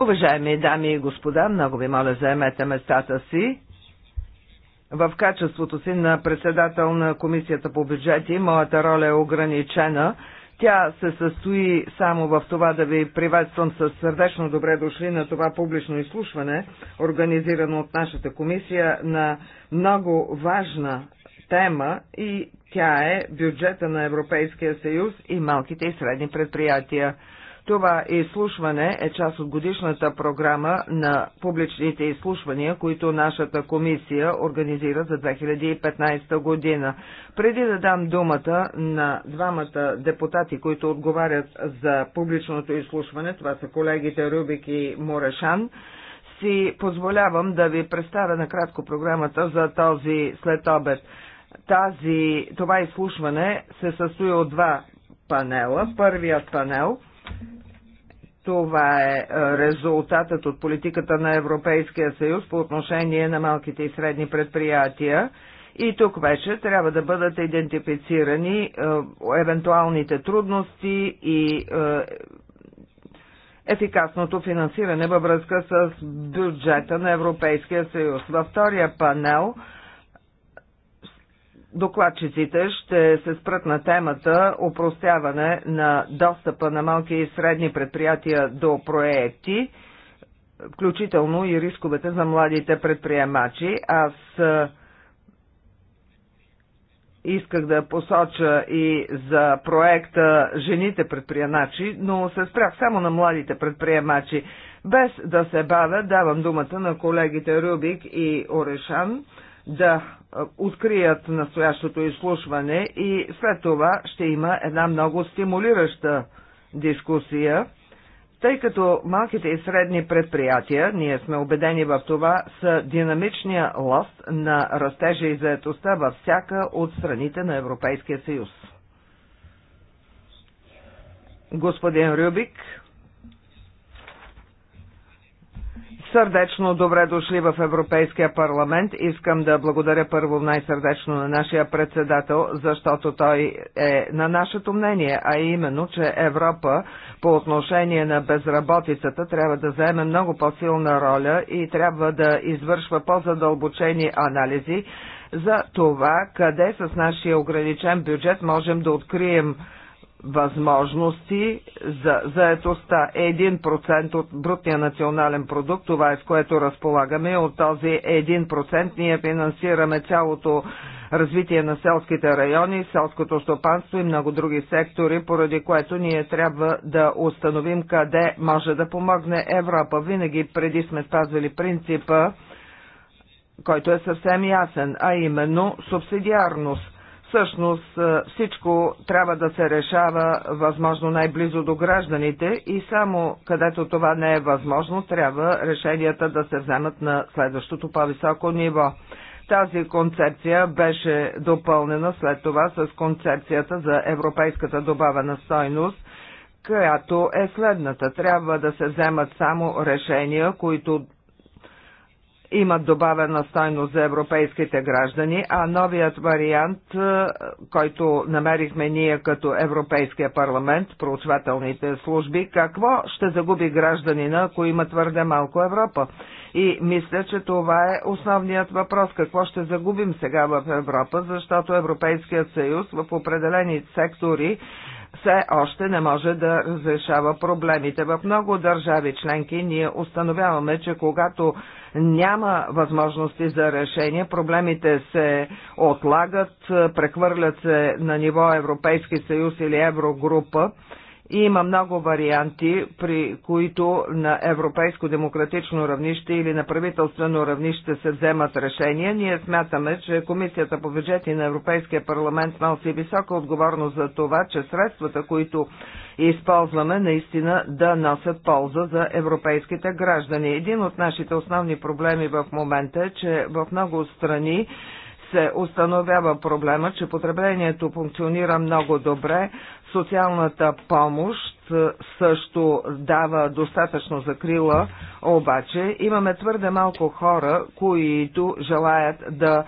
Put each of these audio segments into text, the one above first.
Уважаеми дами и господа, много ви моля заемете местата си. В качеството си на председател на Комисията по бюджети, моята роля е ограничена. Тя се състои само в това да ви приветствам с сърдечно добре дошли на това публично изслушване, организирано от нашата комисия на много важна тема и тя е бюджета на Европейския съюз и малките и средни предприятия. Това изслушване е част от годишната програма на публичните изслушвания, които нашата комисия организира за 2015 година. Преди да дам думата на двамата депутати, които отговарят за публичното изслушване, това са колегите Рубик и Морешан, си позволявам да ви представя накратко програмата за този следобед. Тази, това изслушване се състои от два панела. Първият панел това е, е резултатът от политиката на Европейския съюз по отношение на малките и средни предприятия. И тук вече трябва да бъдат идентифицирани е, евентуалните трудности и е, ефикасното финансиране във връзка с бюджета на Европейския съюз. Във втория панел докладчиците ще се спрат на темата упростяване на достъпа на малки и средни предприятия до проекти, включително и рисковете за младите предприемачи. Аз исках да посоча и за проекта Жените предприемачи, но се спрях само на младите предприемачи. Без да се бавя, давам думата на колегите Рубик и Орешан да открият настоящото изслушване и след това ще има една много стимулираща дискусия, тъй като малките и средни предприятия, ние сме убедени в това, са динамичния лост на растежа и заетостта във всяка от страните на Европейския съюз. Господин Рюбик, Сърдечно добре дошли в Европейския парламент. Искам да благодаря първо най-сърдечно на нашия председател, защото той е на нашето мнение, а именно, че Европа по отношение на безработицата трябва да заеме много по-силна роля и трябва да извършва по-задълбочени анализи за това къде с нашия ограничен бюджет можем да открием възможности за заетостта. 1% от брутния национален продукт, това е с което разполагаме. От този 1% ние финансираме цялото развитие на селските райони, селското стопанство и много други сектори, поради което ние трябва да установим къде може да помогне Европа. Винаги преди сме спазвали принципа, който е съвсем ясен, а именно субсидиарност Всъщност е, всичко трябва да се решава възможно най-близо до гражданите и само където това не е възможно, трябва решенията да се вземат на следващото по-високо ниво. Тази концепция беше допълнена след това с концепцията за европейската добавена стойност, която е следната. Трябва да се вземат само решения, които имат добавена стойност за европейските граждани, а новият вариант, е, който намерихме ние като Европейския парламент, проучвателните служби, какво ще загуби гражданина, ако има твърде малко Европа? И мисля, че това е основният въпрос. Какво ще загубим сега в Европа, защото Европейският съюз в определени сектори все още не може да разрешава проблемите. В много държави членки ние установяваме, че когато няма възможности за решение, проблемите се отлагат, прехвърлят се на ниво Европейски съюз или Еврогрупа има много варианти, при които на европейско демократично равнище или на правителствено равнище се вземат решения. Ние смятаме, че Комисията по бюджети на Европейския парламент носи висока отговорност за това, че средствата, които използваме, наистина да носят полза за европейските граждани. Един от нашите основни проблеми в момента е, че в много страни се установява проблема, че потреблението функционира много добре, Социалната помощ е, също дава достатъчно закрила, обаче имаме твърде малко хора, които желаят да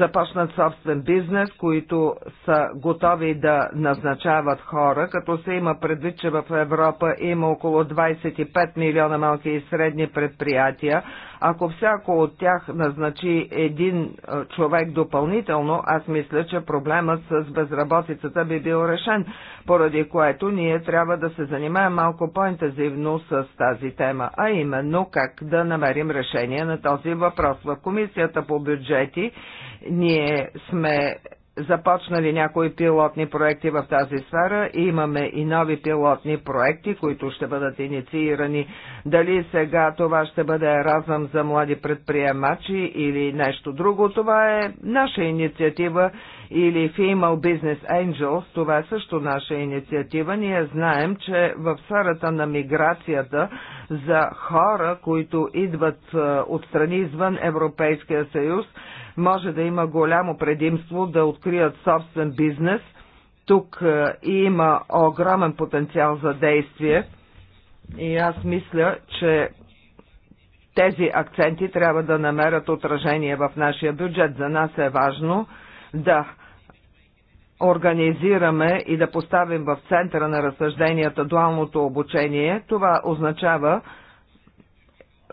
започнат собствен бизнес, които са готови да назначават хора, като се има предвид, че в Европа има около 25 милиона малки и средни предприятия, ако всяко от тях назначи един е, човек допълнително, аз мисля, че проблемът с безработицата би бил решен, поради което ние трябва да се занимаем малко по-интензивно с тази тема, а именно как да намерим решение на този въпрос. В Комисията по бюджети ние сме започнали някои пилотни проекти в тази сфера и имаме и нови пилотни проекти, които ще бъдат инициирани. Дали сега това ще бъде разъм за млади предприемачи или нещо друго, това е наша инициатива или Female Business Angels, това е също наша инициатива. Ние знаем, че в сферата на миграцията за хора, които идват е, от страни извън Европейския съюз, може да има голямо предимство да открият собствен бизнес. Тук е, има огромен потенциал за действие и аз мисля, че тези акценти трябва да намерят отражение в нашия бюджет. За нас е важно да организираме и да поставим в центъра на разсъжденията дуалното обучение, това означава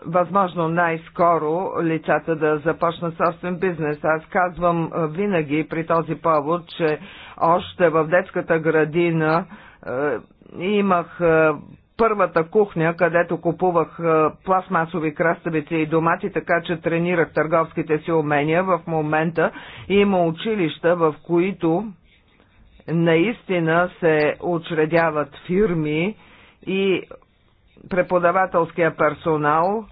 възможно най-скоро лицата да започнат собствен бизнес. Аз казвам винаги при този повод, че още в детската градина имах първата кухня, където купувах е, пластмасови краставици и домати, така че тренирах търговските си умения. В момента има училища, в които наистина се учредяват фирми и преподавателския персонал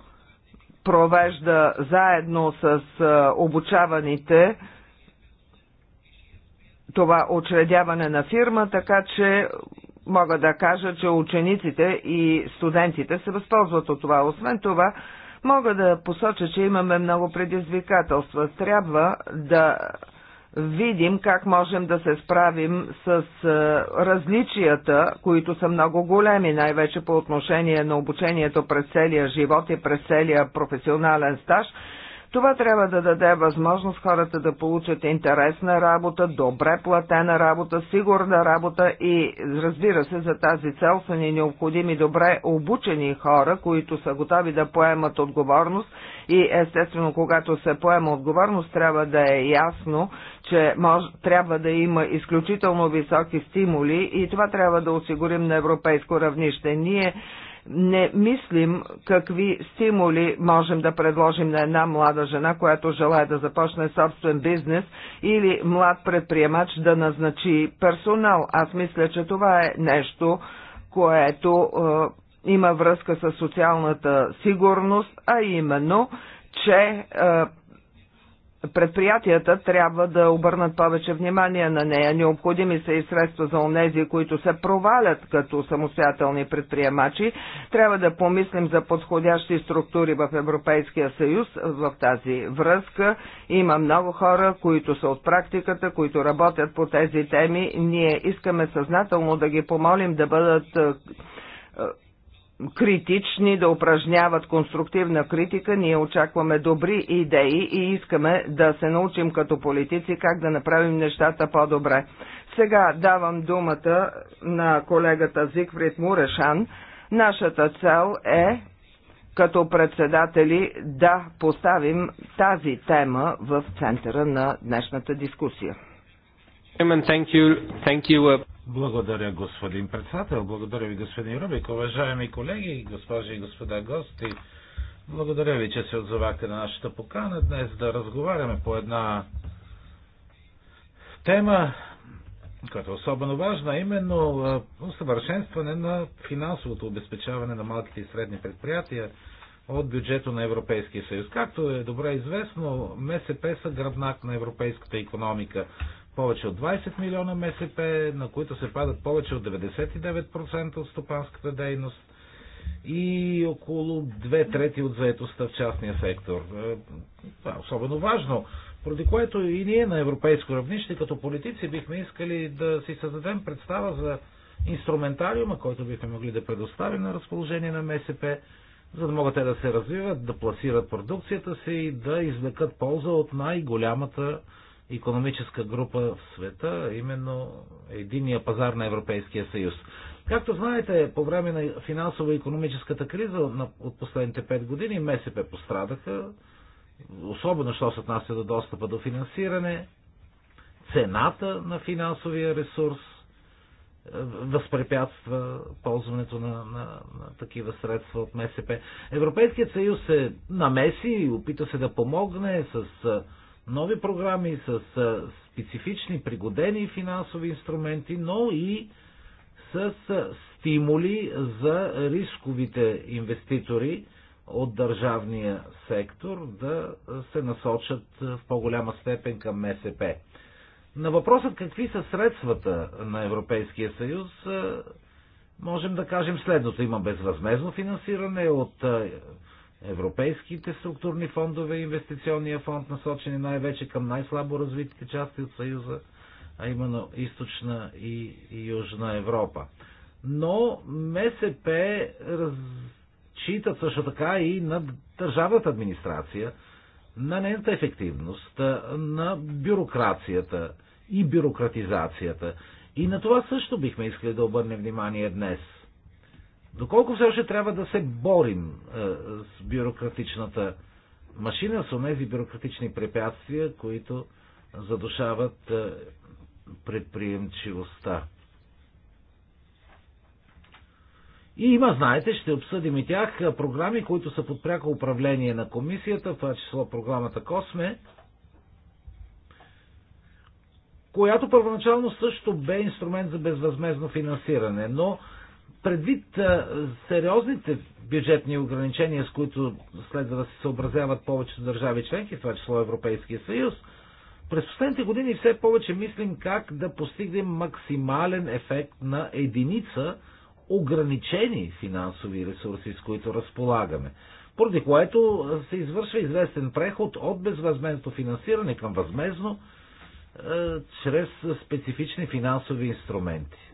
провежда заедно с е, обучаваните това учредяване на фирма, така че мога да кажа, че учениците и студентите се възползват от това. Освен това, мога да посоча, че имаме много предизвикателства. Трябва да видим как можем да се справим с е, различията, които са много големи, най-вече по отношение на обучението през целия живот и през целия професионален стаж – това трябва да даде възможност хората да получат интересна работа, добре платена работа, сигурна работа и разбира се, за тази цел са ни необходими добре обучени хора, които са готови да поемат отговорност и естествено, когато се поема отговорност, трябва да е ясно, че мож, трябва да има изключително високи стимули и това трябва да осигурим на европейско равнище. Ние не мислим какви стимули можем да предложим на една млада жена, която желая да започне собствен бизнес или млад предприемач да назначи персонал. Аз мисля, че това е нещо, което е, има връзка с социалната сигурност, а именно, че е, предприятията трябва да обърнат повече внимание на нея. Необходими са и средства за онези, които се провалят като самостоятелни предприемачи. Трябва да помислим за подходящи структури в Европейския съюз в тази връзка. Има много хора, които са от практиката, които работят по тези теми. Ние искаме съзнателно да ги помолим да бъдат е, критични, да упражняват конструктивна критика. Ние очакваме добри идеи и искаме да се научим като политици как да направим нещата по-добре. Сега давам думата на колегата Зигфрид Мурешан. Нашата цел е като председатели да поставим тази тема в центъра на днешната дискусия. Thank you. Thank you. Uh, благодаря, господин председател. Благодаря ви, господин Рубик. Уважаеми колеги, госпожи и господа гости, благодаря ви, че се отзовахте на нашата покана днес да разговаряме по една тема, която е особено важна, именно усъвършенстване на финансовото обезпечаване на малките и средни предприятия от бюджето на Европейския съюз. Както е добре известно, МСП са гръбнак на европейската економика повече от 20 милиона МСП, на които се падат повече от 99% от стопанската дейност и около 2 трети от заетостта в частния сектор. Е, това е особено важно, поради което и ние на европейско равнище като политици бихме искали да си създадем представа за инструментариума, който бихме могли да предоставим на разположение на МСП, за да могат те да се развиват, да пласират продукцията си и да извлекат полза от най-голямата економическа група в света, именно единия пазар на Европейския съюз. Както знаете, по време на финансово-економическата криза от последните 5 години МСП пострадаха, особено що се отнася до достъпа до финансиране, цената на финансовия ресурс възпрепятства ползването на, на, на такива средства от МСП. Европейският съюз се намеси и опита се да помогне с нови програми с специфични пригодени финансови инструменти, но и с стимули за рисковите инвеститори от държавния сектор да се насочат в по-голяма степен към МСП. На въпросът какви са средствата на Европейския съюз, можем да кажем следното. Има безвъзмезно финансиране от Европейските структурни фондове и инвестиционния фонд насочени най-вече към най-слабо развитите части от Съюза, а именно източна и, южна Европа. Но МСП разчитат също така и на държавната администрация, на нейната ефективност, на бюрокрацията и бюрократизацията. И на това също бихме искали да обърнем внимание днес – Доколко все още трябва да се борим е, с бюрократичната машина, с тези бюрократични препятствия, които задушават е, предприемчивостта. И има, знаете, ще обсъдим и тях, е, програми, които са под пряко управление на комисията, в това число програмата Косме, която първоначално също бе инструмент за безвъзмезно финансиране, но Предвид сериозните бюджетни ограничения, с които следва да се съобразяват повечето държави членки, в това число Европейския съюз, през последните години все повече мислим как да постигнем максимален ефект на единица ограничени финансови ресурси, с които разполагаме. Поради което се извършва известен преход от безвъзмезно финансиране към възмезно, чрез специфични финансови инструменти.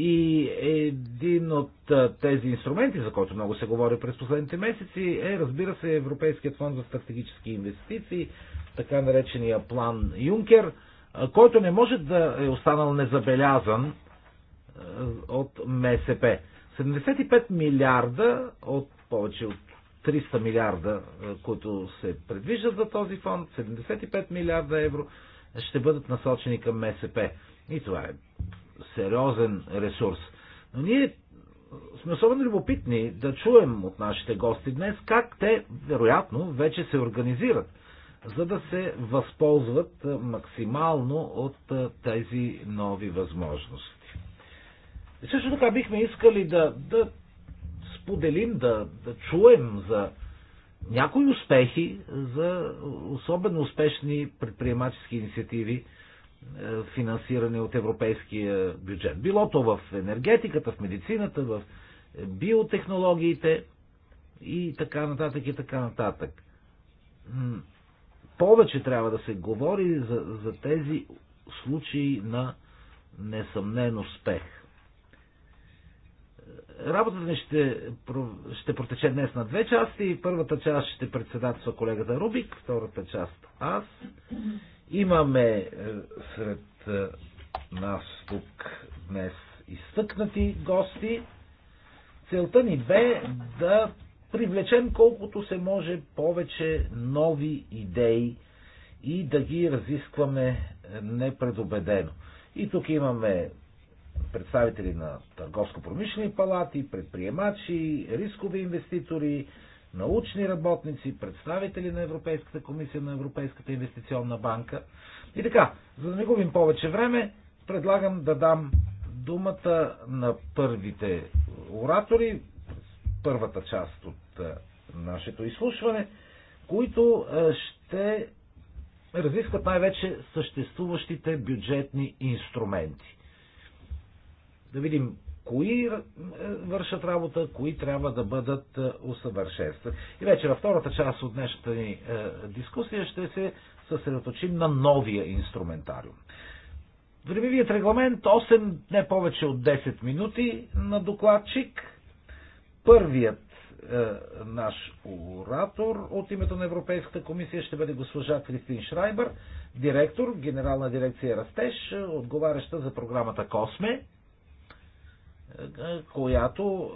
И един от тези инструменти, за който много се говори през последните месеци, е, разбира се, Европейският фонд за стратегически инвестиции, така наречения план Юнкер, който не може да е останал незабелязан от МСП. 75 милиарда от повече от 300 милиарда, които се предвиждат за този фонд, 75 милиарда евро ще бъдат насочени към МСП. И това е сериозен ресурс. Но ние сме особено любопитни да чуем от нашите гости днес как те, вероятно, вече се организират, за да се възползват максимално от тези нови възможности. И също така бихме искали да, да споделим, да, да чуем за някои успехи, за особено успешни предприемачески инициативи е, финансиране от европейския бюджет. Било то в енергетиката, в медицината, в е, биотехнологиите и така нататък и така нататък. Повече трябва да се говори за, за тези случаи на несъмнен успех. Работата ни ще, ще протече днес на две части. Първата част ще председатства колегата Рубик, втората част аз. Имаме е, сред е, нас тук днес изтъкнати гости. Целта ни бе да привлечем колкото се може повече нови идеи и да ги разискваме непредобедено. И тук имаме представители на търговско-промишлени палати, предприемачи, рискови инвеститори, научни работници, представители на Европейската комисия, на Европейската инвестиционна банка. И така, за да не губим повече време, предлагам да дам думата на първите оратори, първата част от е, нашето изслушване, които е, ще разискват най-вече съществуващите бюджетни инструменти. Да видим кои е, вършат работа, кои трябва да бъдат е, усъвършенствани. И вече във втората част от днешната ни е, дискусия ще се съсредоточим на новия инструментариум. Времевият регламент 8, не повече от 10 минути на докладчик. Първият е, наш оратор от името на Европейската комисия ще бъде госпожа Кристин Шрайбър, директор, генерална дирекция Растеж, отговаряща за програмата Косме която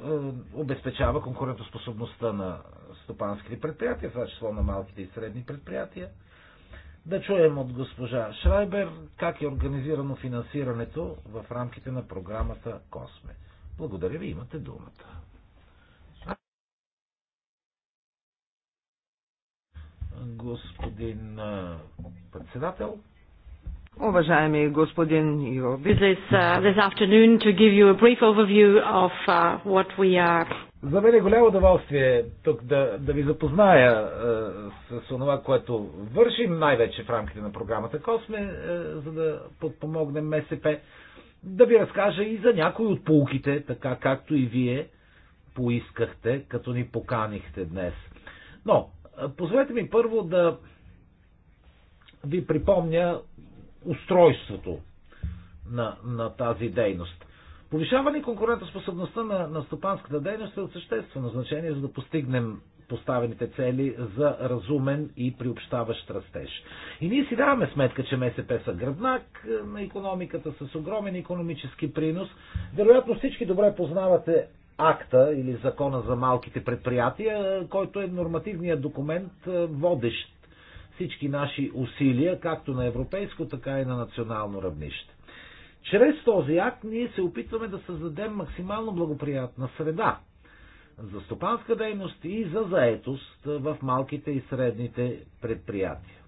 е, обезпечава конкурентоспособността на стопанските предприятия, в това число на малките и средни предприятия. Да чуем от госпожа Шрайбер как е организирано финансирането в рамките на програмата Косме. Благодаря ви, имате думата. Господин е, председател, Уважаеми господин Йоби. Uh, uh, за мен е голямо удоволствие тук да, да ви запозная е, с това, което вършим най-вече в рамките на програмата Косме, е, за да подпомогнем МСП. Да ви разкажа и за някои от полуките, така както и вие поискахте, като ни поканихте днес. Но, е, позволете ми първо да ви припомня устройството на, на тази дейност. Повишаване конкурентоспособността на, на стопанската дейност е от съществено значение, за да постигнем поставените цели за разумен и приобщаващ растеж. И ние си даваме сметка, че МСП са гръбнак на економиката с огромен економически принос. Вероятно всички добре познавате акта или закона за малките предприятия, който е нормативният документ водещ всички наши усилия, както на европейско, така и на национално равнище. Чрез този акт ние се опитваме да създадем максимално благоприятна среда за стопанска дейност и за заетост в малките и средните предприятия.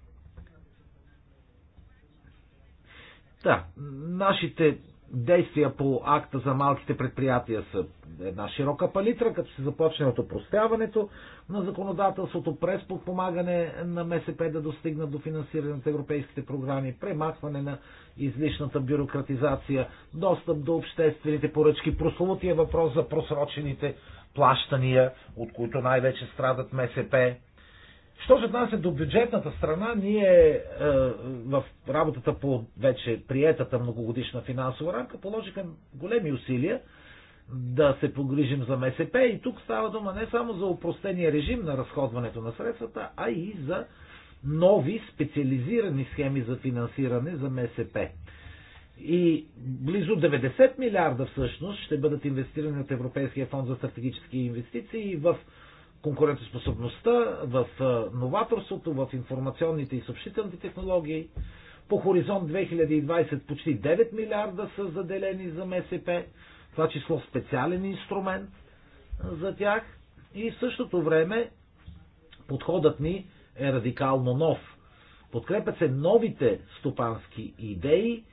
Да, нашите действия по акта за малките предприятия са една широка палитра, като се започне от опростяването на законодателството през подпомагане на МСП да достигнат до финансиране на европейските програми, премахване на излишната бюрократизация, достъп до обществените поръчки, прословутия въпрос за просрочените плащания, от които най-вече страдат МСП, Що се отнася до бюджетната страна, ние е, в работата по вече приетата многогодишна финансова рамка положиха големи усилия да се погрижим за МСП и тук става дума не само за упростения режим на разходването на средствата, а и за нови специализирани схеми за финансиране за МСП. И близо 90 милиарда всъщност ще бъдат инвестирани от Европейския фонд за стратегически инвестиции в конкурентоспособността, в новаторството, в информационните и съобщителните технологии. По хоризонт 2020 почти 9 милиарда са заделени за МСП, това число специален инструмент за тях. И в същото време подходът ни е радикално нов. Подкрепят се новите стопански идеи,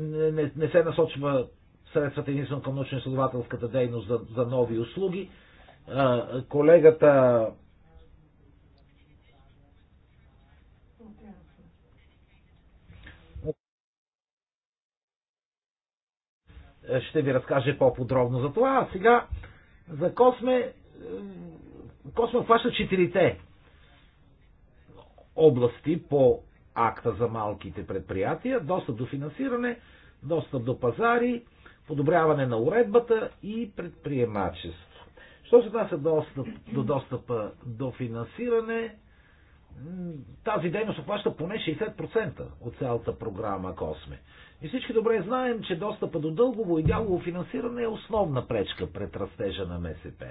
не, не се насочва средствата единствено към научно-изследователската дейност за, за нови услуги, Колегата ще ви разкаже по-подробно за това. А сега за Косме, Косме обхваща четирите области по акта за малките предприятия, достъп до финансиране, достъп до пазари, подобряване на уредбата и предприемачество. Що се отнася до, достъп, до достъпа до финансиране, тази дейност обхваща поне 60% от цялата програма Косме. И всички добре знаем, че достъпа до дългово и дялово финансиране е основна пречка пред растежа на МСП.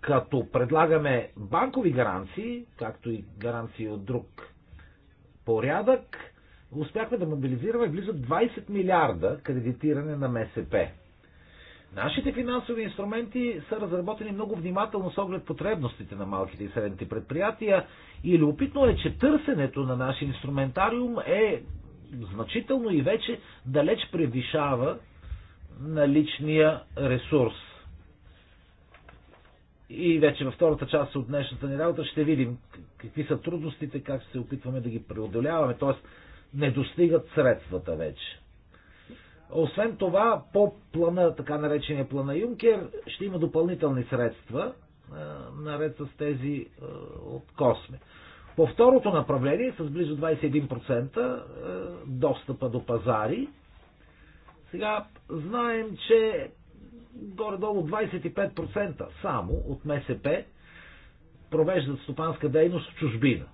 Като предлагаме банкови гаранции, както и гаранции от друг порядък, успяхме да мобилизираме близо 20 милиарда кредитиране на МСП Нашите финансови инструменти са разработени много внимателно с оглед потребностите на малките и средните предприятия и любопитно е, че търсенето на нашия инструментариум е значително и вече далеч превишава наличния ресурс. И вече във втората част от днешната ни работа ще видим какви са трудностите, как се опитваме да ги преодоляваме, т.е. не достигат средствата вече. Освен това, по плана, така наречения плана Юнкер, ще има допълнителни средства, е, наред с тези е, от Косме. По второто направление, с близо 21% е, достъпа до пазари, сега знаем, че горе-долу 25% само от МСП провеждат стопанска дейност в чужбина.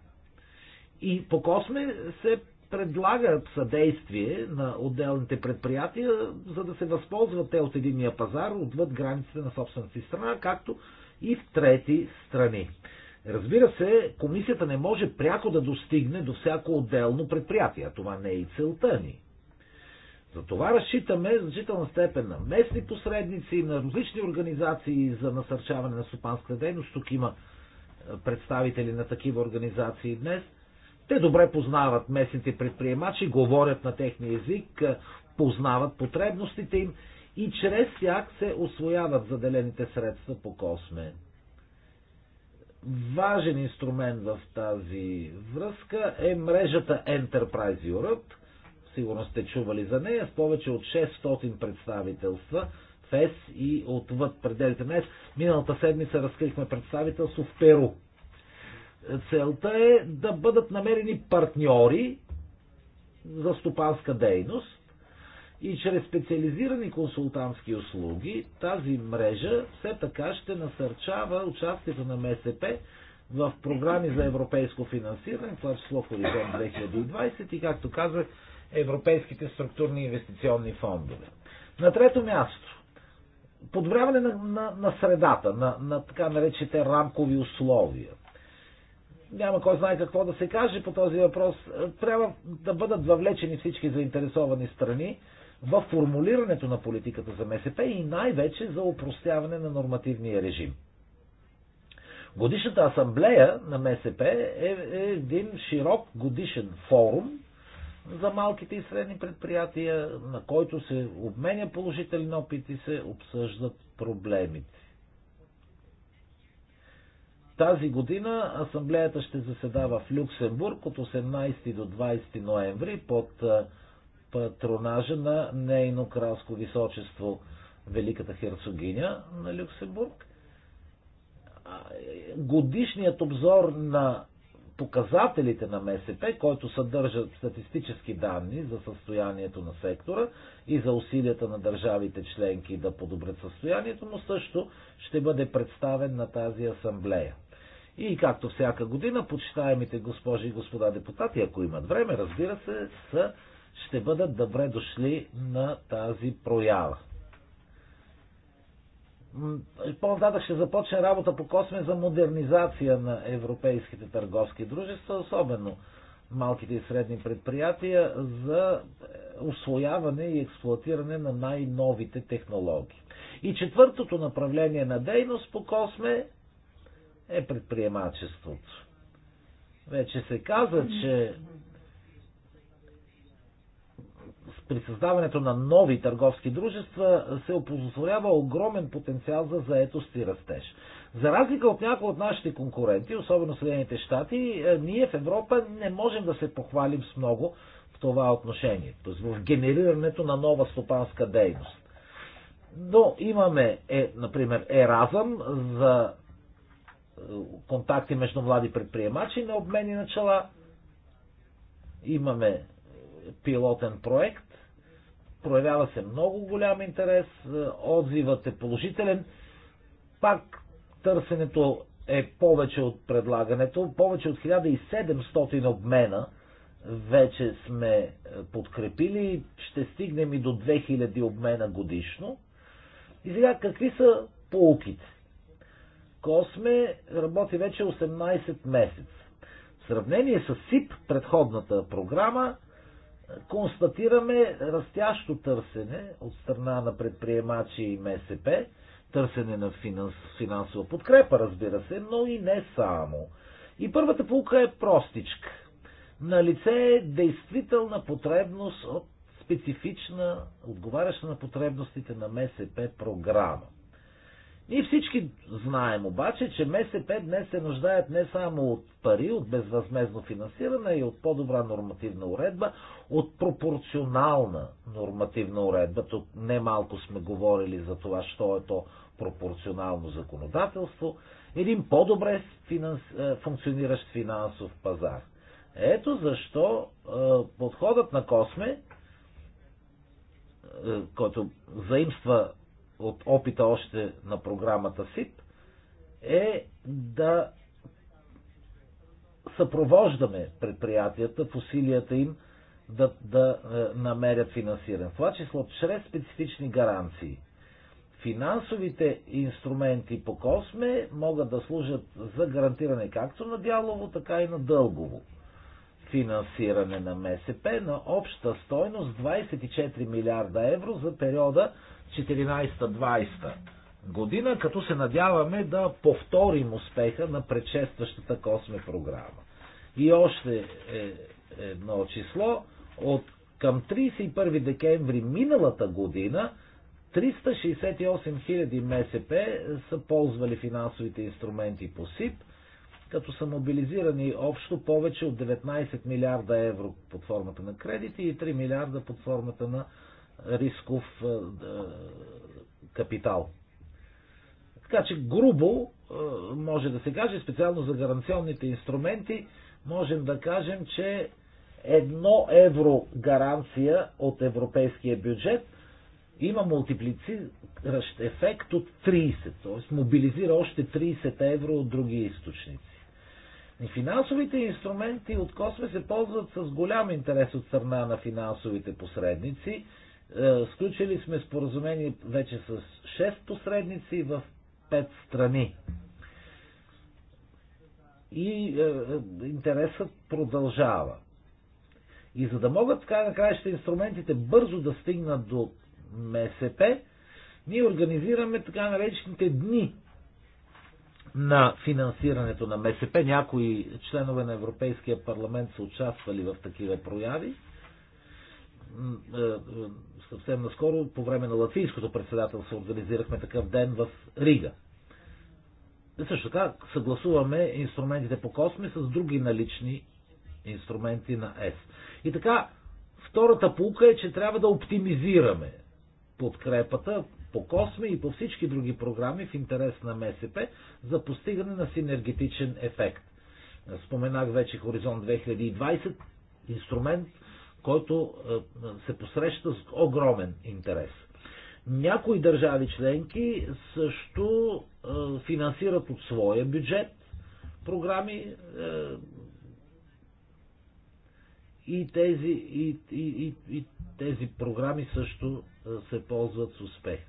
И по Косме се Предлагат съдействие на отделните предприятия, за да се възползват те от единния пазар отвъд границите на собствената си страна, както и в трети страни. Разбира се, комисията не може пряко да достигне до всяко отделно предприятие. Това не е и целта ни. Затова разчитаме значителна степен на местни посредници, на различни организации за насърчаване на стопанската дейност. Тук има е, представители на такива организации днес – те добре познават местните предприемачи, говорят на техния език, е, познават потребностите им и чрез тях се освояват заделените средства по Косме. Важен инструмент в тази връзка е мрежата Enterprise Europe. Сигурно сте чували за нея с повече от 600 представителства в ЕС и отвъд пределите на ЕС. Миналата седмица разкрихме представителство в Перу Целта е да бъдат намерени партньори за стопанска дейност и чрез специализирани консултантски услуги тази мрежа все така ще насърчава участието на МСП в програми за европейско финансиране, това число Хоризонт 2020 и, както казах, европейските структурни инвестиционни фондове. На трето място, подобряване на, на, на средата, на, на така наречените рамкови условия – няма кой знае какво да се каже по този въпрос. Е, трябва да бъдат въвлечени всички заинтересовани страни в формулирането на политиката за МСП и най-вече за упростяване на нормативния режим. Годишната асамблея на МСП е, е един широк годишен форум за малките и средни предприятия, на който се обменя положителен опит и се обсъждат проблемите. Тази година асамблеята ще заседава в Люксембург от 18 до 20 ноември под патронажа на нейно кралско височество Великата херцогиня на Люксембург. Годишният обзор на показателите на МСП, който съдържа статистически данни за състоянието на сектора и за усилията на държавите членки да подобрят състоянието му, също ще бъде представен на тази асамблея. И както всяка година, почитаемите госпожи и господа депутати, ако имат време, разбира се, са, ще бъдат добре дошли на тази проява. По-нататък ще започне работа по Косме за модернизация на европейските търговски дружества, особено малките и средни предприятия, за освояване е, и експлуатиране на най-новите технологии. И четвъртото направление на дейност по Косме е предприемачеството. Вече се каза, че при създаването на нови търговски дружества се опозорява огромен потенциал за заетост и растеж. За разлика от някои от нашите конкуренти, особено Съединените щати, е, ние в Европа не можем да се похвалим с много в това отношение, т.е. в генерирането на нова стопанска дейност. Но имаме, е, например, еразъм за е, контакти между млади предприемачи на обмени начала. Имаме е, пилотен проект. Проявява се много голям интерес. Е, отзивът е положителен. Пак търсенето е повече от предлагането. Повече от 1700 обмена вече сме подкрепили. Ще стигнем и до 2000 обмена годишно. И сега какви са полуките? Косме работи вече 18 месеца. В сравнение с СИП, предходната програма, констатираме растящо търсене от страна на предприемачи и МСП, търсене на финанс, финансова подкрепа, разбира се, но и не само. И първата полука е простичка. На лице е действителна потребност от специфична, отговаряща на потребностите на МСП програма. Ние всички знаем обаче, че МСП днес се нуждаят не само от пари, от безвъзмезно финансиране и от по-добра нормативна уредба, от пропорционална нормативна уредба. Тук немалко сме говорили за това, що е то пропорционално законодателство, един по-добре финанс... Е, функциониращ финансов пазар. Ето защо е, подходът на Косме, е, който заимства от опита още на програмата СИП, е да съпровождаме предприятията в усилията им да, да е, намерят финансиране. В това число чрез специфични гаранции. Финансовите инструменти по Косме могат да служат за гарантиране както на дялово, така и на дългово финансиране на МСП на обща стойност 24 милиарда евро за периода 14-20 година, като се надяваме да повторим успеха на предшестващата Косме програма. И още е, едно число от към 31 декември миналата година 368 000 МСП са ползвали финансовите инструменти по СИП, като са мобилизирани общо повече от 19 милиарда евро под формата на кредити и 3 милиарда под формата на рисков капитал. Така че грубо може да се каже, специално за гаранционните инструменти, можем да кажем, че едно евро гаранция от европейския бюджет има мултиплициращ ефект от 30, т.е. мобилизира още 30 евро от други източници. И финансовите инструменти от Косме се ползват с голям интерес от страна на финансовите посредници – е, сключили сме споразумение вече с 6 посредници в 5 страни. И е, е, интересът продължава. И за да могат така на краища инструментите бързо да стигнат до МСП, ние организираме така наречените дни на финансирането на МСП. Някои членове на Европейския парламент са участвали в такива прояви е, съвсем наскоро, по време на латвийското председателство, организирахме такъв ден в Рига. И също така съгласуваме инструментите по Косми с други налични инструменти на ЕС. И така, втората полука е, че трябва да оптимизираме подкрепата по Косми и по всички други програми в интерес на МСП за постигане на синергетичен ефект. Споменах вече Хоризонт 2020, инструмент – който се посреща с огромен интерес. Някои държави членки също финансират от своя бюджет програми и тези, и, и, и, и тези програми също се ползват с успех.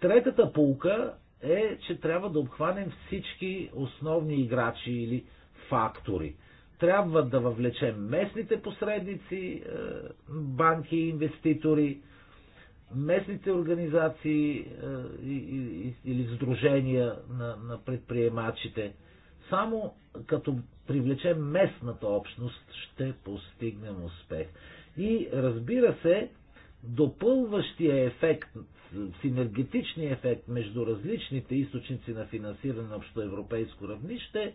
Третата полка е, че трябва да обхванем всички основни играчи или фактори – трябва да въвлечем местните посредници, е, банки, инвеститори, местните организации е, или сдружения на, предприемачите. Само като привлечем местната общност ще постигнем успех. И разбира се, допълващия ефект, синергетичния ефект между различните източници на финансиране на общоевропейско равнище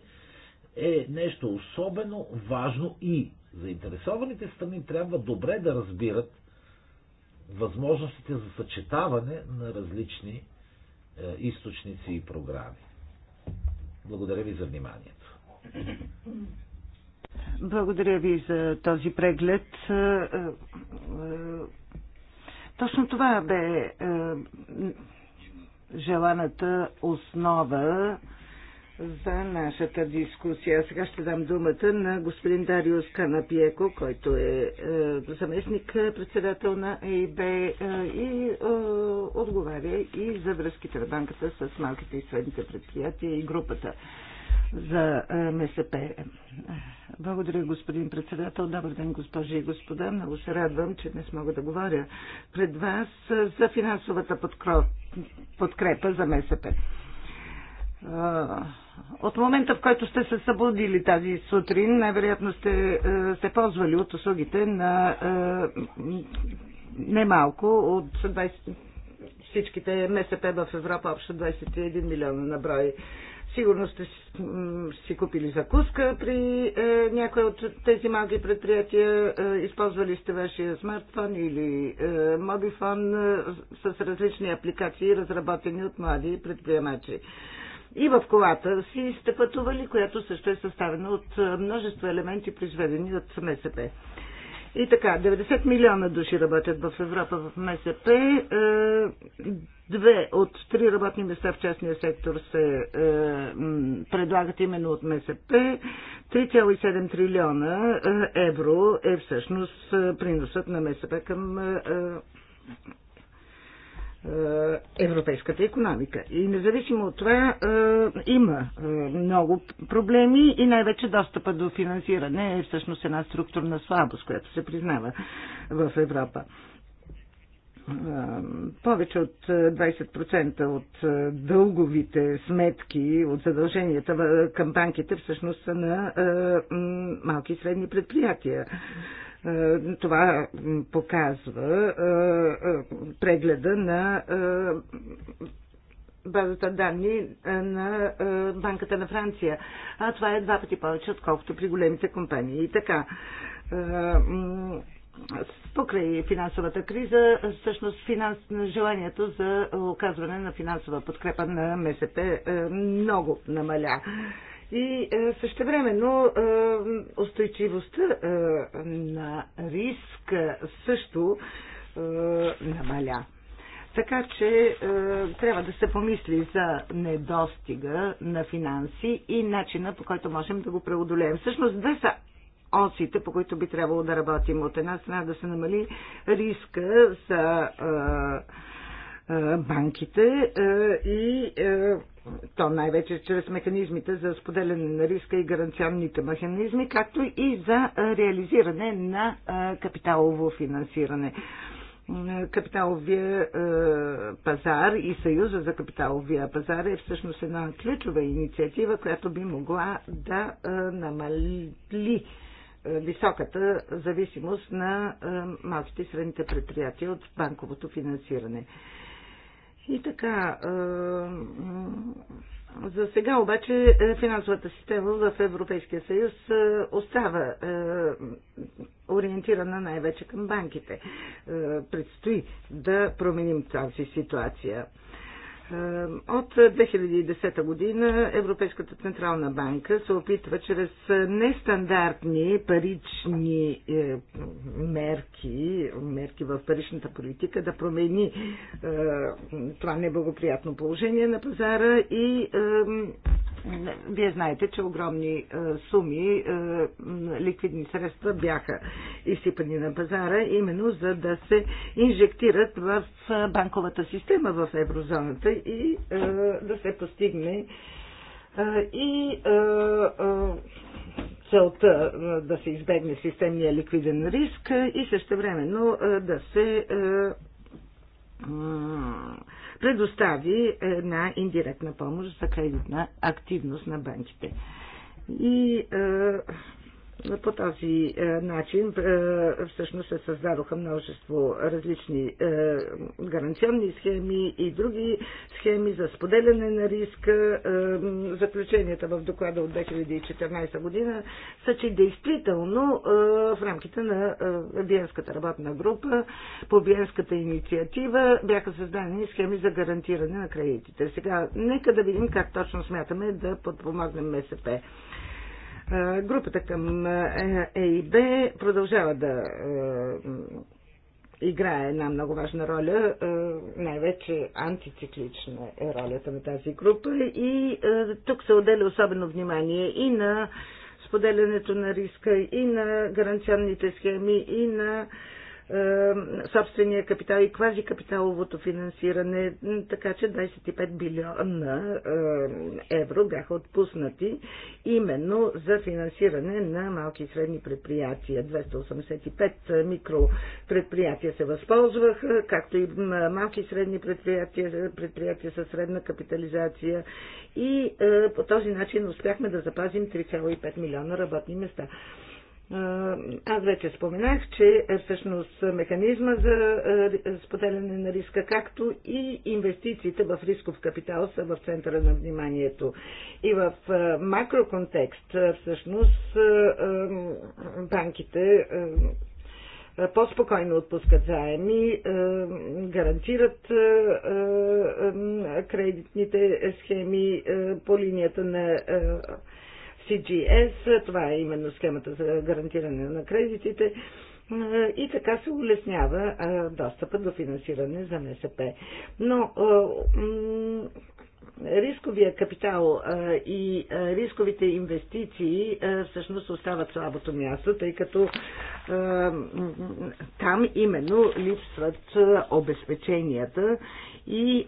е нещо особено важно и заинтересованите страни трябва добре да разбират възможностите за съчетаване на различни е, източници и програми. Благодаря ви за вниманието. Благодаря ви за този преглед. Е, е, точно това бе желаната основа за нашата дискусия. Сега ще дам думата на господин Дариус Канапиеко, който е, е заместник е, председател на ЕИБ е, и е, отговаря и за връзките на банката с малките и средните предприятия и групата за е, МСП. Благодаря, господин председател. Добър ден, госпожи и господа. Много се радвам, че днес мога да говоря пред вас за финансовата подкрепа за МСП. Е, от момента, в който сте се събудили тази сутрин, най-вероятно сте е, се ползвали от услугите на е, немалко от 20, всичките МСП в Европа, общо 21 милиона на брой. Сигурно сте си купили закуска при е, някои от тези малки предприятия, е, използвали сте вашия смартфон или е, мобифон е, с различни апликации, разработени от млади предприемачи. Е, и в колата си сте пътували, която също е съставена от множество елементи, произведени от МСП. И така, 90 милиона души работят в Европа в МСП. Е, две от три работни места в частния сектор се е, предлагат именно от МСП. 3,7 трилиона е, евро е всъщност приносът на МСП към е, европейската економика. И независимо от това е, има е, много проблеми и най-вече достъпа до финансиране е всъщност една структурна слабост, която се признава в Европа. Повече от 20% от дълговите сметки, от задълженията към банките всъщност са на малки и средни предприятия. Е, това показва е, е, прегледа на базата данни на Банката на Франция. А това е два пъти повече, отколкото при големите компании. И така, покрай финансовата криза, всъщност финанс, желанието за оказване на финансова подкрепа на МСП много намаля. И е, е, е, също е, устойчивостта на риска също намаля. Така че е, трябва да се помисли за недостига на финанси и начина по който можем да го преодолеем. Всъщност две са осите, по които би трябвало да работим. От една страна да се намали риска за е, банките и то най-вече чрез механизмите за споделяне на риска и гаранционните механизми, както и за реализиране на капиталово финансиране. Капиталовия пазар и Съюза за капиталовия пазар е всъщност една ключова инициатива, която би могла да намали високата зависимост на малките и средните предприятия от банковото финансиране. И така, за сега обаче е, финансовата система в Европейския съюз е, остава е, ориентирана най-вече към банките. Предстои да променим тази ситуация. От 2010 година Европейската централна банка се опитва чрез нестандартни парични е, мерки, мерки в паричната политика, да промени е, това неблагоприятно положение на пазара и вие знаете, че огромни е, суми е, ликвидни средства бяха изсипани на пазара, именно за да се инжектират в е, банковата система в еврозоната и да се постигне и целта да се избегне системния ликвиден риск и също времено да се предостави една индиректна помощ за кредитна активност на банките. И е, по този е, начин е, всъщност се създадоха множество различни е, гаранционни схеми и други схеми за споделяне на риска. Заключенията в доклада от 2014 година са, че действително в рамките на Виенската работна група по Виенската инициатива бяха създадени схеми за гарантиране на кредитите. Сега, нека да видим как точно смятаме да подпомогнем МСП. Групата към е, е Б продължава да играе една много важна роля, най-вече антициклична е ролята на тази група и тук се отделя особено внимание и на споделянето на риска, и на гаранционните схеми, и на собствения капитал и капиталовото финансиране, така че 25 билиона евро бяха отпуснати именно за финансиране на малки и средни предприятия. 285 е, микропредприятия се възползваха, както и малки и средни предприятия, предприятия със средна капитализация и е, по този начин успяхме да запазим 3,5 милиона работни места. Аз вече споменах, че е всъщност механизма за споделяне на риска, както и инвестициите в рисков капитал са в центъра на вниманието. И в макроконтекст всъщност банките по-спокойно отпускат заеми, гарантират кредитните схеми по линията на CGS, това е именно схемата за гарантиране на кредитите. Е, и така се улеснява е, достъпа до финансиране за МСП. Но е, рисковия капитал и рисковите инвестиции всъщност остават слабото място, тъй като там именно липсват обезпеченията и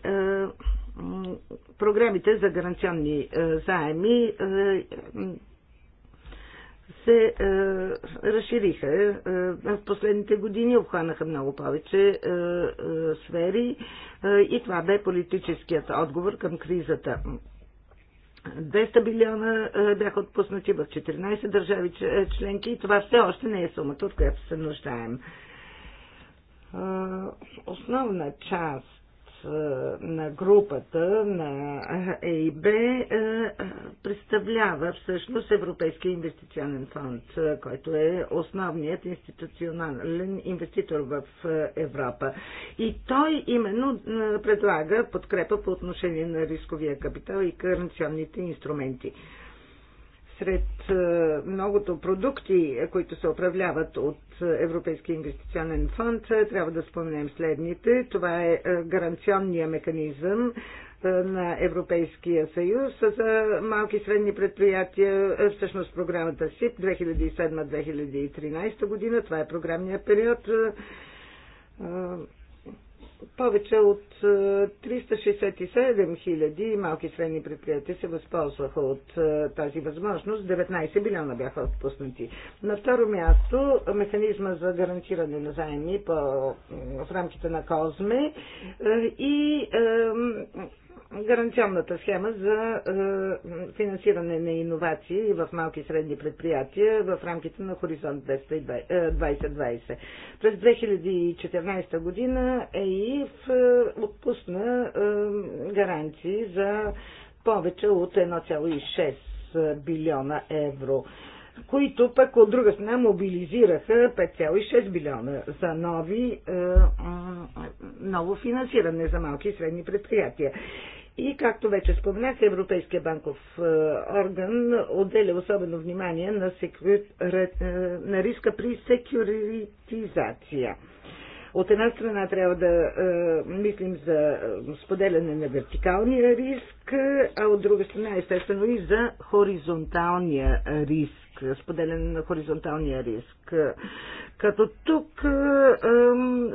програмите за гаранционни е, заеми е, се е, разшириха е, в последните години, обхванаха много повече е, е, сфери е, и това бе политическият отговор към кризата. 200 билиона е, бяха отпуснати в 14 държави е, членки и това все още не е сумата, от която се нуждаем. Е, основна част е, на групата на ЕИБ е, представлява всъщност Европейския инвестиционен фонд, е, който е основният институционален инвеститор в Европа. И той именно предлага подкрепа по отношение на рисковия капитал и гаранционните инструменти сред е, многото продукти, е, които се управляват от е, Европейския инвестиционен фонд, трябва да споменем следните. Това е гаранционния механизъм на Европейския съюз за малки и средни предприятия, всъщност програмата СИП 2007-2013 година. Това е програмния период повече от 367 е, хиляди малки и средни предприятия се възползваха от е, тази възможност. 19 милиона бяха отпуснати. На второ място, механизма за гарантиране на заеми по, в рамките на Козме е, и гаранционната схема за е, финансиране на иновации в малки и средни предприятия в рамките на Хоризонт 2020. Е, През 2014 година ЕИФ е, отпусна гаранции за повече от 1,6 билиона евро които пък от друга страна мобилизираха 5,6 билиона за нови, е, ново финансиране за малки и средни предприятия. И както вече споменах, Европейския банков е, орган отделя особено внимание на, секю... Е, на риска при секюритизация. От една страна трябва да е, мислим за е, споделяне на вертикалния риск, а от друга страна естествено и за хоризонталния риск, споделяне на хоризонталния риск. Като тук е, е,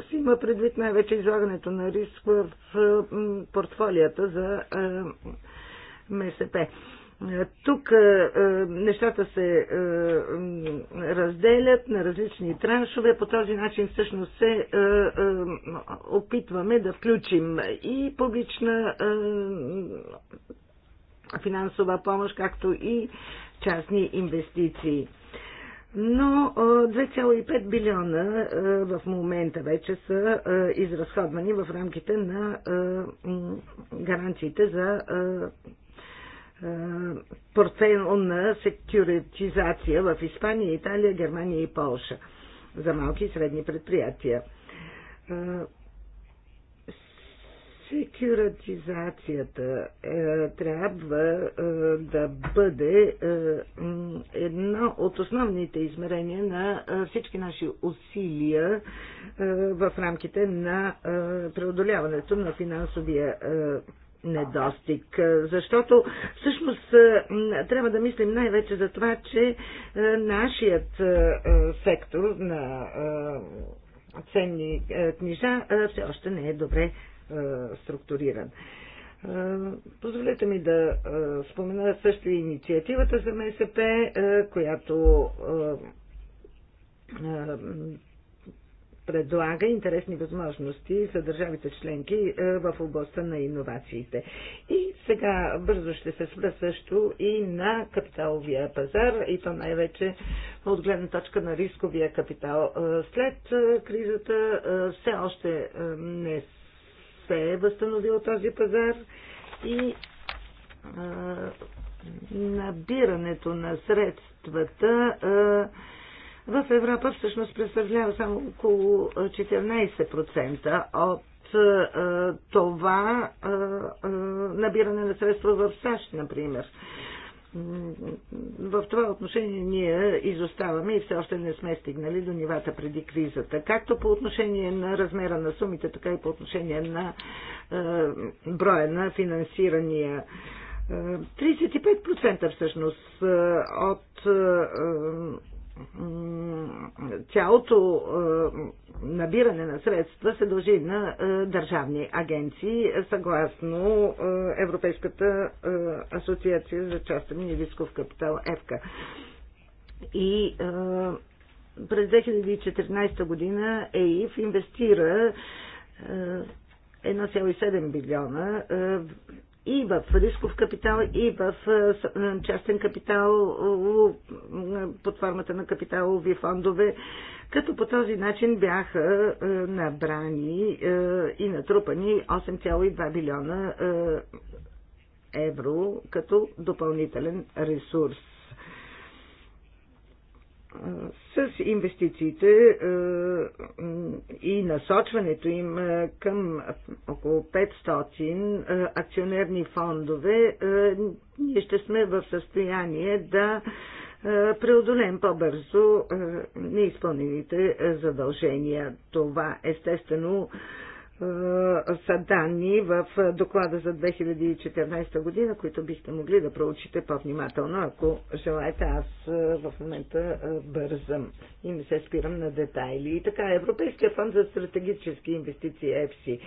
си има предвид най-вече излагането на риск в е, портфолията за е, МСП. Тук е, е, нещата се е, разделят на различни траншове. По този начин всъщност се опитваме да включим и публична финансова помощ, както и частни инвестиции. Но 2,5 билиона в момента вече са изразходвани в рамките на гаранциите за портфейл на секюритизация в Испания, Италия, Германия и Полша за малки и средни предприятия. Секюратизацията е, трябва е, да бъде е, едно от основните измерения на е, всички наши усилия е, в рамките на е, преодоляването на финансовия е, недостиг. Защото всъщност трябва да мислим най-вече за това, че е, нашият е, е, сектор на ценни книжа все още не е добре структуриран. Позволете ми да спомена също и инициативата за МСП, която предлага интересни възможности за държавите членки е, в областта на иновациите. И сега бързо ще се спра също и на капиталовия пазар, и то най-вече от гледна точка на рисковия капитал. Е, след е, кризата все още не се е възстановил този пазар и набирането на средствата в Европа всъщност представлява само около 14% от това набиране на средства в САЩ, например. В това отношение ние изоставаме и все още не сме стигнали до нивата преди кризата. Както по отношение на размера на сумите, така и по отношение на броя на финансирания. 35% всъщност от цялото е, набиране на средства се дължи на е, държавни агенции, съгласно е, Европейската асоциация за частен и рисков капитал ЕФКА. И през 2014 година ЕИФ инвестира 1,7 билиона и в рисков капитал, и в е, е, частен капитал е, под формата на капиталови фондове, като по този начин бяха набрани и натрупани 8,2 билиона евро като допълнителен ресурс с инвестициите е, и насочването им е, към около 500 е, акционерни фондове, ние ще сме в състояние да преодолеем по-бързо неизпълнените задължения. Това естествено е, са данни в доклада за 2014 година, които бихте могли да проучите по-внимателно, ако желаете. Аз е, в момента е, бързам и не се спирам на детайли. И така, Европейския фонд за стратегически инвестиции ЕФСИ.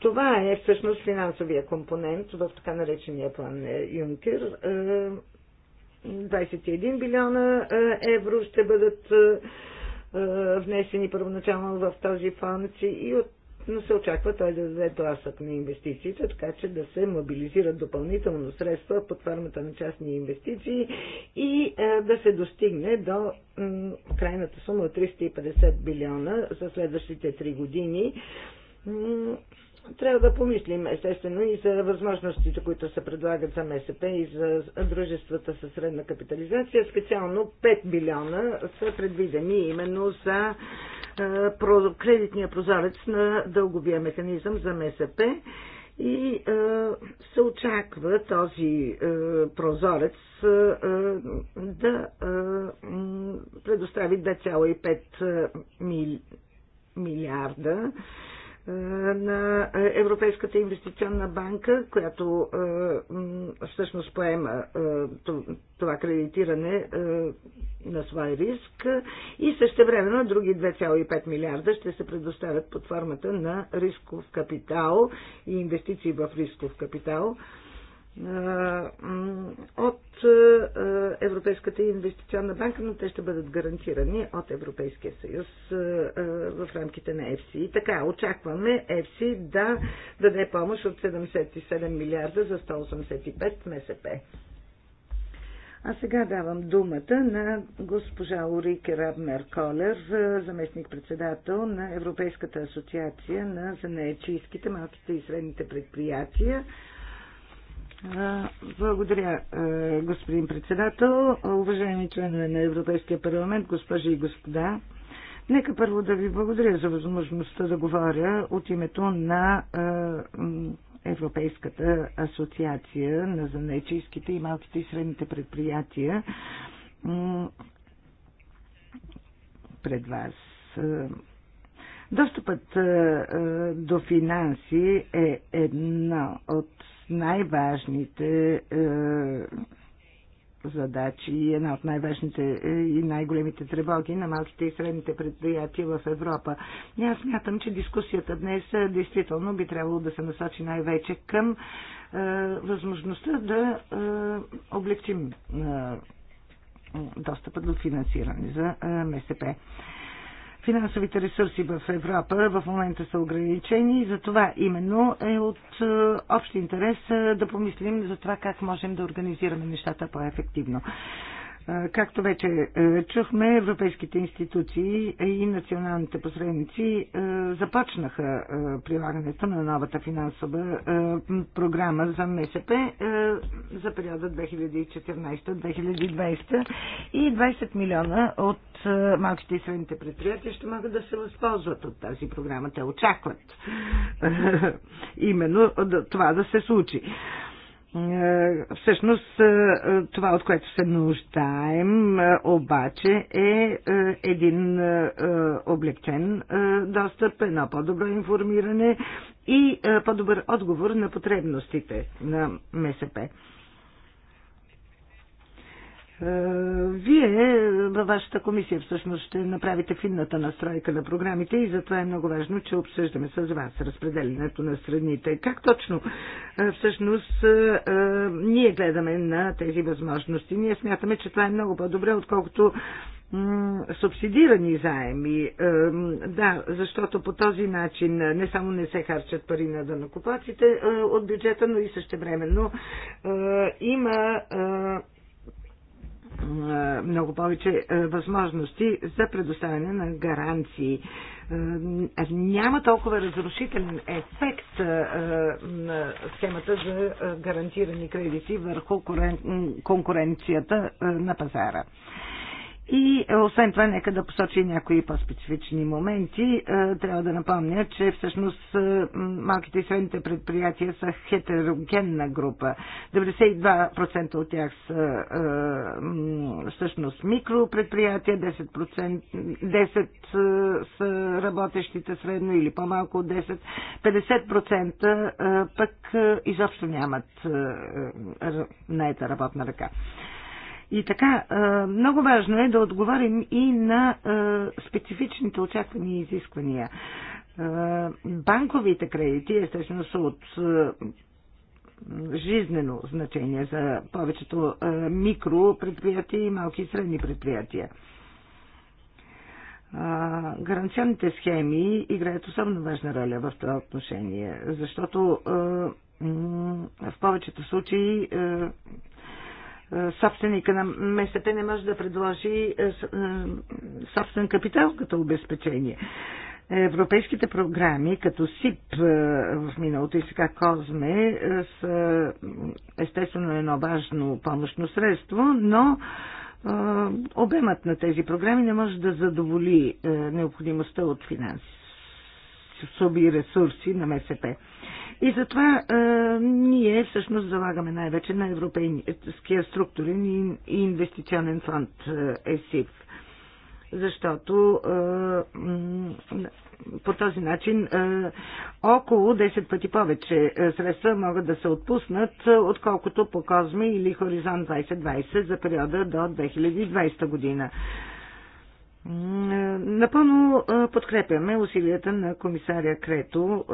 Това е всъщност финансовия компонент в така наречения план Юнкер. 21 билиона евро ще бъдат внесени първоначално в този фонд и от но се очаква той да даде тласък на инвестициите, така че да се мобилизират допълнително средства под формата на частни инвестиции и е, да се достигне до крайната сума от 350 билиона за следващите 3 години. Трябва да помислим, естествено, и за възможностите, които се предлагат за МСП и за дружествата със средна капитализация. Специално 5 билиона са предвидени именно за кредитния прозорец на дълговия механизъм за МСП и се очаква този прозорец да предостави 2,5 милиарда е, на Европейската инвестиционна банка, която е, всъщност поема е, това кредитиране на свой риск и също времено други 2,5 милиарда ще се предоставят под формата на рисков капитал и инвестиции в рисков капитал от Европейската инвестиционна банка, но те ще бъдат гарантирани от Европейския съюз в рамките на ЕФСИ. И така, очакваме ЕФСИ да даде помощ от 77 милиарда за 185 МСП. А сега давам думата на госпожа Урике Рабмер Колер, заместник-председател на Европейската асоциация на занечийските малките и средните предприятия. Благодаря, господин председател. Уважаеми членове на Европейския парламент, госпожи и господа, нека първо да ви благодаря за възможността да говоря от името на Европейската асоциация на занечийските и малките и средните предприятия пред вас. Достъпът до финанси е една от най-важните е, задачи и една от най-важните е, и най-големите тревоги на малките и средните предприятия в Европа. И аз смятам, че дискусията днес е, действително би трябвало да се насочи най-вече към е, възможността да е, облегчим е, достъпа до финансиране за е, МСП финансовите ресурси в Европа в момента са ограничени и за това именно е от е, общ интерес е, да помислим за това как можем да организираме нещата по-ефективно. Както вече е, чухме, европейските институции и националните посредници е, започнаха е, прилагането на новата финансова програма за МСП за периода 2014-2020 и 20 милиона от малките и средните предприятия ще могат да се възползват от тази програма. Те очакват именно това да се случи. Е, всъщност е, е, това, от което се нуждаем, обаче е един облегчен достъп, едно по-добро информиране и по-добър отговор на потребностите на МСП. Е, вие във вашата комисия всъщност ще направите финната настройка на програмите и затова е много важно, че обсъждаме с вас разпределенето на страните. Как точно е, всъщност е, ние гледаме на тези възможности? Ние смятаме, че това е много по-добре, отколкото субсидирани заеми. Да, защото по този начин не само не се харчат пари на данокопаците от бюджета, но и същевременно има е, много повече е, възможности за предоставяне на гаранции. Е, няма толкова разрушителен ефект на схемата за гарантирани кредити върху конкуренцията на пазара. И е, освен това, нека да посочи някои по-специфични моменти. Е, трябва да напомня, че всъщност е, малките и средните предприятия са хетерогенна група. 92% от тях са всъщност микропредприятия, 10%, 10 са работещите средно или по-малко от 10, 50% пък изобщо нямат наета работна ръка. И така, много важно е да отговорим и на специфичните очаквания и изисквания. Банковите кредити, естествено, са от жизнено значение за повечето микропредприятия и малки и средни предприятия. Гаранционните схеми играят особено важна роля в това отношение, защото в повечето случаи е, собственика на МСП не може да предложи е, е, собствен капитал като обезпечение. Европейските програми, като СИП в миналото и сега Козме, са естествено едно важно помощно средство, но обемът на тези програми не може да задоволи необходимостта от финанси суби и ресурси на МСП. И затова е, ние всъщност залагаме най-вече на Европейския структурен и инвестиционен фонд е, ЕСИФ. Защото е, по този начин е, около 10 пъти повече е, средства могат да се отпуснат, е, отколкото по Козме или Хоризонт 2020 за периода до 2020 година. Напълно подкрепяме усилията на комисаря Крето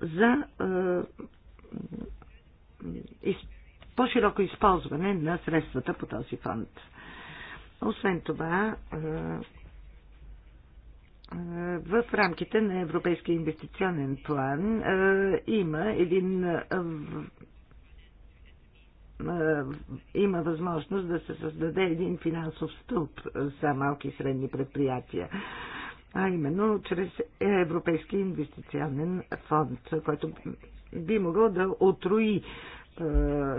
за по-широко използване на средствата по този фонд. Освен това, в рамките на Европейския инвестиционен план има един е, има възможност да се създаде един финансов стълб за малки и средни предприятия а именно чрез Европейския инвестиционен фонд, който би могъл да отруи е,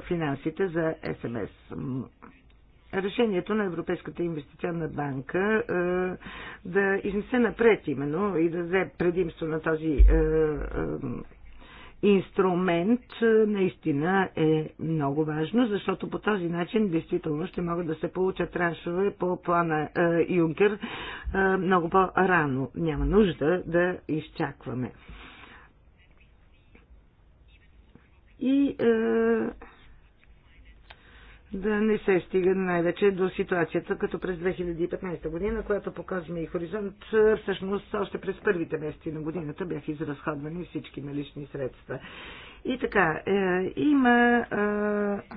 финансите за СМС. Решението на Европейската инвестиционна банка е, да изнесе напред именно и да взе предимство на този инструмент е, наистина е много важно, защото по този начин действително ще могат да се получат траншове по плана е, Юнкер е, много по-рано. Няма нужда да изчакваме. И е, да не се стига най-вече до ситуацията, като през 2015 година, която показваме и хоризонт, е, всъщност още през първите месеци на годината бяха изразходвани всички налични средства. И така, е, има е,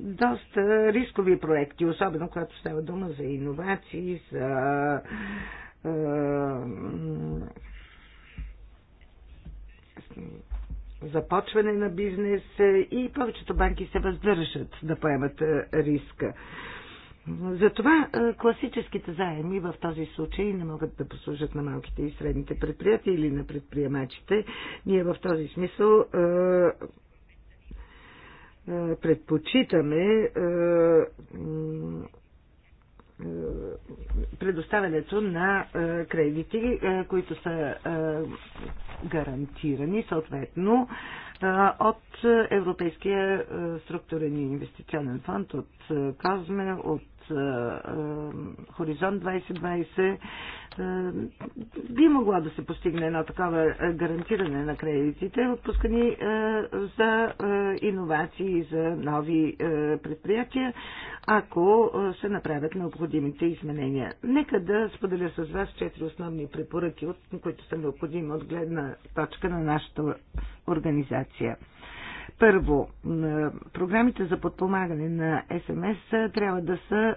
доста рискови проекти, особено когато става дума за иновации, за е, започване на бизнес и повечето банки се въздържат да поемат е, риска. Затова е, класическите заеми в този случай не могат да послужат на малките и средните предприятия или на предприемачите. Ние в този смисъл е, предпочитаме е, предоставянето на е, кредити, е, които са гарантирани съответно от Европейския структурен инвестиционен фонд, от Казме, от Хоризонт 2020 би могла да се постигне едно такова гарантиране на кредитите, отпускани за иновации, за нови предприятия, ако се направят необходимите изменения. Нека да споделя с вас четири основни препоръки, които са необходими от гледна точка на нашата организация. Първо, програмите за подпомагане на СМС трябва да са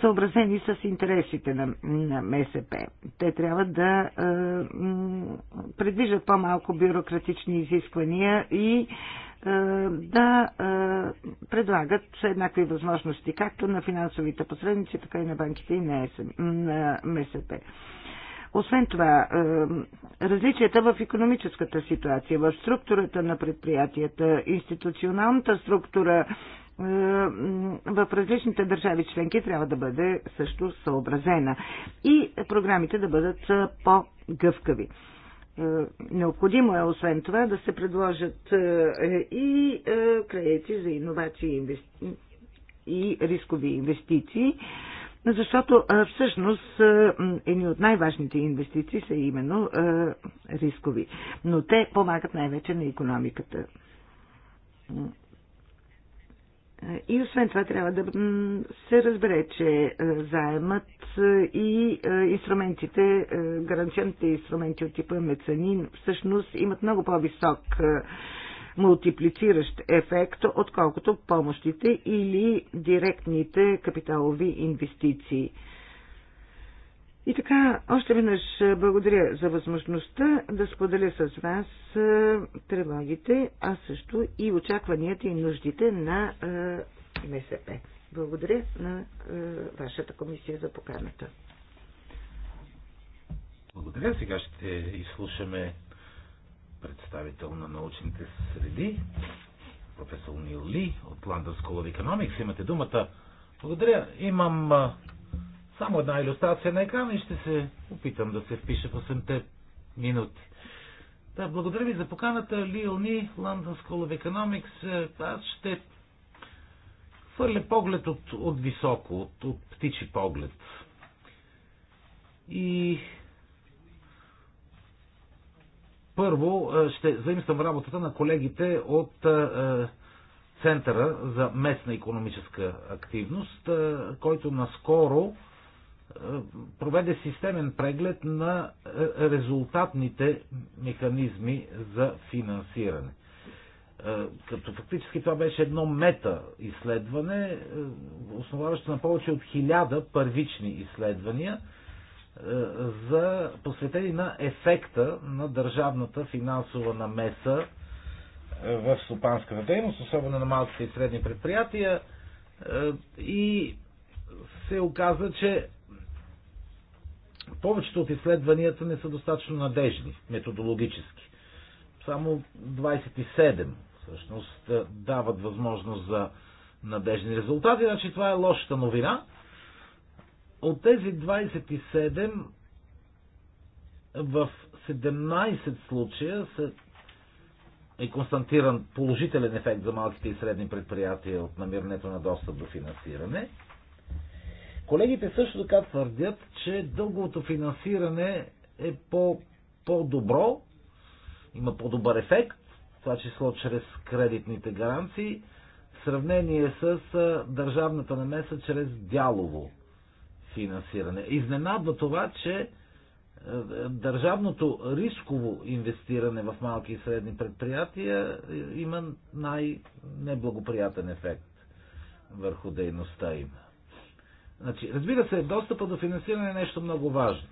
съобразени с интересите на, на МСП. Те трябва да предвиждат по-малко бюрократични изисквания и да предлагат еднакви възможности както на финансовите посредници, така и на банките и на, СМ, на МСП. Освен това, е, различията в економическата ситуация, в структурата на предприятията, институционалната структура е, в различните държави членки трябва да бъде също съобразена и програмите да бъдат по-гъвкави. Е, необходимо е освен това да се предложат и кредити за иновации и рискови инвестиции защото всъщност едни от най-важните инвестиции са именно рискови. Но те помагат най-вече на економиката. И освен това трябва да се разбере, че заемът и инструментите, гаранционните инструменти от типа мецанин, всъщност имат много по-висок мултиплициращ ефект, отколкото помощите или директните капиталови инвестиции. И така, още веднъж благодаря за възможността да споделя с вас е, тревогите, а също и очакванията и нуждите на е, МСП. Благодаря на е, вашата комисия за поканата. Благодаря. Сега ще изслушаме представител на научните среди, професор Нил Ли от London School of Economics. Имате думата. Благодаря. Имам а, само една иллюстрация на екрана и ще се опитам да се впиша в 8-те минути. Да, благодаря ви за поканата. Лил Ни, London School of Economics. Е, аз ще хвърля поглед от, от високо, от, от птичи поглед. И първо е, ще заимствам работата на колегите от е, е, Центъра за местна економическа активност, който наскоро проведе системен преглед на резултатните механизми за финансиране. Като фактически това беше едно мета изследване, основаващо на повече от хиляда първични изследвания – за посветени на ефекта на държавната финансова намеса е, в стопанската дейност, особено на малките и средни предприятия. Е, и се оказа, че повечето от изследванията не са достатъчно надежни методологически. Само 27 всъщност дават възможност за надежни резултати, значи това е лошата новина – от тези 27 в 17 случая са е константиран положителен ефект за малките и средни предприятия от намирането на достъп до финансиране. Колегите също така твърдят, че дълговото финансиране е по, по-добро, има по-добър ефект, това число чрез кредитните гаранции, в сравнение с държавната намеса чрез дялово финансиране. Изненадва това, че е, държавното рисково инвестиране в малки и средни предприятия е, има най-неблагоприятен ефект върху дейността им. Значи, разбира се, достъпа до финансиране е нещо много важно.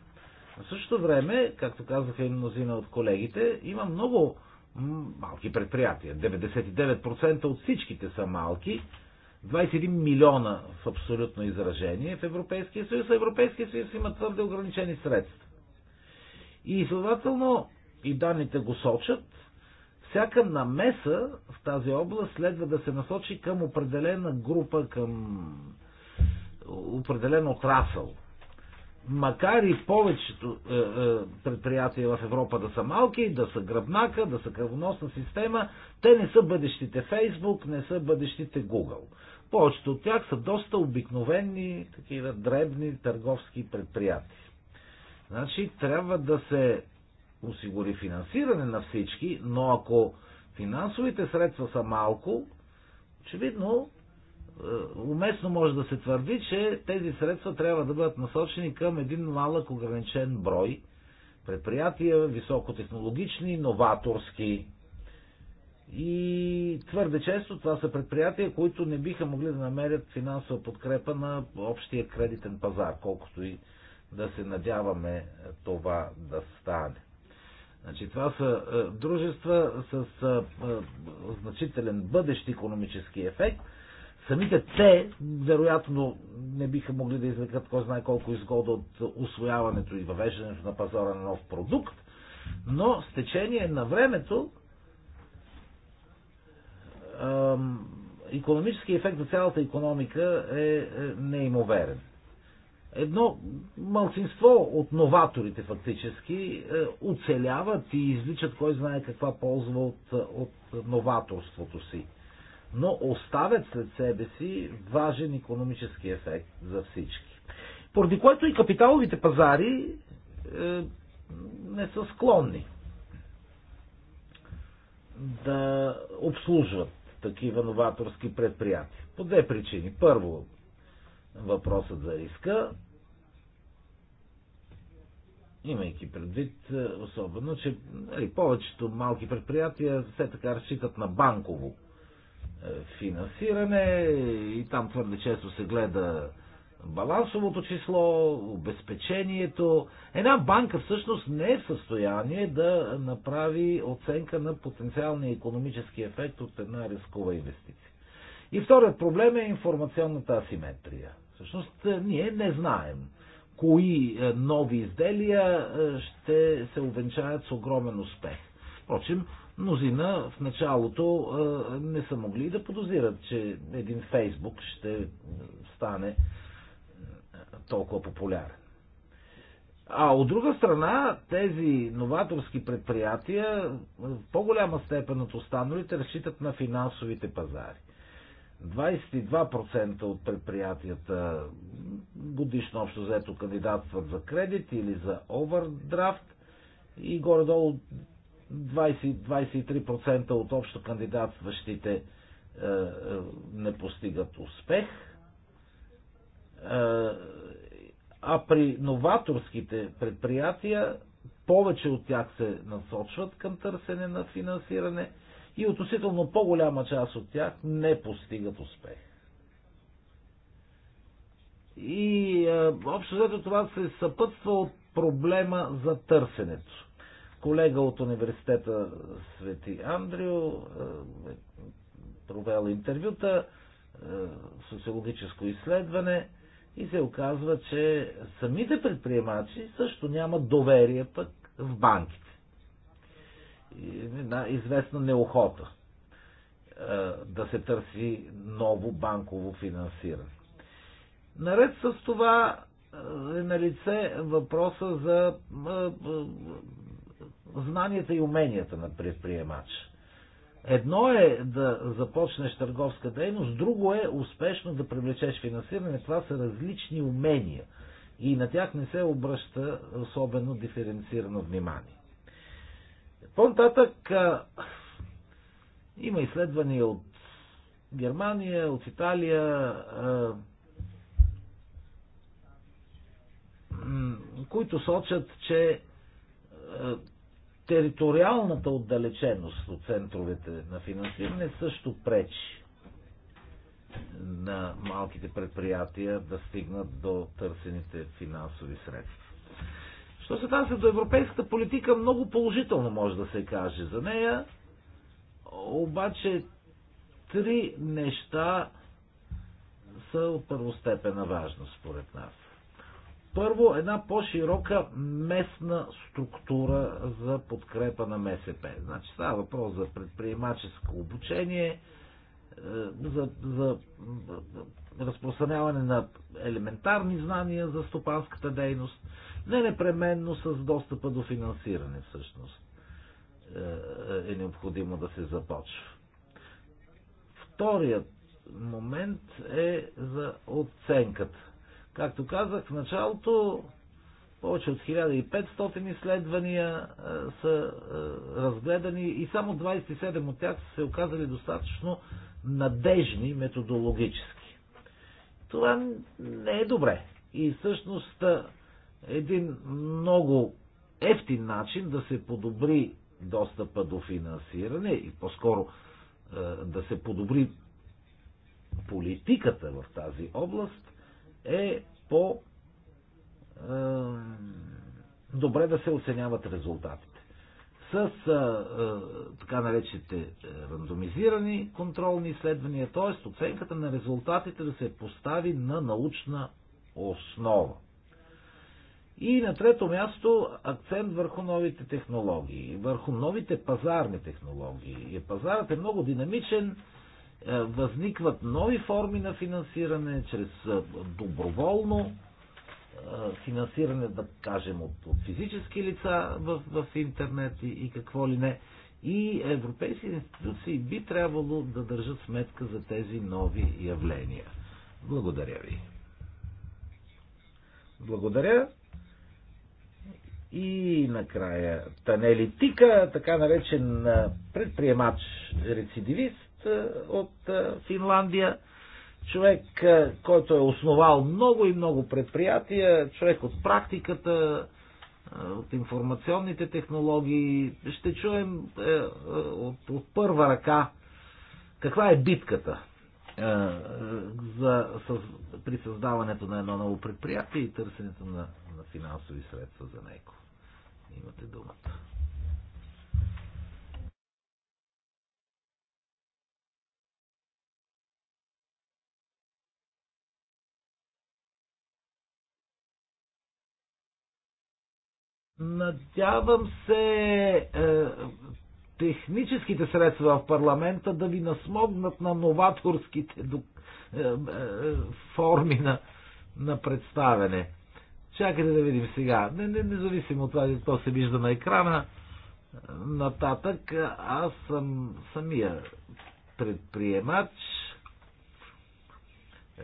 В същото време, както казаха и мнозина от колегите, има много малки предприятия. 99% от всичките са малки 21 милиона в абсолютно изражение в Европейския съюз, а Европейския съюз има твърде ограничени средства. И следователно, и данните го сочат, всяка намеса в тази област следва да се насочи към определена група, към определен отрасъл – макар и повечето е, е, предприятия в Европа да са малки, да са гръбнака, да са кръвоносна система, те не са бъдещите Фейсбук, не са бъдещите Google. Повечето от тях са доста обикновени, такива дребни търговски предприятия. Значи трябва да се осигури финансиране на всички, но ако финансовите средства са малко, очевидно е, уместно може да се твърди, че тези средства трябва да бъдат насочени към един малък ограничен брой предприятия, високотехнологични, новаторски. И твърде често това са предприятия, които не биха могли да намерят финансова подкрепа на общия кредитен пазар, колкото и да се надяваме това да стане. Значи, това са е, дружества с е, значителен бъдещ економически ефект – Самите те, вероятно, не биха могли да извлекат кой знае колко изгода от освояването и въвеждането на пазара на нов продукт, но с течение на времето економическият ефект за цялата економика е, е неимоверен. Едно малцинство от новаторите фактически е, оцеляват и изличат кой знае каква ползва от, от новаторството си но оставят след себе си важен економически ефект за всички. Поради което и капиталовите пазари е, не са склонни да обслужват такива новаторски предприятия. По две причини. Първо, въпросът за риска, имайки предвид е, особено, че нали, повечето малки предприятия все така разчитат на банково финансиране и там твърде често се гледа балансовото число, обезпечението. Една банка всъщност не е в състояние да направи оценка на потенциалния економически ефект от една рискова инвестиция. И вторият проблем е информационната асиметрия. Всъщност е, ние не знаем кои е, нови изделия е, ще се увенчаят с огромен успех. Впрочем, Мнозина в началото не са могли да подозират, че един Фейсбук ще стане толкова популярен. А от друга страна, тези новаторски предприятия в по-голяма степен от останалите разчитат на финансовите пазари. 22% от предприятията годишно общо взето кандидатстват за кредит или за овърдрафт и горе-долу 20-23% от общо кандидатстващите е, е, не постигат успех. Е, а при новаторските предприятия повече от тях се насочват към търсене на финансиране и относително по-голяма част от тях не постигат успех. И общо взето това се съпътства от проблема за търсенето колега от университета Свети Андрио е, е, провел интервюта, е, социологическо изследване и се оказва, че самите предприемачи също нямат доверие пък в банките. Една известна неохота да се търси ново банково финансиране. Наред с това е на лице въпроса за знанията и уменията на предприемача. Едно е да започнеш търговска дейност, друго е успешно да привлечеш финансиране. Това са различни умения и на тях не се обръща особено диференцирано внимание. По-нататък има изследвания от Германия, от Италия, които сочат, че Териториалната отдалеченост от центровете на финансиране също пречи на малките предприятия да стигнат до търсените финансови средства. Що се казва до европейската политика, много положително може да се каже за нея, обаче три неща са от първостепена важност, според нас. Първо, една по-широка местна структура за подкрепа на МСП. Значи става въпрос за предприемаческо обучение, е, за, за разпространяване на елементарни знания за стопанската дейност, не непременно с достъпа до финансиране всъщност е, е необходимо да се започва. Вторият момент е за оценката. Както казах в началото, повече от 1500 изследвания е, са е, разгледани и само 27 от тях са се оказали достатъчно надежни методологически. Това не е добре. И всъщност е, един много ефтин начин да се подобри достъпа до финансиране и по-скоро да се подобри политиката в тази област е по е, добре да се оценяват резултатите. С е, е, така наречените е, рандомизирани контролни изследвания, т.е. оценката на резултатите да се постави на научна основа. И на трето място акцент върху новите технологии, върху новите пазарни технологии. Пазарът е много динамичен, е, възникват нови форми на финансиране, чрез е, доброволно е, финансиране, да кажем, от, физически лица в, в интернет и, и какво ли не. И европейски институции би трябвало да държат сметка за тези нови явления. Благодаря ви. Благодаря. И накрая Танели Тика, така наречен предприемач рецидивист, е, от е, Финландия. Човек, е, който е основал много и много предприятия, човек от практиката, от информационните технологии. Ще чуем от, от първа ръка каква е битката за, с, при създаването на едно ново предприятие и търсенето на, на финансови средства за него. Имате думата. Надявам се е, техническите средства в парламента да ви насмогнат на новаторските е, е, форми на, на представяне. Чакайте да видим сега. Не, не, независимо от това, то се вижда на екрана, е, нататък аз съм самия предприемач.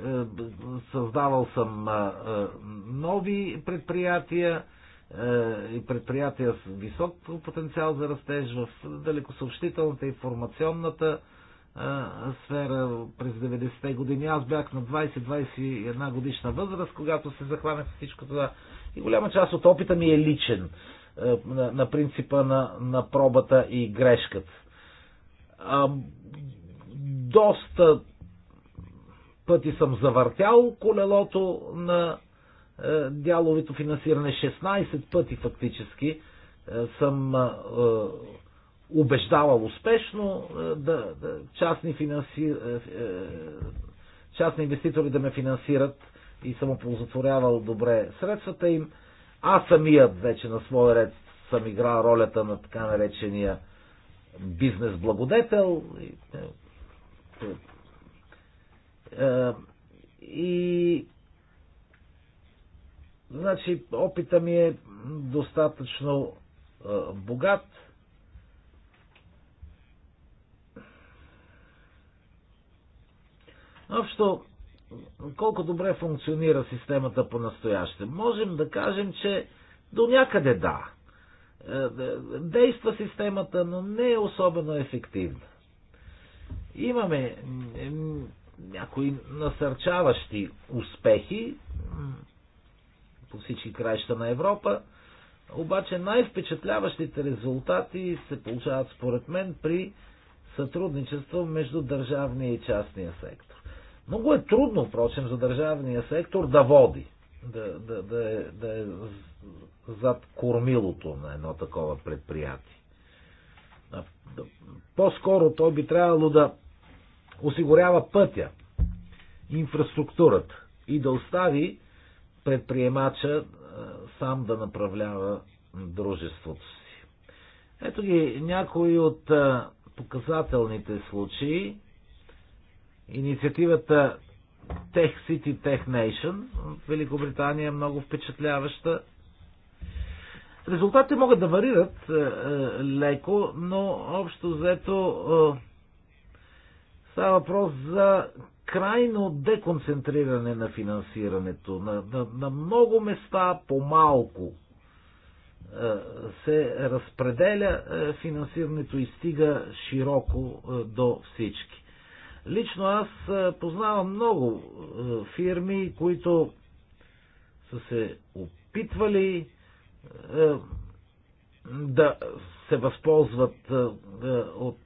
Е, създавал съм е, нови предприятия е, и предприятия с висок потенциал за растеж в далекосъобщителната и информационната е, сфера през 90-те години. Аз бях на 20-21 годишна възраст, когато се захванах с всичко това. И голяма част от опита ми е личен е, на, принципа на, на пробата и грешката. А, доста пъти съм завъртял колелото на е, дяловито финансиране 16 е пъти фактически е, съм убеждавал успешно да, да частни, финанси, частни инвеститори да ме финансират и съм оползотворявал добре средствата им. Аз самият вече на своя ред съм играл ролята на така наречения бизнес благодетел. И, Значи, опита ми е достатъчно е, богат. Общо, колко добре функционира системата по настояще? Можем да кажем, че до някъде да. Е, действа системата, но не е особено ефективна. Имаме някои насърчаващи успехи, по всички краища на Европа. Обаче най-впечатляващите резултати се получават според мен при сътрудничество между държавния и частния сектор. Много е трудно, впрочем, за държавния сектор да води, да, да, да, е, да е зад кормилото на едно такова предприятие. По-скоро той би трябвало да осигурява пътя, инфраструктурата и да остави предприемача е, сам да направлява дружеството си. Ето ги някои от е, показателните случаи. Инициативата Tech City Tech Nation в Великобритания е много впечатляваща. Резултатите могат да варират е, леко, но общо взето Става въпрос за крайно деконцентриране на финансирането. На, на, на много места по-малко е, се разпределя е, финансирането и стига широко е, до всички. Лично аз познавам много фирми, които са се опитвали да се възползват от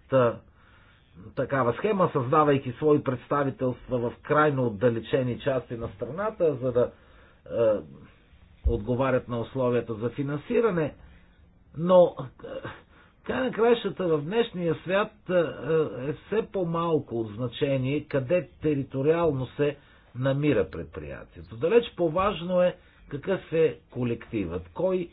такава схема, създавайки свои представителства в крайно отдалечени части на страната, за да е, отговарят на условията за финансиране. Но е, край на краищата в днешния свят е, е, е все по-малко от значение къде териториално се намира предприятието. Далеч по-важно е какъв е колективът, кой,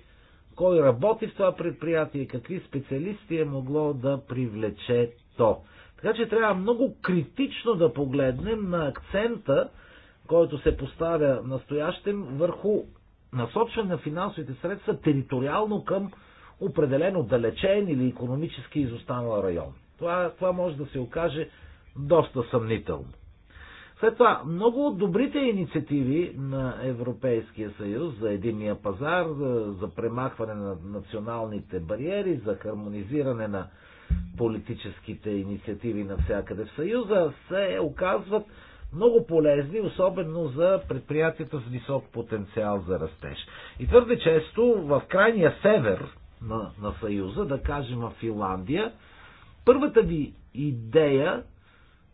кой работи в това предприятие, какви специалисти е могло да привлече то. Така че трябва много критично да погледнем на акцента, който се поставя настоящем върху насочване на финансовите средства териториално към определен отдалечен или економически изостанал район. Това, това може да се окаже доста съмнително. След това, много от добрите инициативи на Европейския съюз за единния пазар, за, за премахване на националните бариери, за хармонизиране на политическите инициативи навсякъде в Съюза, се оказват много полезни, особено за предприятията с висок потенциал за растеж. И твърде често в крайния север на, на Съюза, да кажем в Финландия, първата ви идея,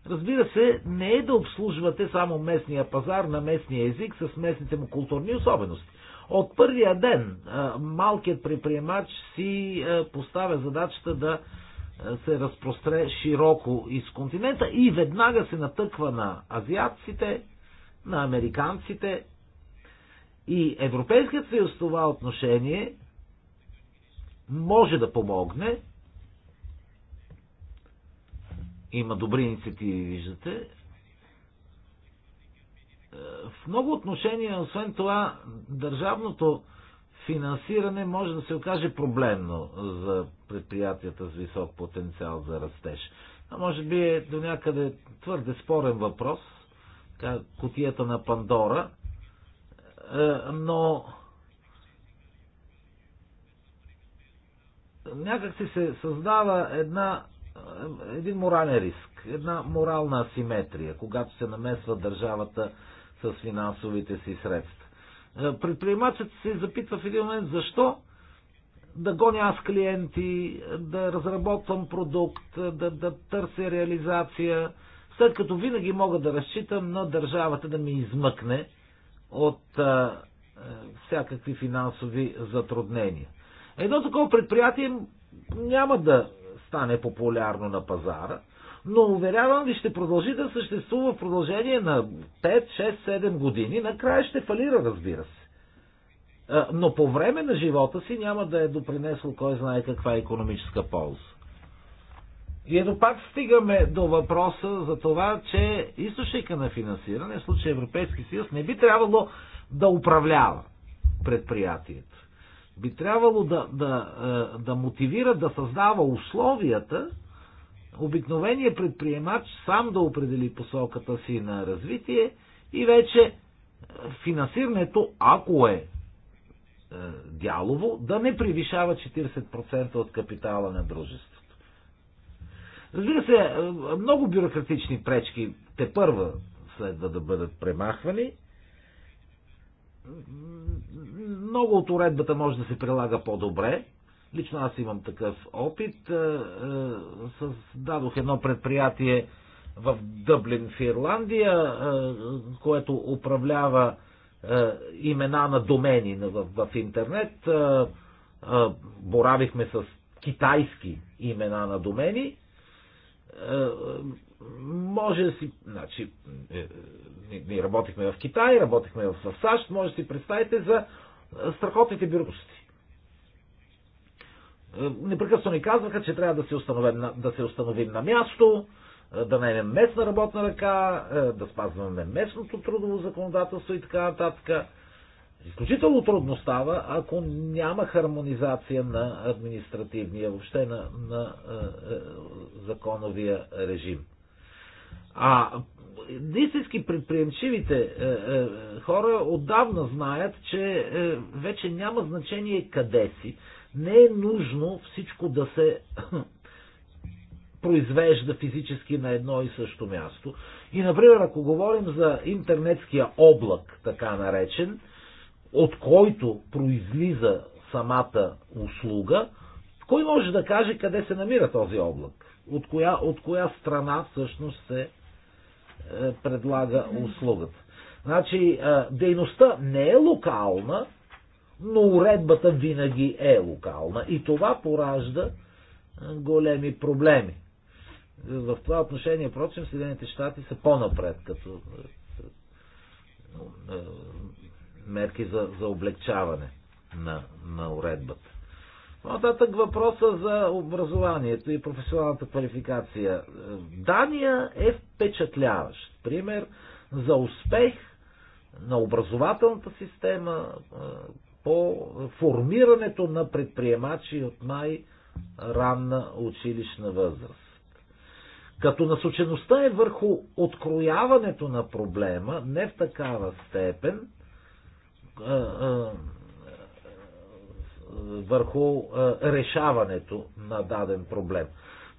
разбира се, не е да обслужвате само местния пазар на местния език с местните му културни особености. От първия ден малкият предприемач си поставя задачата да се разпростре широко из континента и веднага се натъква на азиатците, на американците. И Европейският съюз в това отношение може да помогне. Има добри инициативи, виждате. Е, в много отношения, освен това, държавното финансиране може да се окаже проблемно за предприятията с висок потенциал за растеж. А може би е до някъде твърде спорен въпрос, така, кутията на Пандора, е, но някак си се създава една, е, един морален риск, една морална асиметрия, когато се намесва държавата с финансовите си средства. Е, предприемачът се запитва в един момент защо да гоня аз клиенти, да разработвам продукт, да, да търся реализация, след като винаги мога да разчитам на държавата да ми измъкне от а, е, е, всякакви финансови затруднения. Едно такова предприятие няма да стане популярно на пазара, но уверявам ви, ще продължи да съществува в продължение на 5, 6, 7 години. Накрая ще фалира, разбира се. Но по време на живота си няма да е допринесло кой знае каква е економическа полза. И ето пак стигаме до въпроса за това, че източника на финансиране, в случай Европейски съюз, не би трябвало да управлява предприятието. Би трябвало да, да, да мотивира, да създава условията, обикновения предприемач сам да определи посоката си на развитие и вече е, финансирането, ако е, е дялово, да не превишава 40% от капитала на дружеството. Разбира се, е, много бюрократични пречки те първа следва да бъдат премахвани. Много от уредбата може да се прилага по-добре, Лично аз имам такъв опит. Е, е, създадох едно предприятие в Дъблин в Ирландия, е, което управлява имена на домени в интернет. Боравихме с китайски имена на домени. Може да си. Значи, ние работихме в Китай, работихме в САЩ, може да си представите за страхотните бюрократични е, непрекъсно ни казваха, че трябва да се установим на, да се установим на място, е, да наемем местна работна ръка, е, да спазваме местното трудово законодателство и така нататък. Изключително трудно става, ако няма хармонизация на административния, въобще на, на законовия режим. А истински предприемчивите е, е, хора отдавна знаят, че е, вече няма значение къде си, не е нужно всичко да се произвежда физически на едно и също място. И, например, ако говорим за интернетския облак, така наречен, от който произлиза самата услуга, кой може да каже къде се намира този облак? От коя, от коя страна всъщност се е, предлага услугата? Значи, е, дейността не е локална, но уредбата винаги е локална. И това поражда големи проблеми. В това отношение, впрочем, Съединените щати са по-напред като мерки за, за облегчаване на, на уредбата. Нататък въпроса за образованието и професионалната квалификация. Дания е впечатляващ пример за успех на образователната система по формирането на предприемачи от най-ранна училищна възраст. Като насочеността е върху открояването на проблема, не в такава степен, върху решаването на даден проблем.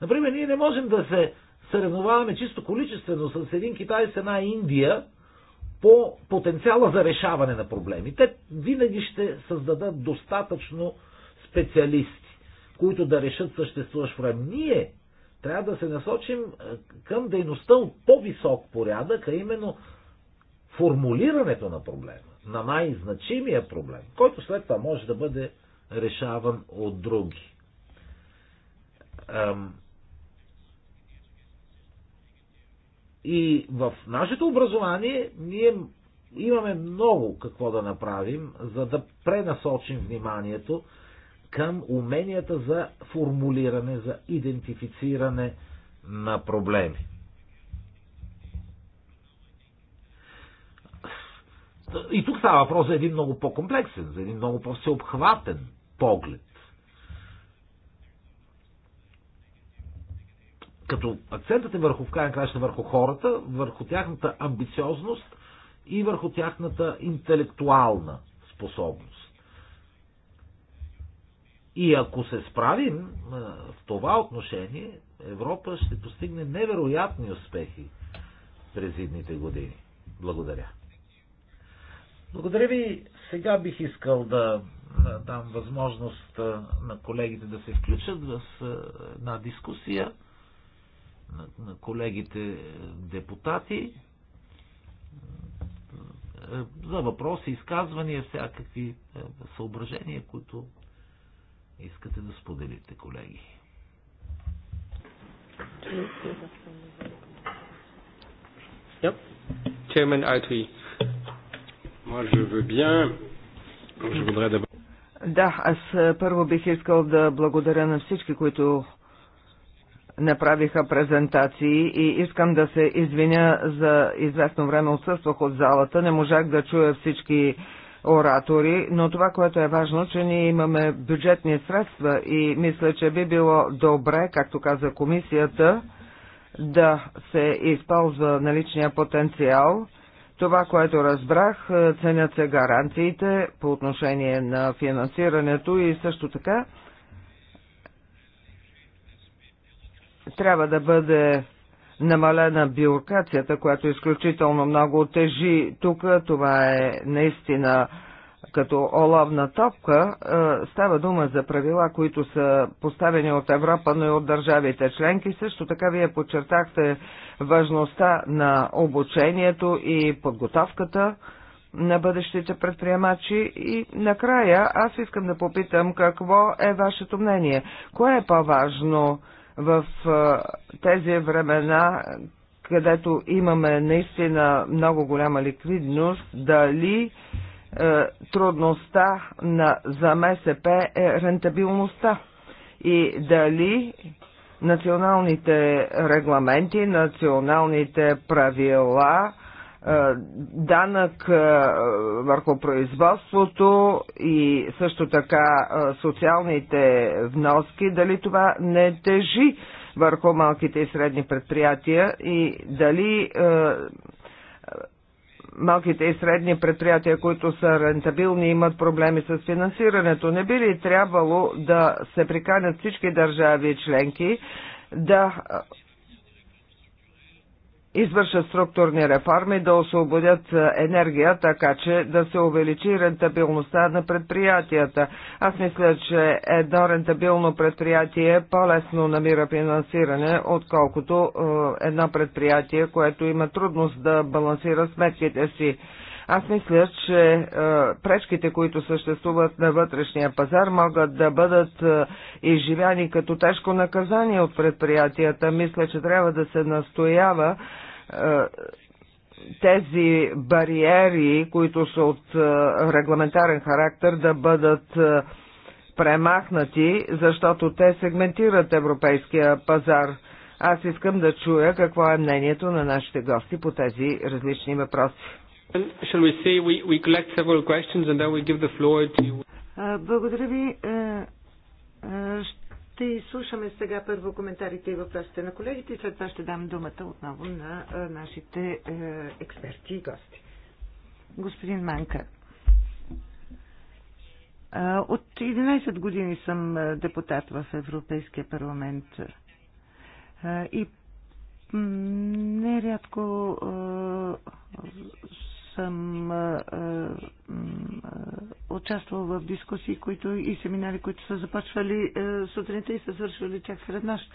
Например, ние не можем да се съревноваваме чисто количествено с един Китай, с една Индия, по потенциала за решаване на проблеми. Те винаги ще създадат достатъчно специалисти, които да решат съществуващ проблем. Ние трябва да се насочим към дейността от по-висок порядък, а именно формулирането на проблема, на най-значимия проблем, който след това може да бъде решаван от други. И в нашето образование ние имаме много какво да направим, за да пренасочим вниманието към уменията за формулиране, за идентифициране на проблеми. И тук става въпрос за един много по-комплексен, за един много по-всеобхватен поглед като акцентът е върху, в крайна краща, върху хората, върху тяхната амбициозност и върху тяхната интелектуална способност. И ако се справим в това отношение, Европа ще постигне невероятни успехи през идните години. Благодаря. Благодаря ви. Сега бих искал да дам възможност на колегите да се включат в една дискусия на колегите депутати е, за въпроси, изказвания, всякакви е, съображения, които искате да споделите, колеги. Yep. Chairman Autry. Moi, je veux bien. Je voudrais d'abord. Да, аз е, първо бих искал да благодаря на всички, които направиха презентации и искам да се извиня за известно време отсъствах от залата. Не можах да чуя всички оратори, но това, което е важно, че ние имаме бюджетни средства и мисля, че би било добре, както каза комисията, да се използва наличния потенциал. Това, което разбрах, ценят се гаранциите по отношение на финансирането и също така трябва да бъде намалена бюрокрацията, която изключително много тежи тук. Това е наистина като оловна топка. Е, става дума за правила, които са поставени от Европа, но и от държавите членки. Също така вие подчертахте важността на обучението и подготовката на бъдещите предприемачи и накрая аз искам да попитам какво е вашето мнение. Кое е по-важно? в тези времена, където имаме наистина много голяма ликвидност, дали е, трудността на, за МСП е рентабилността и дали националните регламенти, националните правила – данък върху производството и също така социалните вноски, дали това не тежи върху малките и средни предприятия и дали малките и средни предприятия, които са рентабилни, имат проблеми с финансирането. Не би ли трябвало да се приканят всички държави и членки да извършат структурни реформи, да освободят е, енергия, така че да се увеличи рентабилността на предприятията. Аз мисля, че едно рентабилно предприятие по-лесно намира финансиране, отколкото е, едно предприятие, което има трудност да балансира сметките си. Аз мисля, че е, пречките, които съществуват на вътрешния пазар, могат да бъдат е, изживяни като тежко наказание от предприятията. Мисля, че трябва да се настоява е, тези бариери, които са от е, регламентарен характер, да бъдат е, премахнати, защото те сегментират европейския пазар. Аз искам да чуя какво е мнението на нашите гости по тези различни въпроси. We we, we Благодаря ви. Ще изслушаме сега първо коментарите и въпросите на колегите и след това ще дам думата отново на нашите експерти и гости. Господин Манка. От 11 години съм депутат в Европейския парламент и нерядко съм участвал в дискусии които, и семинари, които са започвали сутринта и са свършвали чак сред нощ.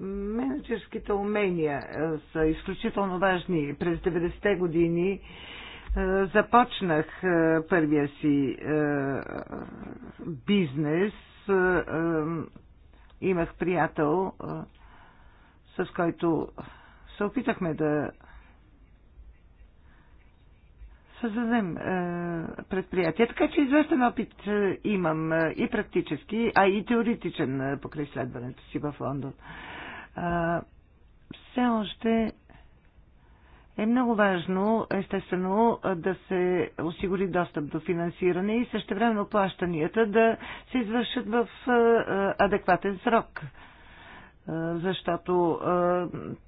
Менеджерските умения са изключително важни. През 90-те години започнах първия си бизнес. Имах приятел, с който се опитахме да създадем е, предприятия. Така че известен опит е, имам е, и практически, а и теоретичен покрай следването си в Лондон. Все още е много важно, естествено, да се осигури достъп до финансиране и същевременно плащанията да се извършат в адекватен срок. Защото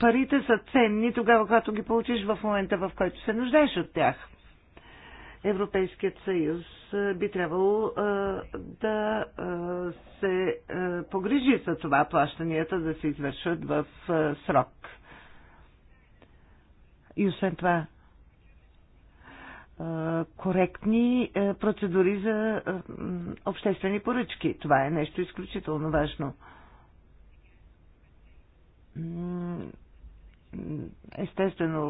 парите са ценни тогава, когато ги получиш в момента, в който се нуждаеш от тях. Европейският съюз би трябвало да се погрижи за това плащанията да се извършват в срок. И освен това, коректни процедури за обществени поръчки. Това е нещо изключително важно Естествено,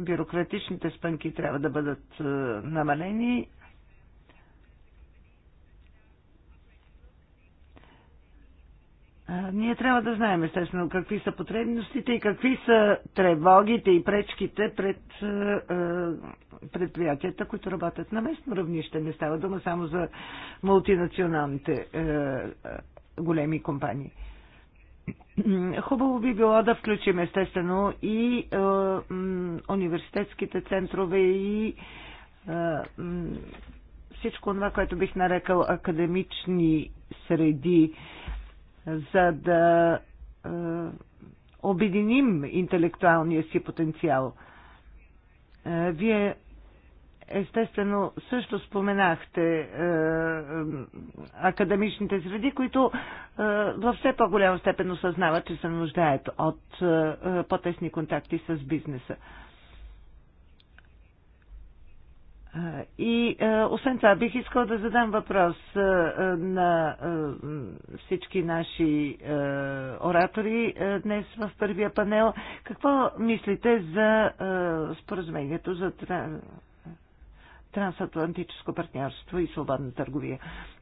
е, бюрократичните спънки трябва да бъдат е, намалени. Ние трябва да знаем, естествено, какви са потребностите и какви са тревогите и пречките пред е, предприятията, които работят на местно равнище. Не става дума само за мултинационалните големи компании. Хубаво би било да включим естествено и е, университетските центрове и е, всичко това, което бих нарекал академични среди, за да е, обединим интелектуалния си потенциал. Е, вие естествено също споменахте е, е, академичните среди, които е, във все по-голяма степен осъзнават, че се нуждаят от е, е по-тесни контакти с бизнеса. Е, и е, освен това бих искал да задам въпрос е, на е, всички наши е, оратори е, днес в първия панел. Какво мислите за е, споразумението за трансатлантическо партньорство и свободна търговия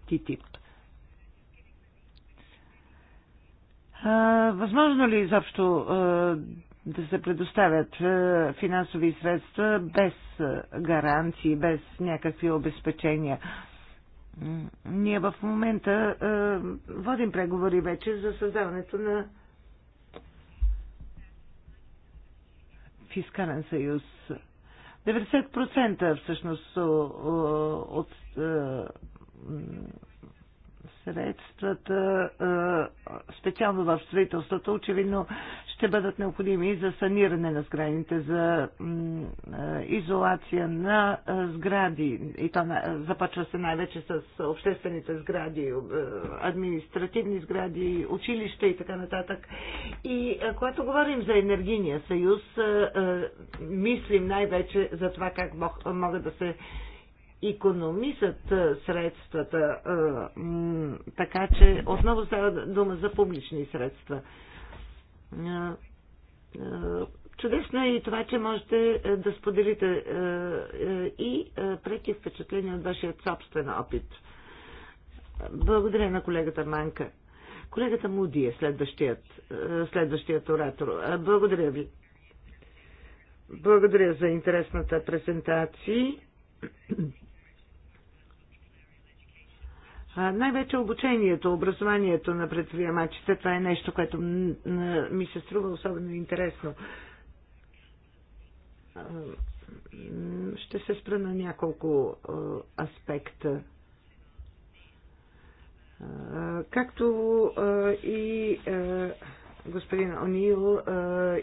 ТТИП. Възможно ли изобщо да се предоставят финансови средства без гаранции, без някакви обезпечения? Ние в момента водим преговори вече за създаването на фискален съюз 90% всъщност от средствата, специално в строителството, очевидно ще бъдат необходими за саниране на сградите, за изолация на сгради. И то започва се най-вече с обществените сгради, административни сгради, училища и така нататък. И когато говорим за енергийния съюз, мислим най-вече за това как могат да се економисат средствата, така че отново става дума за публични средства. Чудесно е и това, че можете е, да споделите е, е, и преки впечатления от вашия собствен опит. Благодаря на колегата Манка. Колегата Муди е следващият, следващият оратор. Благодаря ви. Благодаря за интересната презентация. Най-вече обучението, образованието на предприемачите, това е нещо, което ми се струва особено интересно. Ще се спра на няколко аспекта. Както и господин Онил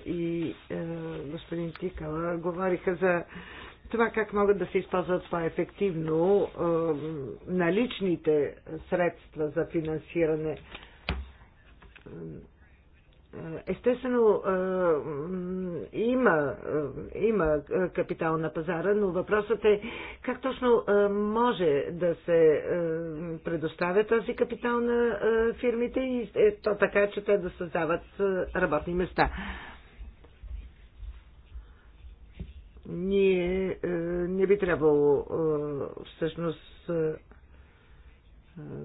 и господин Тикала говориха за това как могат да се използват по-ефективно наличните средства за финансиране. Естествено, има, има капитал на пазара, но въпросът е как точно може да се предоставя този капитал на фирмите и е то така, че те да създават работни места. ние е, не би трябвало е, всъщност е,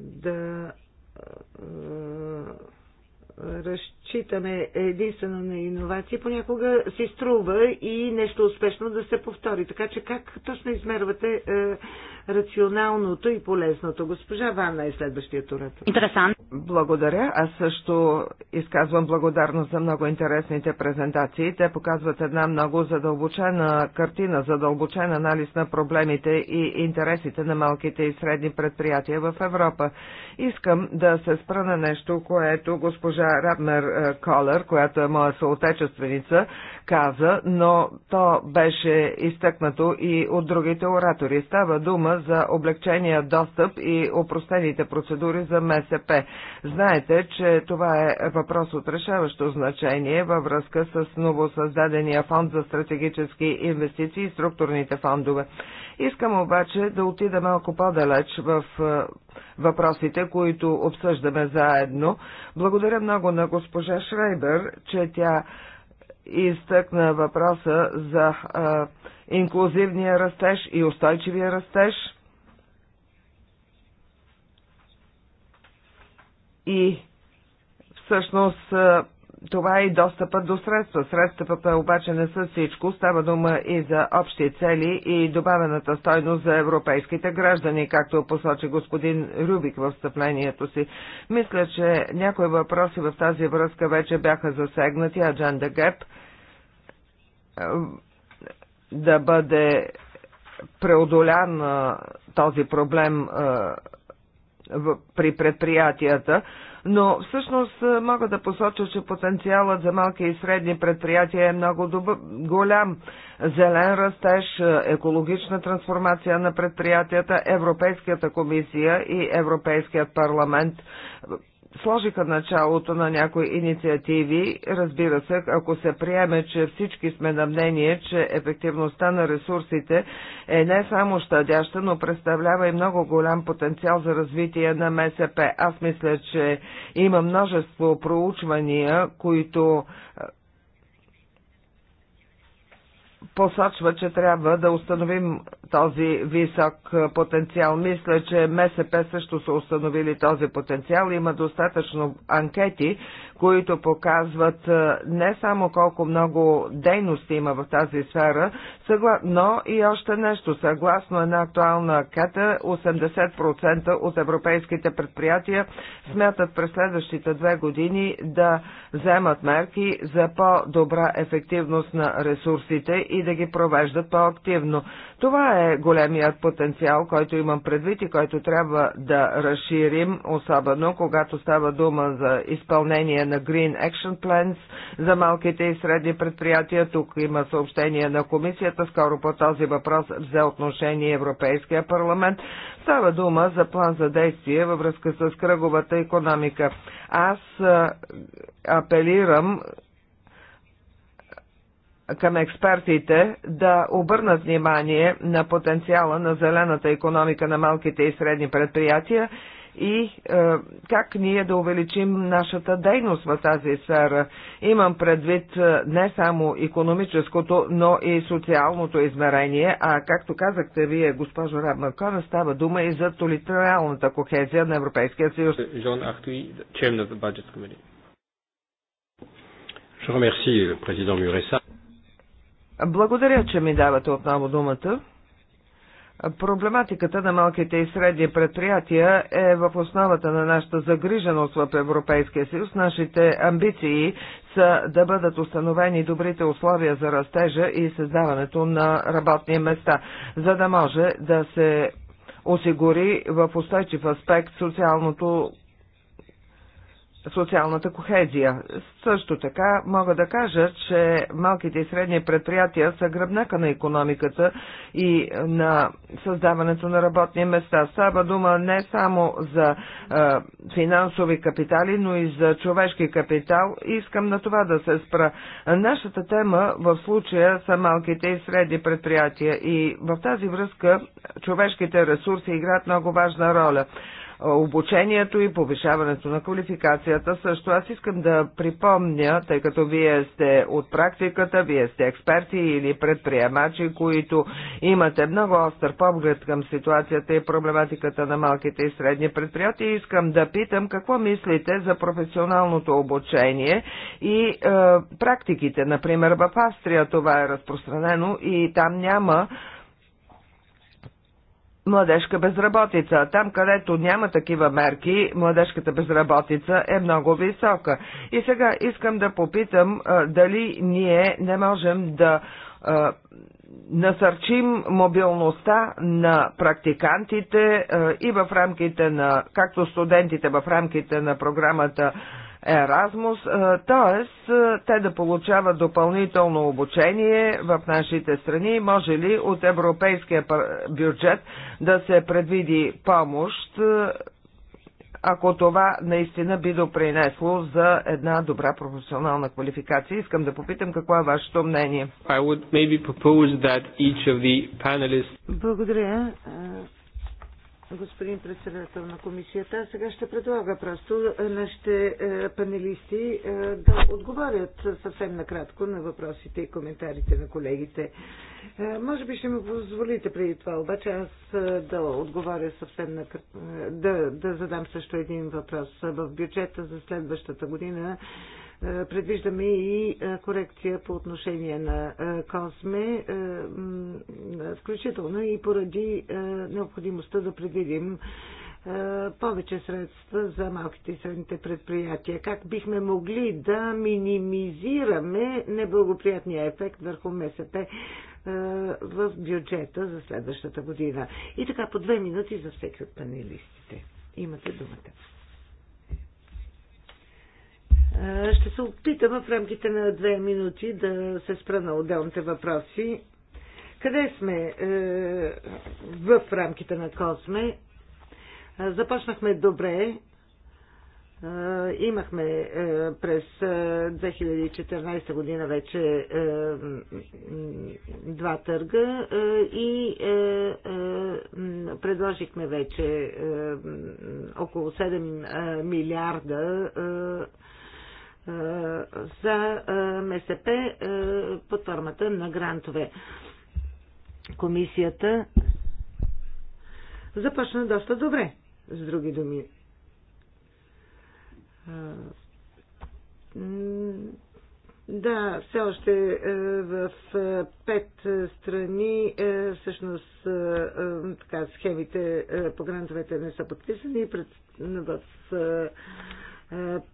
да разчитаме единствено на иновации, понякога си струва и нещо успешно да се повтори. Така че как точно измервате рационалното и полезното. Госпожа Ванна е следващия турът. Интересант. Благодаря. Аз също изказвам благодарност за много интересните презентации. Те показват една много задълбочена картина, задълбочен анализ на проблемите и интересите на малките и средни предприятия в Европа. Искам да се спра на нещо, което госпожа Рабмер е, Колер, която е моя съотечественица, каза, но то беше изтъкнато и от другите оратори. Става дума дума за облегчения достъп и опростените процедури за МСП. Знаете, че това е въпрос от решаващо значение във връзка с новосъздадения фонд за стратегически инвестиции и структурните фондове. Искам обаче да отида малко по-далеч в е, въпросите, които обсъждаме заедно. Благодаря много на госпожа Шрайбер, че тя изтъкна въпроса за а, инклюзивния растеж и устойчивия растеж. И всъщност а, това е и достъпа до средства. Средствата обаче не са всичко. Става дума и за общи цели и добавената стойност за европейските граждани, както посочи господин Рюбик в встъплението си. Мисля, че някои въпроси в тази връзка вече бяха засегнати, а Джан Дегеп е, да бъде преодолян е, този проблем е, при предприятията но всъщност е, мога да посоча, че потенциалът за малки и средни предприятия е много доб голям. Зелен растеж, е, екологична трансформация на предприятията, Европейската комисия и Европейският парламент сложиха началото на някои инициативи. Разбира се, ако се приеме, че всички сме на мнение, че ефективността на ресурсите е не само щадяща, но представлява и много голям потенциал за развитие на МСП. Аз мисля, че има множество проучвания, които посочва, че трябва да установим този висок потенциал. Мисля, че МСП също са установили този потенциал. Има достатъчно анкети, които показват не само колко много дейности има в тази сфера, но и още нещо. Съгласно една актуална анкета, 80% от европейските предприятия смятат през следващите две години да вземат мерки за по-добра ефективност на ресурсите и да ги провеждат по-активно. Това е големият потенциал, който имам предвид и който трябва да разширим, особено когато става дума за изпълнение на Green Action Plans за малките и средни предприятия. Тук има съобщение на комисията. Скоро по този въпрос взе отношение Европейския парламент. Става дума за план за действие във връзка с кръговата економика. Аз апелирам към експертите да обърнат внимание на потенциала на зелената економика на малките и средни предприятия и е, как ние да увеличим нашата дейност в тази сфера. Имам предвид е, не само економическото, но и социалното измерение, а както казахте вие, госпожо Рабмакона, става дума и за толитериалната кохезия на Европейския съюз. Жон Ахтуи, чем на the Je remercie le président благодаря, че ми давате отново думата. Проблематиката на малките и средни предприятия е в основата на нашата загриженост в Европейския съюз. Нашите амбиции са да бъдат установени добрите условия за растежа и създаването на работни места, за да може да се осигури в устойчив аспект социалното социалната кохезия. Също така мога да кажа, че малките и средни предприятия са гръбнака на економиката и на създаването на работни места. Става дума не само за е, финансови капитали, но и за човешки капитал. Искам на това да се спра. Нашата тема в случая са малките и средни предприятия и в тази връзка човешките ресурси играят много важна роля обучението и повишаването на квалификацията. Също аз искам да припомня, тъй като вие сте от практиката, вие сте експерти или предприемачи, които имате много остър поглед към ситуацията и проблематиката на малките и средни предприятия. Искам да питам какво мислите за професионалното обучение и е, практиките. Например, в Австрия това е разпространено и там няма младежка безработица. Там, където няма такива мерки, младежката безработица е много висока. И сега искам да попитам а, дали ние не можем да а, насърчим мобилността на практикантите а, и в рамките на, както студентите в рамките на програмата Еразмус, т.е. те да получават допълнително обучение в нашите страни. Може ли от европейския бюджет да се предвиди помощ, е, ако това наистина би допринесло за една добра професионална квалификация? Искам да попитам какво е вашето мнение. Благодаря е, господин председател на комисията. Аз сега ще предлага просто е, нашите е, панелисти е, да отговарят съвсем накратко на въпросите и коментарите на колегите. Може би ще ми позволите преди това, обаче аз да отговаря съвсем накратко, да, да задам също един въпрос. В бюджета за следващата година е, предвиждаме и е, корекция по отношение на е, Косме, включително и поради необходимостта да предвидим повече средства за малките и средните предприятия. Как бихме могли да минимизираме неблагоприятния ефект върху МСП в бюджета за следващата година? И така по две минути за всеки от панелистите. Имате думата. Е, ще се опитам в рамките на две минути да се спра на отделните въпроси. Къде сме е, в рамките на Косме? Е, започнахме добре. Имахме през 2014 година вече два търга и предложихме вече около 7 милиарда за МСП под формата на грантове. Комисията започна доста добре, с други думи. Да, все още в пет страни всъщност така, схемите по грантовете не са подписани. В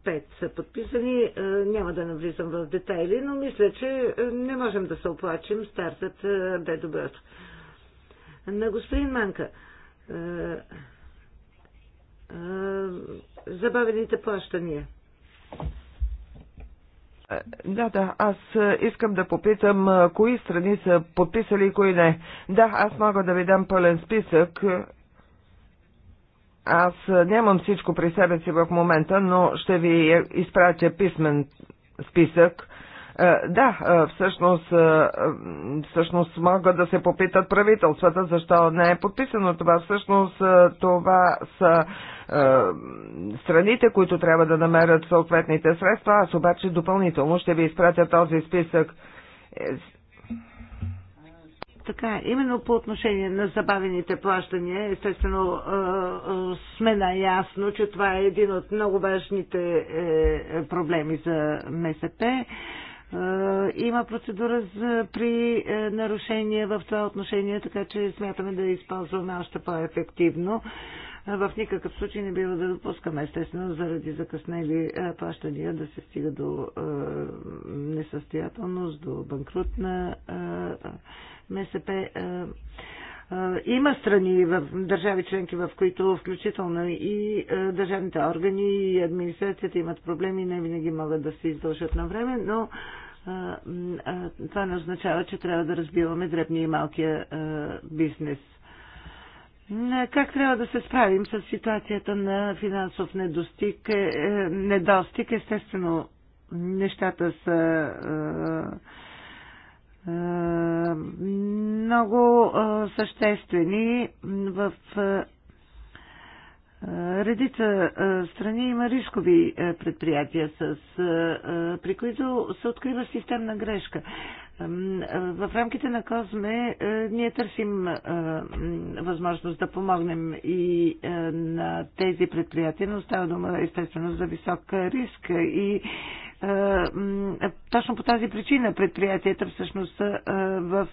пет са подписани. Е, няма да навлизам в детайли, но мисля, че е, не можем да се оплачим. Стартът е, бе добър. На господин Манка. Забавените плащания. Да, да, аз искам да попитам, кои страни са подписали и кои не. Да, аз мога да ви дам пълен списък. Аз нямам всичко при себе си в момента, но ще ви изпратя писмен списък. Е, да, е, всъщност, е, всъщност могат да се попитат правителствата, защо не е подписано това. Всъщност това са страните, които трябва да намерят съответните средства. Аз обаче допълнително ще ви изпратя този списък така. Именно по отношение на забавените плащания, естествено е, е, сме наясно, че това е един от много важните е, проблеми за МСП. Има процедура за, при нарушение в това отношение, така че смятаме да използваме още по-ефективно. В никакъв случай не бива да допускаме, естествено, заради закъснели плащания да се стига до несъстоятелност, до банкрут на МСП. Е, е, има страни в държави членки, в които включително и е, държавните органи и администрацията имат проблеми, не винаги могат да се издължат на време, но това не означава, че трябва да разбиваме дребния и малкия бизнес. Как трябва да се справим с ситуацията на финансов недостиг, недостиг? Естествено, нещата са е, много е, съществени в е, редица страни има рискови предприятия, при които се открива системна грешка. В рамките на Козме е, ние търсим е, възможност да помогнем и е, на тези предприятия, но става дума естествено за висок риск и точно по тази причина предприятията всъщност са в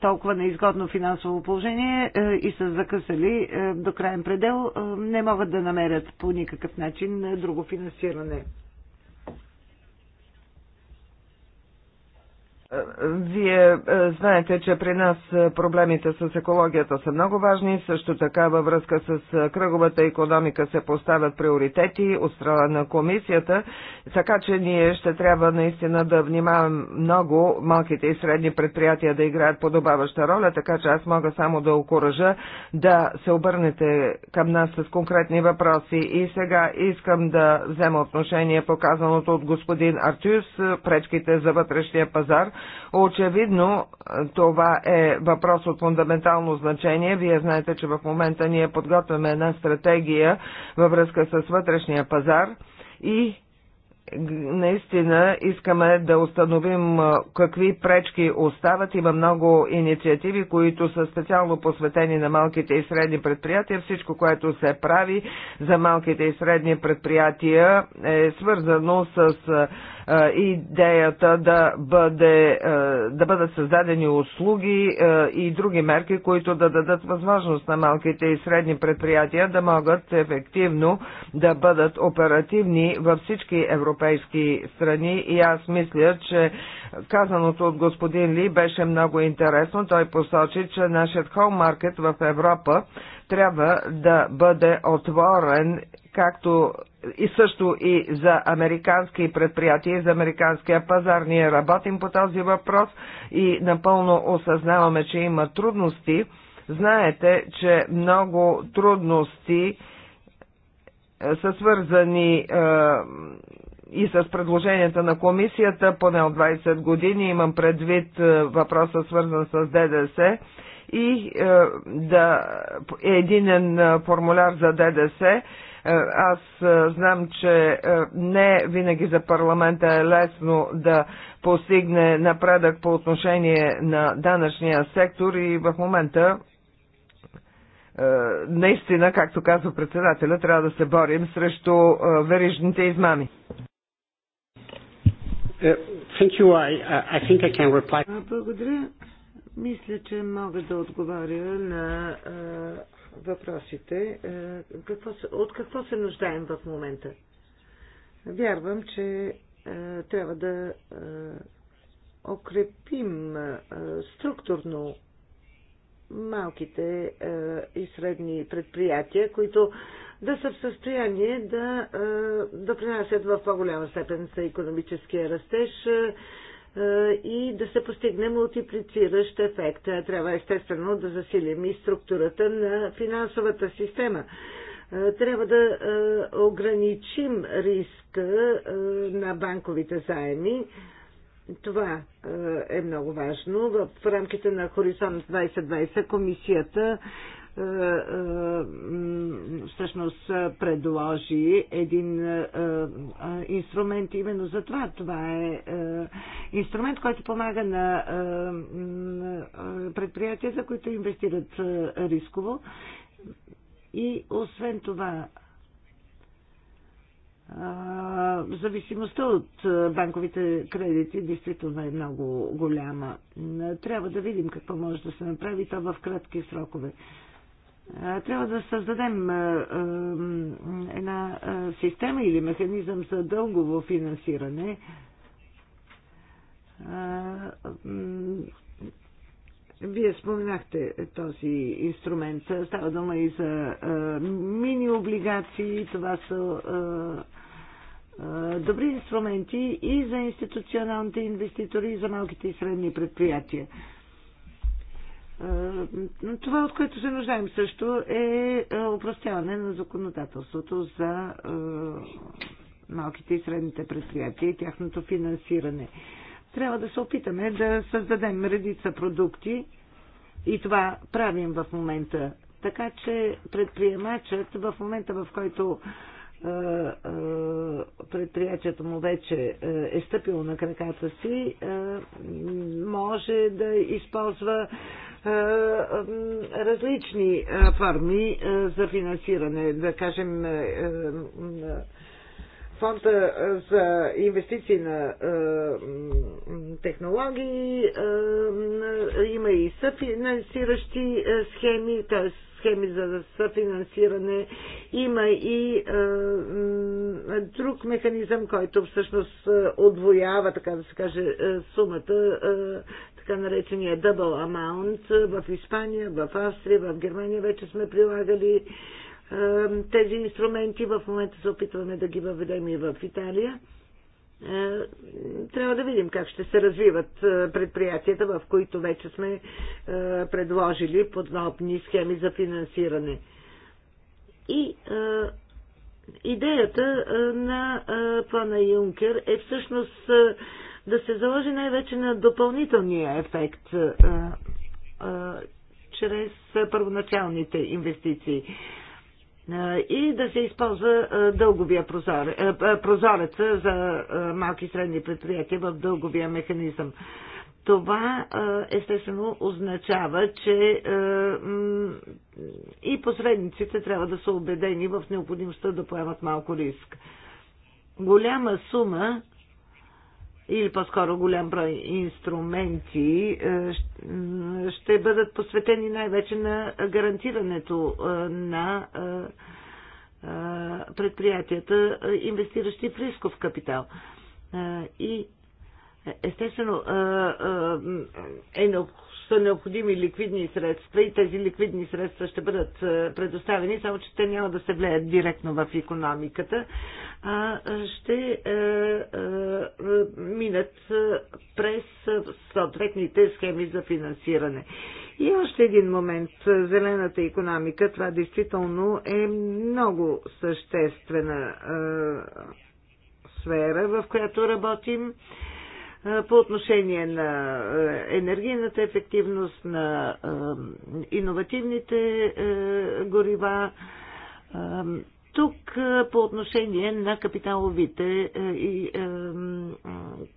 толкова неизгодно финансово положение и са закъсали до крайен предел, не могат да намерят по никакъв начин друго финансиране. Вие е, знаете, че при нас е, проблемите с екологията са много важни. Също така във връзка с е, кръговата економика се поставят приоритети от страна на комисията, така че ние ще трябва наистина да внимаваме много малките и средни предприятия да играят подобаваща роля, така че аз мога само да окоръжа да се обърнете към нас с конкретни въпроси. И сега искам да взема отношение показаното от господин Артюс, пречките за вътрешния пазар. Очевидно, е, това е въпрос от фундаментално значение. Вие знаете, че в момента ние подготвяме една стратегия във връзка с вътрешния пазар и наистина искаме да установим е, какви пречки остават. Има много инициативи, които са специално посветени на малките и средни предприятия. Всичко, което се прави за малките и средни предприятия е свързано с е, идеята да, бъде, да бъдат създадени услуги и други мерки, които да дадат възможност на малките и средни предприятия да могат ефективно да бъдат оперативни във всички европейски страни. И аз мисля, че казаното от господин Ли беше много интересно. Той посочи, че нашият маркет в Европа трябва да бъде отворен както и също и за американски предприятия, и за американския пазар. Ние работим по този въпрос и напълно осъзнаваме, че има трудности. Знаете, че много трудности е, са свързани е, и с предложенията на комисията, поне от 20 години имам предвид е, въпроса свързан с ДДС и да е единен формуляр за ДДС е, аз е, знам, че е, не винаги за парламента е лесно да постигне напредък по отношение на данъчния сектор и в момента наистина, както казва председателя, трябва да се борим срещу верижните измами. Благодаря. Мисля, че мога да отговоря на въпросите. Е, какво, от какво се нуждаем в момента? Вярвам, че е, трябва да окрепим е, структурно малките и средни предприятия, които да са в състояние да допринасят да в по-голяма степен за економическия растеж, е, и да се постигне мултиплициращ ефект. Трябва естествено да засилим и структурата на финансовата система. Е, трябва да е, ограничим риска на банковите заеми. Това е много важно. В рамките на Хоризонт 2020 комисията е, е, всъщност е, предложи един инструмент именно за това. Това е инструмент, който помага на предприятията, които инвестират рисково. И освен това, зависимостта от банковите кредити действително е много голяма. Трябва да видим какво може да се направи то в кратки срокове трябва да създадем една система или механизъм за дългово финансиране. Вие споменахте този инструмент. Става дума и за мини-облигации. Това са добри инструменти и за институционалните инвеститори, и за малките и средни предприятия. Е, това, от което се нуждаем също, е, е упростяване на законодателството за е, малките и средните предприятия и тяхното финансиране. Трябва да се опитаме да създадем редица продукти и това правим в момента. Така че предприемачът в момента, в който предприятието му вече е, е стъпило на краката си, може да използва различни форми за финансиране, да кажем фонда за инвестиции на технологии, има и съфинансиращи схеми, т.е схеми за съфинансиране. Има и а, друг механизъм, който всъщност отвоява, така да се каже, сумата, а, така наречения double amount в Испания, в Австрия, в Германия вече сме прилагали а, тези инструменти. В момента се опитваме да ги въведем и в Италия. Е, трябва да видим как ще се развиват е, предприятията, в които вече сме е, предложили подобни схеми за финансиране. И идеята на плана Юнкер е всъщност да се заложи най-вече на допълнителния ефект чрез първоначалните инвестиции и да се използва дълговия прозорец, прозорец за малки и средни предприятия в дълговия механизъм. Това естествено означава, че и посредниците трябва да са убедени в необходимостта да поемат малко риск. Голяма сума или по-скоро голям брой инструменти е, ще бъдат посветени най-вече на гарантирането е, на е, предприятията, инвестиращи в рисков капитал. И естествено е необходимо са необходими ликвидни средства и тези ликвидни средства ще бъдат е, предоставени, само че те няма да се влеят директно в економиката, а е, ще е, минат през съответните схеми за финансиране. И още един момент. Зелената економика, това действително е много съществена сфера, в която работим по отношение на е, енергийната ефективност, на е, иновативните е, горива. Тук по отношение на капиталовите и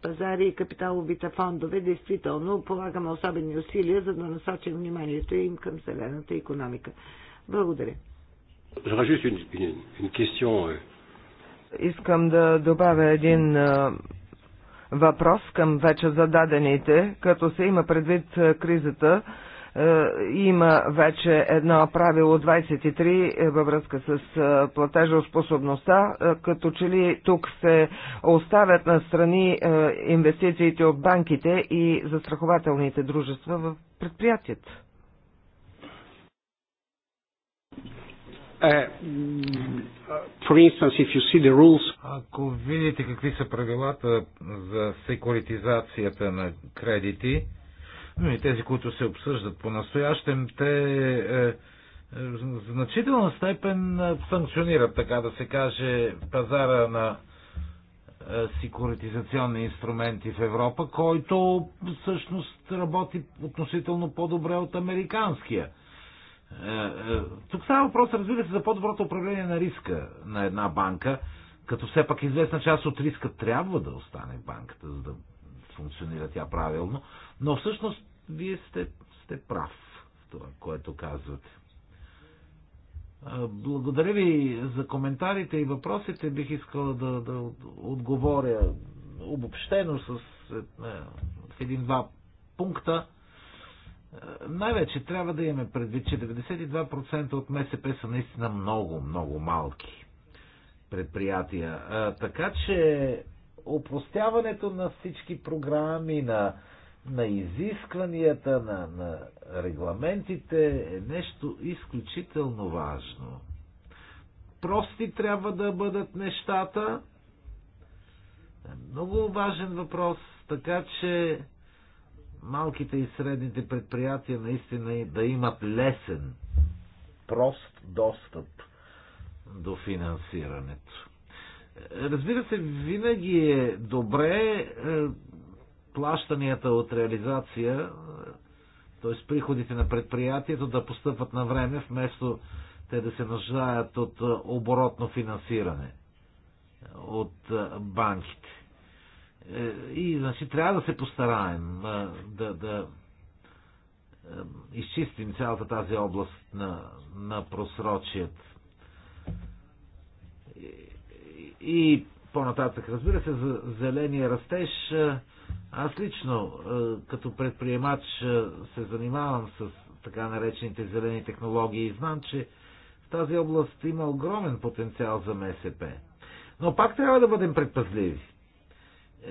пазари и капиталовите фондове, действително полагаме особени усилия, за да насочим вниманието им към зелената економика. Благодаря. Euh. Искам да добавя един въпрос към вече зададените, като се има предвид е, кризата, е, има вече едно правило 23 е, във връзка с платежоспособността, като че ли тук се оставят на страни инвестициите от банките и застрахователните дружества в предприятията. Uh, for instance, if you see the rules... Ако видите какви са правилата за секуритизацията на кредити, и тези, които се обсъждат по-настоящем, те е, в е, значителна степен санкционират, е, така да се каже, пазара на е, секуритизационни инструменти в Европа, който всъщност работи относително по-добре от американския. Е, е, тук става въпрос, разбира се, за по-доброто управление на риска на една банка, като все пак известна част от риска трябва да остане в банката, за да функционира тя правилно. Но всъщност вие сте, сте прав в това, което казвате. Е, благодаря ви за коментарите и въпросите. Бих искала да, да отговоря обобщено с един-два пункта. Най-вече трябва да имаме предвид, че 92% от МСП са наистина много, много малки предприятия. Така че опростяването на всички програми, на, на изискванията, на, на регламентите е нещо изключително важно. Прости трябва да бъдат нещата. Е много важен въпрос, така че малките и средните предприятия наистина да имат лесен, прост достъп до финансирането. Разбира се, винаги е добре е, плащанията от реализация, е, т.е. приходите на предприятието да постъпват на време, вместо те да се нуждаят от е, оборотно финансиране от банките. И значи трябва да се постараем да, да изчистим цялата тази област на, на просрочият. И по-нататък, разбира се, за зеления растеж. Аз лично, като предприемач, се занимавам с така наречените зелени технологии и знам, че в тази област има огромен потенциал за МСП. Но пак трябва да бъдем предпазливи.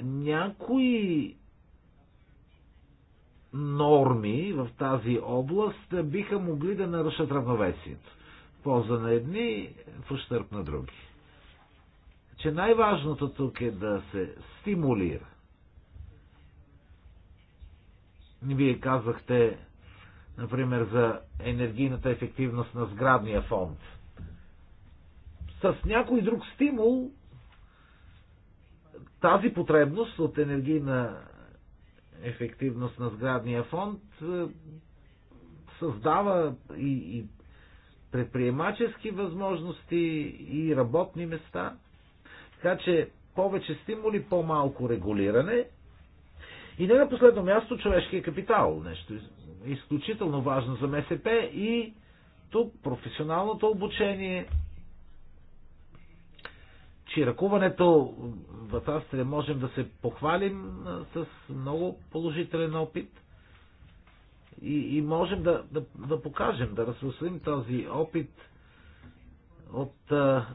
Някои норми в тази област биха могли да нарушат равновесието. полза на едни, в ущърп на други. Че най-важното тук е да се стимулира. Вие казахте, например, за енергийната ефективност на сградния фонд. С някой друг стимул тази потребност от енергийна ефективност на сградния фонд е, създава и, и предприемачески възможности и работни места. Така че повече стимули, по-малко регулиране. И не на последно място човешкия капитал. Нещо изключително важно за МСП и тук професионалното обучение, чиракуването в Австрия можем да се похвалим с много положителен опит и, и можем да, да, да покажем, да разпространим този опит от а,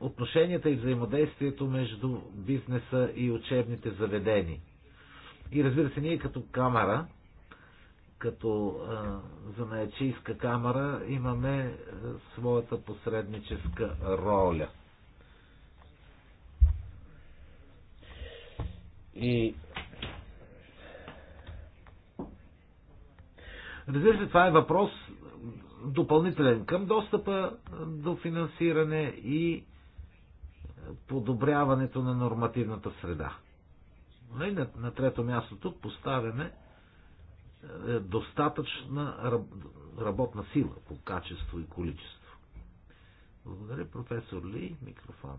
отношенията и взаимодействието между бизнеса и учебните заведени. И разбира се, ние като камера, като а, занаячийска камера, имаме а, своята посредническа роля. И Разбира се, това е въпрос допълнителен към достъпа до финансиране и подобряването на нормативната среда. И на, на трето място тук поставяме е, достатъчна работна сила по качество и количество. Благодаря, професор Ли. Микрофона.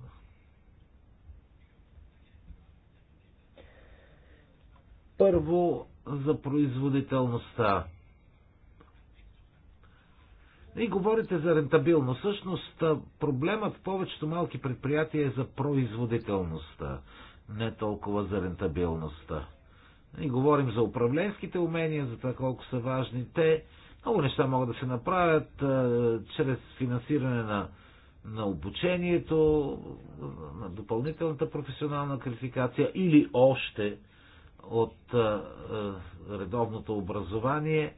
Първо за производителността. И говорите за рентабилност. Всъщност проблемът в повечето малки предприятия е за производителността, не толкова за рентабилността. И говорим за управленските умения, за това колко са важни те. Много неща могат да се направят а, чрез финансиране на, на обучението, на допълнителната професионална квалификация или още от редовното образование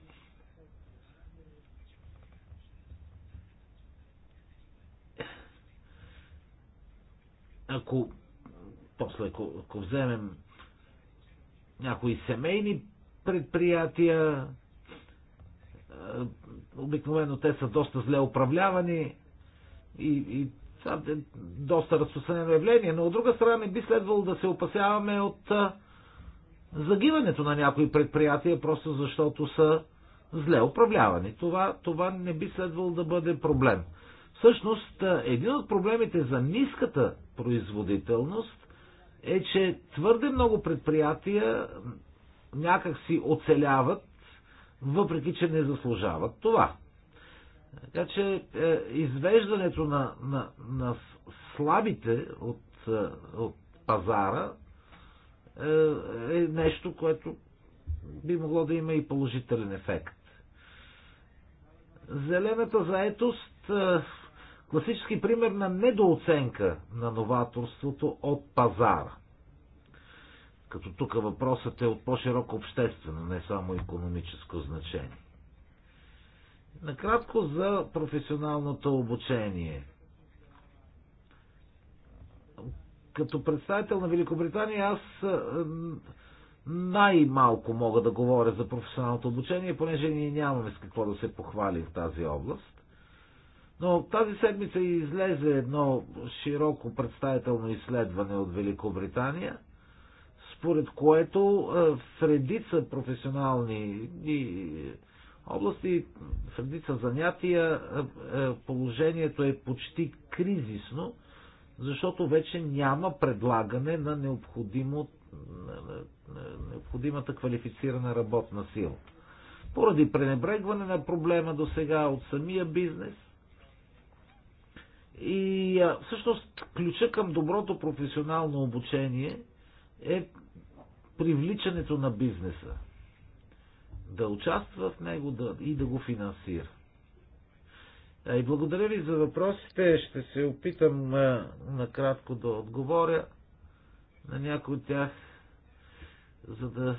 ако после ако, ако вземем някои семейни предприятия, обикновено те са доста зле управлявани и, и това е доста разпространено явление, но от друга страна не би следвало да се опасяваме от загиването на някои предприятия, просто защото са зле управлявани. Това, това не би следвало да бъде проблем. Всъщност, един от проблемите за ниската производителност е, че твърде много предприятия някак си оцеляват, въпреки че не заслужават това. Така че е, извеждането на, на, на слабите от, е, от пазара е, е нещо, което би могло да има и положителен ефект. Зелената заетост е, класически пример на недооценка на новаторството от пазара. Като тук въпросът е от по-широко обществено, не само економическо значение. Накратко за професионалното обучение. като представител на Великобритания аз е, най-малко мога да говоря за професионалното обучение, понеже ние нямаме с какво да се похвалим в тази област. Но тази седмица излезе едно широко представително изследване от Великобритания, според което е, в редица професионални е, области, в редица занятия положението е почти кризисно защото вече няма предлагане на необходимо, необходимата квалифицирана работна сила. Поради пренебрегване на проблема до сега от самия бизнес и всъщност ключа към доброто професионално обучение е привличането на бизнеса. Да участва в него да, и да го финансира. И благодаря ви за въпросите. Ще се опитам накратко да отговоря на някои от тях, за да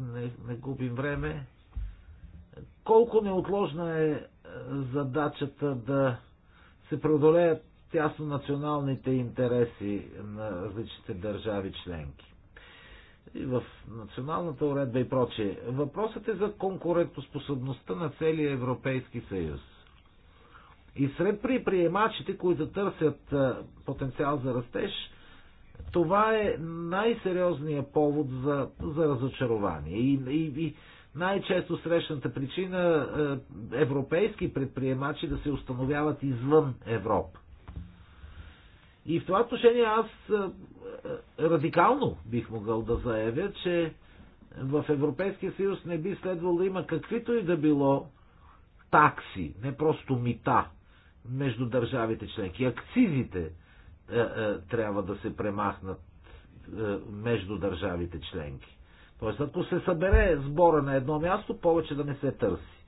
не, не губим време. Колко неотложна е задачата да се преодолеят тясно националните интереси на различните държави членки? И в националната уредба и прочее. Въпросът е за конкурентоспособността на целия Европейски съюз и сред приемачите, които търсят потенциал за растеж, това е най-сериозният повод за, за разочарование. И, и, и най-често срещната причина европейски предприемачи да се установяват извън Европа. И в това отношение аз радикално бих могъл да заявя, че в Европейския съюз не би следвало да има каквито и да било такси, не просто мита между държавите членки. Акцизите е, е, трябва да се премахнат е, между държавите членки. Тоест, ако се събере сбора на едно място, повече да не се търси.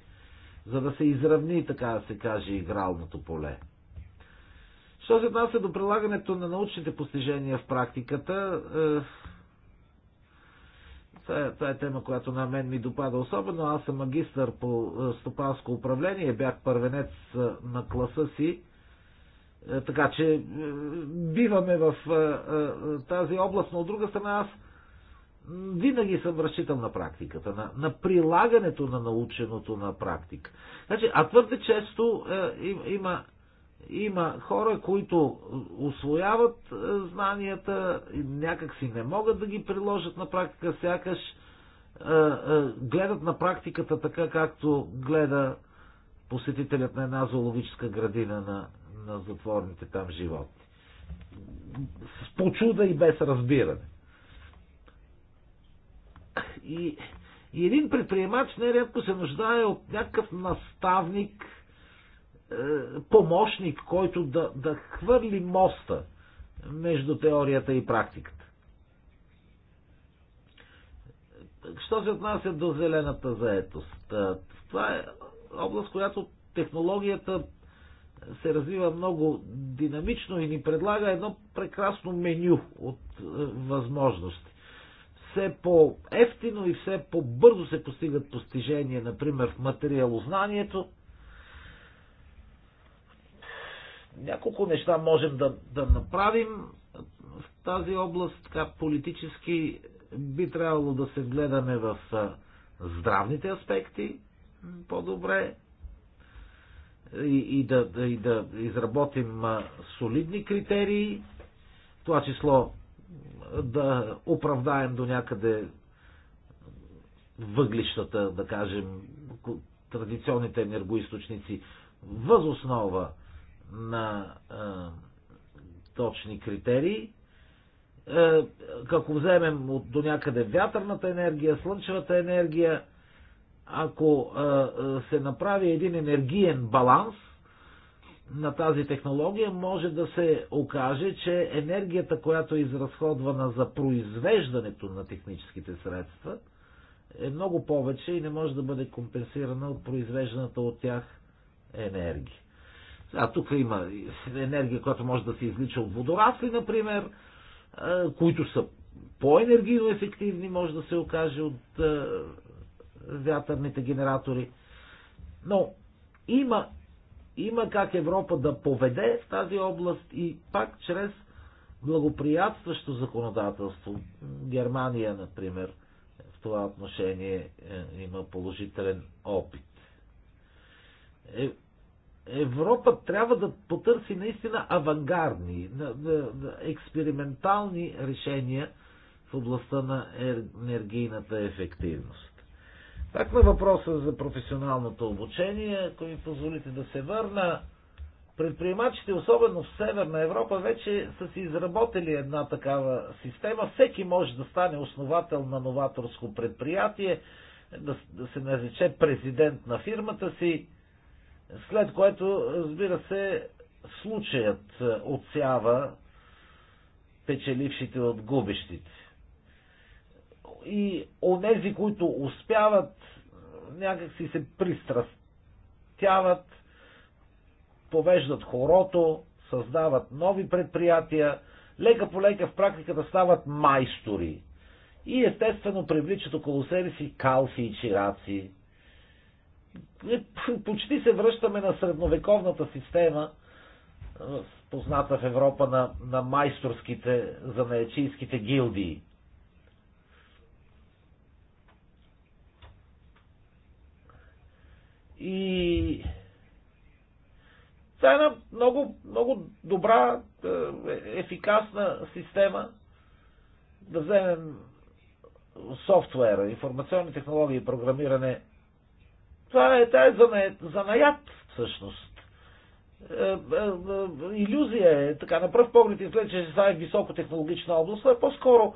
За да се изравни, така да се каже, игралното поле. Що се отнася до прилагането на научните постижения в практиката, е, е, това е тема, която на мен ми допада особено. Аз съм магистър по е, стопанско управление, бях първенец е, на класа си, така че биваме в тази област, но от друга страна аз винаги съм разчитал на практиката, на, на прилагането на наученото на практика. Значи, а твърде често е, има има хора, които освояват е, знанията, някак си не могат да ги приложат на практика, сякаш е, е, гледат на практиката така, както гледа посетителят на една зоологическа градина на, на затворните там животни. С почуда и без разбиране. И, и един предприемач нерядко се нуждае от някакъв наставник, помощник, който да, да хвърли моста между теорията и практиката. Що се отнася до зелената заетост? Това е област, която технологията се развива много динамично и ни предлага едно прекрасно меню от възможности. Все по-ефтино и все по-бързо се постигат постижения, например в материалознанието – Няколко неща можем да, да направим в тази област. Така, политически би трябвало да се вгледаме в здравните аспекти по-добре и, и, да, да, и да изработим солидни критерии, в това число да оправдаем до някъде въглищата, да кажем, традиционните енергоисточници, възоснова на точни критерии. Ако вземем от, до някъде вятърната енергия, слънчевата енергия, ако се направи един енергиен баланс на тази технология, може да се окаже, че енергията, която е изразходвана за произвеждането на техническите средства, е много повече и не може да бъде компенсирана от произвежданата от тях енергия. А тук има енергия, която може да се излича от водорасли, например, които са по-енергийно ефективни, може да се окаже от вятърните генератори. Но има, има как Европа да поведе в тази област и пак чрез благоприятстващо законодателство. Германия, например, в това отношение е, има положителен опит. Е, Европа трябва да потърси наистина авангардни, експериментални решения в областта на енергийната ефективност. Пак на въпроса за професионалното обучение, ако ми позволите да се върна, предприемачите, особено в Северна Европа, вече са си изработили една такава система. Всеки може да стане основател на новаторско предприятие, да, да се нарече президент на фирмата си, след което, разбира се, случаят отсява печелившите от губещите. И онези, които успяват, някакси се пристрастяват, повеждат хорото, създават нови предприятия, лека по лека в практиката стават майстори. И естествено привличат около себе си калфи и чираци, почти се връщаме на средновековната система, позната в Европа на, на майсторските, занаячийските гилдии. И това е една много, много добра, е, ефикасна система. Да вземем софтуера, информационни технологии и програмиране това е тая е занаят, всъщност. Е, е, иллюзия е, така, на пръв поглед изглежда, че това е високотехнологична област, това е по-скоро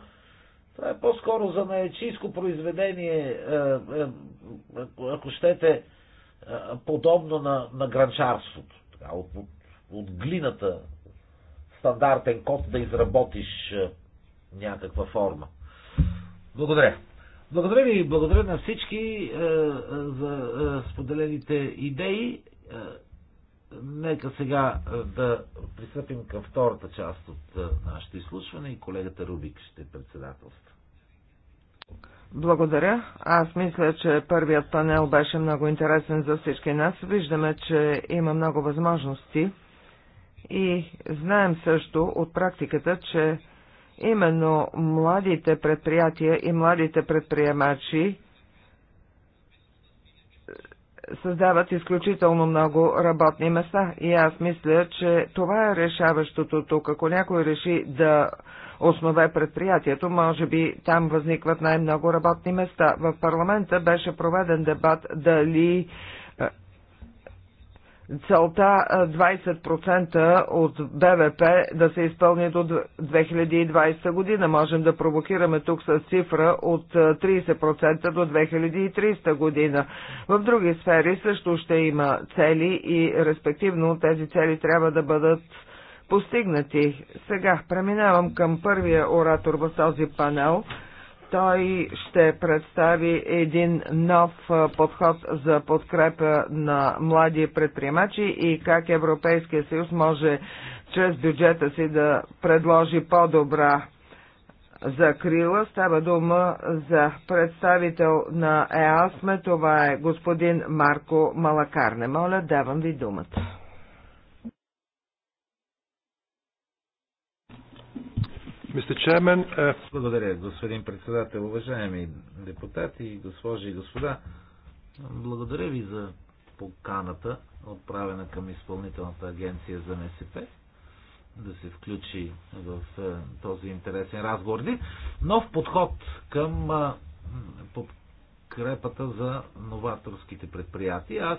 това е по-скоро за наечийско произведение, ако щете, подобно на, на гранчарството. От, от, от глината стандартен код да изработиш някаква форма. Благодаря. Благодаря ви, благодаря на всички е, е, за е, споделените идеи. Е, нека сега е, да пристъпим към втората част от е, нашето изслушване и колегата Рубик ще председателства. Благодаря. Аз мисля, че първият панел беше много интересен за всички нас. Виждаме, че има много възможности и знаем също от практиката, че Именно младите предприятия и младите предприемачи създават изключително много работни места. И аз мисля, че това е решаващото тук. Ако някой реши да основе предприятието, може би там възникват най-много работни места. В парламента беше проведен дебат дали целта 20% от БВП да се изпълни до 2020 година. Можем да провокираме тук с цифра от 30% до 2300 година. В други сфери също ще има цели и респективно тези цели трябва да бъдат постигнати. Сега преминавам към първия оратор в този панел – той ще представи един нов подход за подкрепа на млади предприемачи и как Европейския съюз може чрез бюджета си да предложи по-добра закрила. Става дума за представител на ЕАСМЕ. Това е господин Марко Малакарне. Моля, давам ви думата. Uh, благодаря, господин председател. Уважаеми депутати, госпожи и господа, благодаря ви за поканата, отправена към Изпълнителната агенция за МСП, да се включи в е, този интересен разговор. Нов подход към е, подкрепата за новаторските предприятия. Аз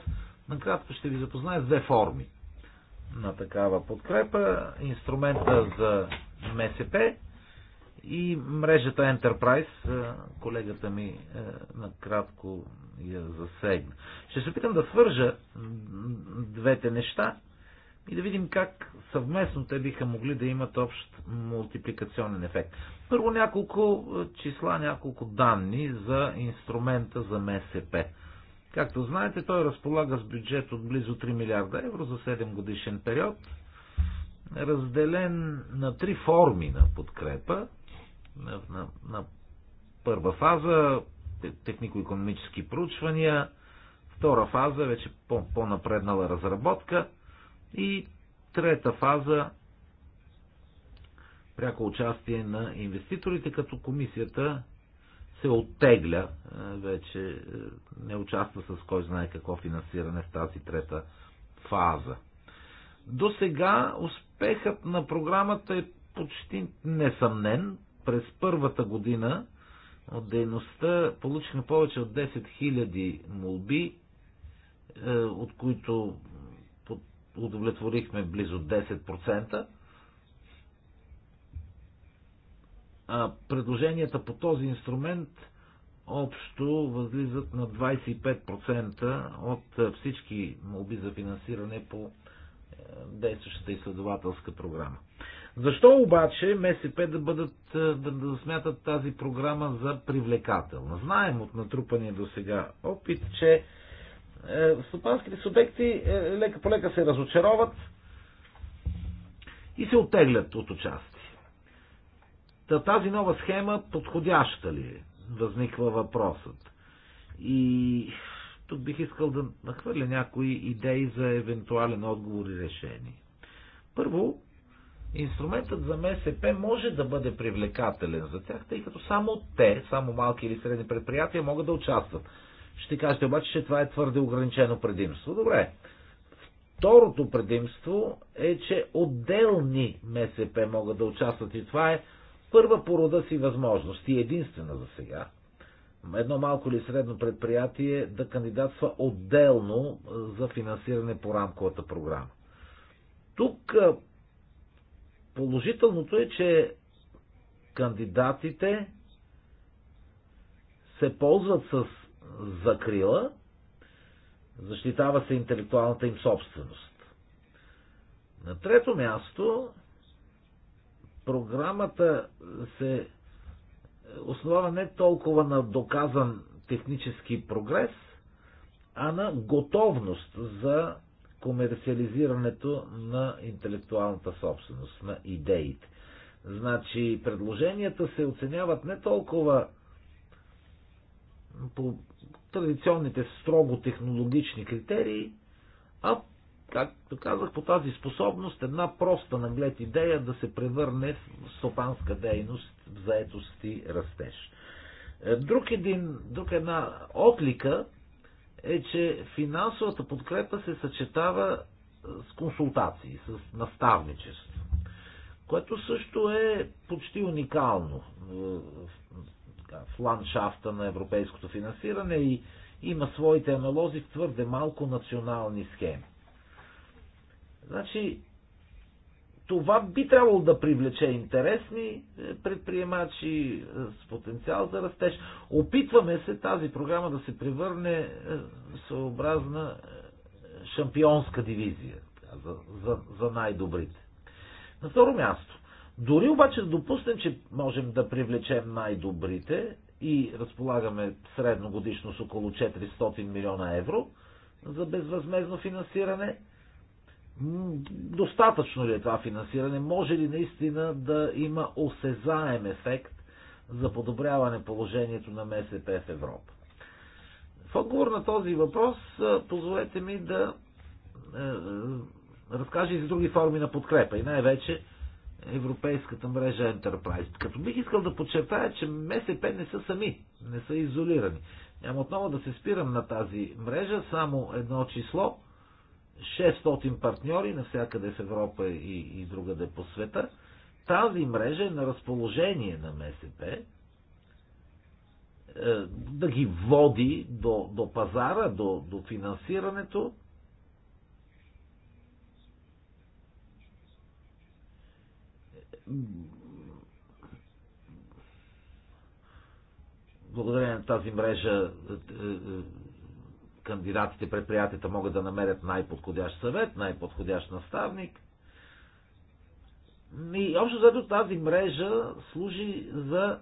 накратко ще ви запозная с две форми на такава подкрепа, инструмента за МСП и мрежата Enterprise, е, колегата ми е, накратко я засегна. Ще се опитам да свържа двете неща и да видим как съвместно те биха могли да имат общ мултипликационен ефект. Първо няколко е, числа, няколко данни за инструмента за МСП. Както знаете, той разполага с бюджет от близо 3 милиарда евро за 7 годишен период, разделен на три форми на подкрепа. На, на, на първа фаза технико-економически проучвания, втора фаза вече по, по-напреднала разработка и трета фаза пряко участие на инвеститорите, като комисията се оттегля, е, вече е, не участва с кой знае какво финансиране в тази трета фаза. До сега успехът на програмата е почти несъмнен. През първата година от дейността получихме повече от 10 000 молби, е, от които удовлетворихме близо 10%. а предложенията по този инструмент общо възлизат на 25% от всички молби за финансиране по е, действащата изследователска програма. Защо обаче МСП да, бъдат, е, да, да смятат тази програма за привлекателна? Знаем от натрупания до сега опит, че е, стопанските субекти е, лека по лека се разочароват и се оттеглят от участие. Та тази нова схема подходяща ли е? Възниква въпросът. И тук бих искал да нахвърля някои идеи за евентуален отговор и решение. Първо, инструментът за МСП може да бъде привлекателен за тях, тъй като само те, само малки или средни предприятия могат да участват. Ще кажете обаче, че това е твърде ограничено предимство. Добре. Второто предимство е, че отделни МСП могат да участват и това е първа по рода си възможност и единствена за сега, едно малко или средно предприятие да кандидатства отделно за финансиране по рамковата програма. Тук положителното е, че кандидатите се ползват с закрила, защитава се интелектуалната им собственост. На трето място програмата се основава не толкова на доказан технически прогрес, а на готовност за комерциализирането на интелектуалната собственост, на идеите. Значи предложенията се оценяват не толкова по традиционните строго технологични критерии, а както казах, по тази способност една проста наглед идея да се превърне в стопанска дейност, в заетост и растеж. Е, друг един, друг една отлика е, че финансовата подкрепа се съчетава с консултации, с наставничество, което също е почти уникално е, в ландшафта на европейското финансиране и има своите аналози в твърде малко национални схеми. Значи, това би трябвало да привлече интересни е, предприемачи е, с потенциал за растеж. Опитваме се тази програма да се превърне е, в съобразна шампионска дивизия за, за, за най-добрите. На второ място, дори обаче да допуснем, че можем да привлечем най-добрите и разполагаме средногодишно с около 400 милиона евро за безвъзмезно финансиране – достатъчно ли е това финансиране? Може ли наистина да има осезаем ефект за подобряване положението на МСП в Европа? В отговор на този въпрос, позволете ми да е, е, разкажа и за други форми на подкрепа и най-вече европейската мрежа Enterprise. Като бих искал да подчертая, че МСП не са сами, не са изолирани. Няма отново да се спирам на тази мрежа, само едно число. 600 партньори навсякъде в Европа и, и другаде по света. Тази мрежа е на разположение на МСП е, да ги води до, до пазара, до, до финансирането. Благодарение на тази мрежа е, е, кандидатите, предприятията могат да намерят най-подходящ съвет, най-подходящ наставник. И общо заедно тази мрежа служи за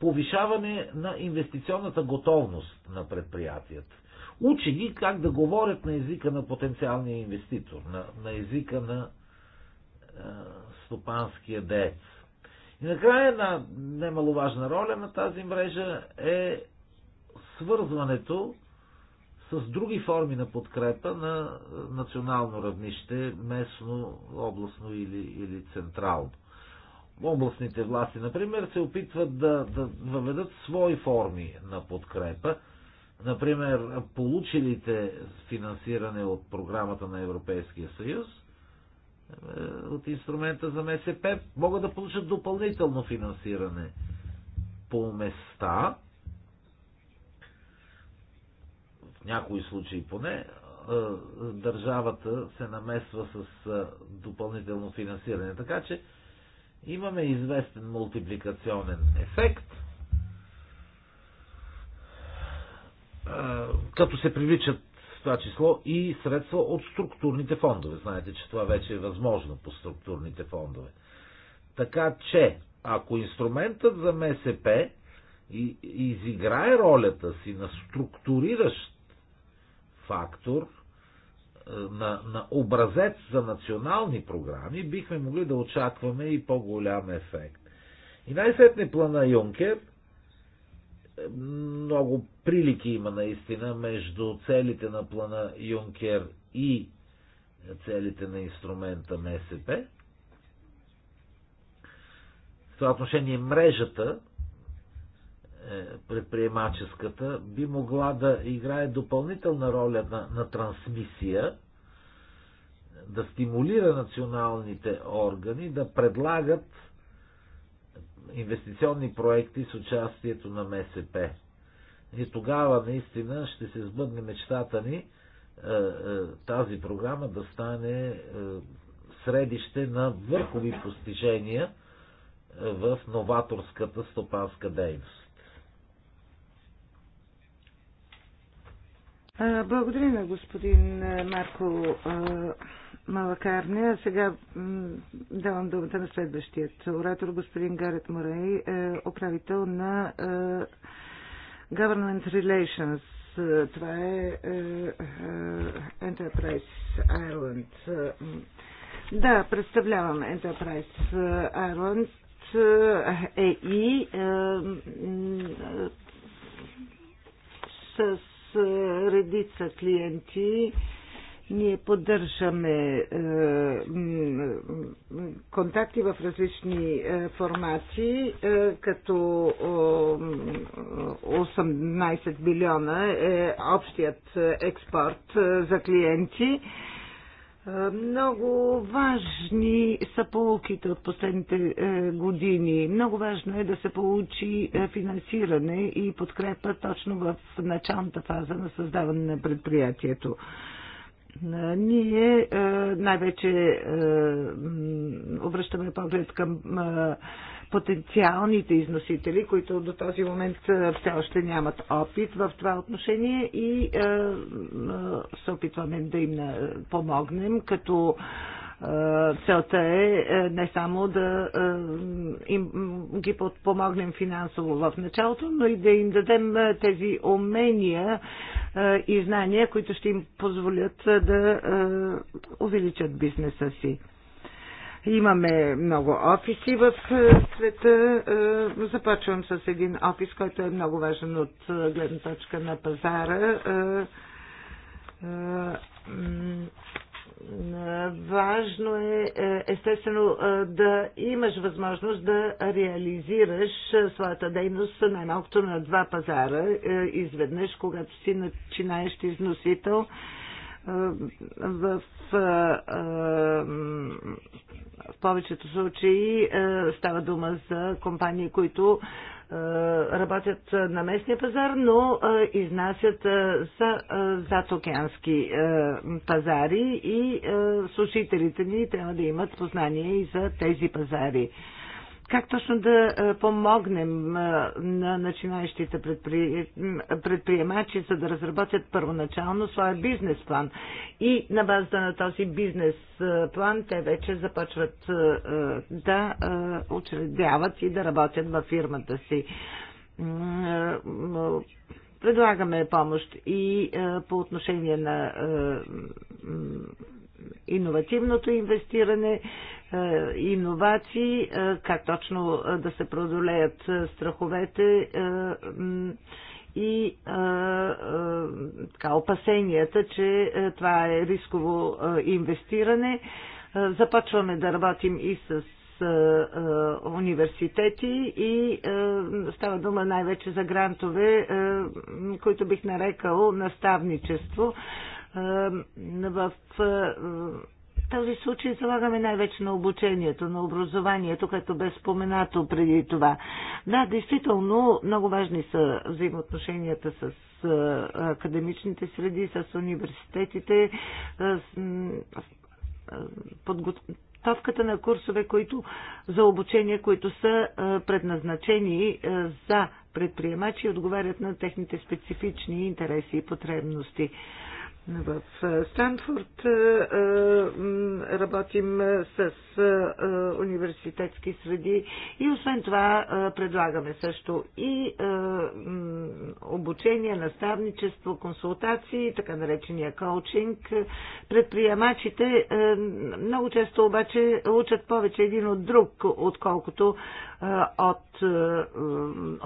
повишаване на инвестиционната готовност на предприятията. Учи ги как да говорят на езика на потенциалния инвеститор, на, на езика на е, стопанския дец. И накрая една немаловажна роля на тази мрежа е свързването с други форми на подкрепа на е, национално равнище, местно, областно или, или централно. Областните власти, например, се опитват да, да въведат свои форми на подкрепа. Например, получилите финансиране от програмата на Европейския съюз, е, от инструмента за МСП, могат да получат допълнително финансиране по места, някои случаи поне, държавата се намесва с допълнително финансиране. Така че имаме известен мултипликационен ефект, като се привличат в това число и средства от структурните фондове. Знаете, че това вече е възможно по структурните фондове. Така че, ако инструментът за МСП изиграе ролята си на структуриращ фактор, е, на, на образец за национални програми, бихме могли да очакваме и по-голям ефект. И най-сетне плана Юнкер, е, много прилики има наистина между целите на плана Юнкер и целите на инструмента МСП. В това отношение мрежата е, предприемаческата би могла да играе допълнителна роля на, на трансмисия, да стимулира националните органи да предлагат инвестиционни проекти с участието на МСП. И тогава наистина ще се сбъдне мечтата ни е, е, тази програма да стане средище на върхови постижения в новаторската стопанска дейност. Благодаря на господин Марко Малакарне. А сега давам думата на следващият оратор, господин Гарет Морей, управител на Government Relations. Това е Enterprise Ireland. Да, представлявам Enterprise Ireland е с е, редица клиенти. Ние поддържаме е, контакти в различни е, формати, е, като 18 милиона е общият е, експорт е, за клиенти. Е, е, много важни са полуките от последните е, години. Много важно е да се получи е, финансиране и подкрепа точно в началната фаза на създаване на предприятието. Ние най-вече обръщаме поглед към потенциалните износители, които до този момент все още нямат опит в това отношение и се опитваме да им помогнем, като целта е не само да им ги подпомогнем финансово в началото, но и да им дадем тези умения и знания, които ще им позволят да увеличат бизнеса си. Имаме много офиси в е, света. Е, започвам с един офис, който е много важен от е, гледна точка на пазара. Важно е, естествено, да имаш възможност да реализираш своята дейност най-малкото на два пазара изведнъж, когато си начинаещ износител в, в повечето случаи става дума за компании, които работят на местния пазар, но изнасят за затокеански пазари и слушателите ни трябва да имат познание и за тези пазари. Как точно да помогнем на начинаещите предпри... предприемачи, за да разработят първоначално своя бизнес план? И на базата на този бизнес план те вече започват да учредяват и да работят във фирмата си предлагаме помощ и по отношение на иновативното инвестиране, е, иновации, е, как точно е, да се продолеят страховете и така, опасенията, че това е рисково инвестиране. Започваме да работим и с университети и става дума най-вече за грантове, които бих нарекал наставничество в този случай залагаме най-вече на обучението, на образованието, което бе споменато преди това. Да, действително, много важни са взаимоотношенията с академичните среди, с университетите, подготовката на курсове които, за обучение, които са предназначени за предприемачи и отговарят на техните специфични интереси и потребности. В Станфорд работим с университетски среди и освен това предлагаме също и обучение, наставничество, консултации, така наречения коучинг. Предприемачите много често обаче учат повече един от друг, отколкото от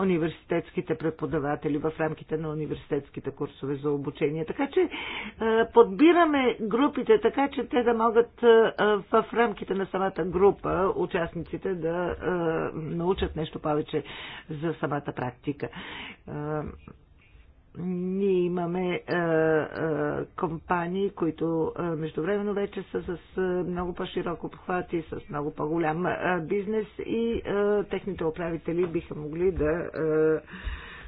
университетските преподаватели в рамките на университетските курсове за обучение. Така че подбираме групите така, че те да могат в рамките на самата група участниците да научат нещо повече за самата практика ние имаме а, е, а, е, компании, които а, е, междувременно вече са с а, много по-широк обхват и с много по-голям бизнес и а, техните управители биха могли да а,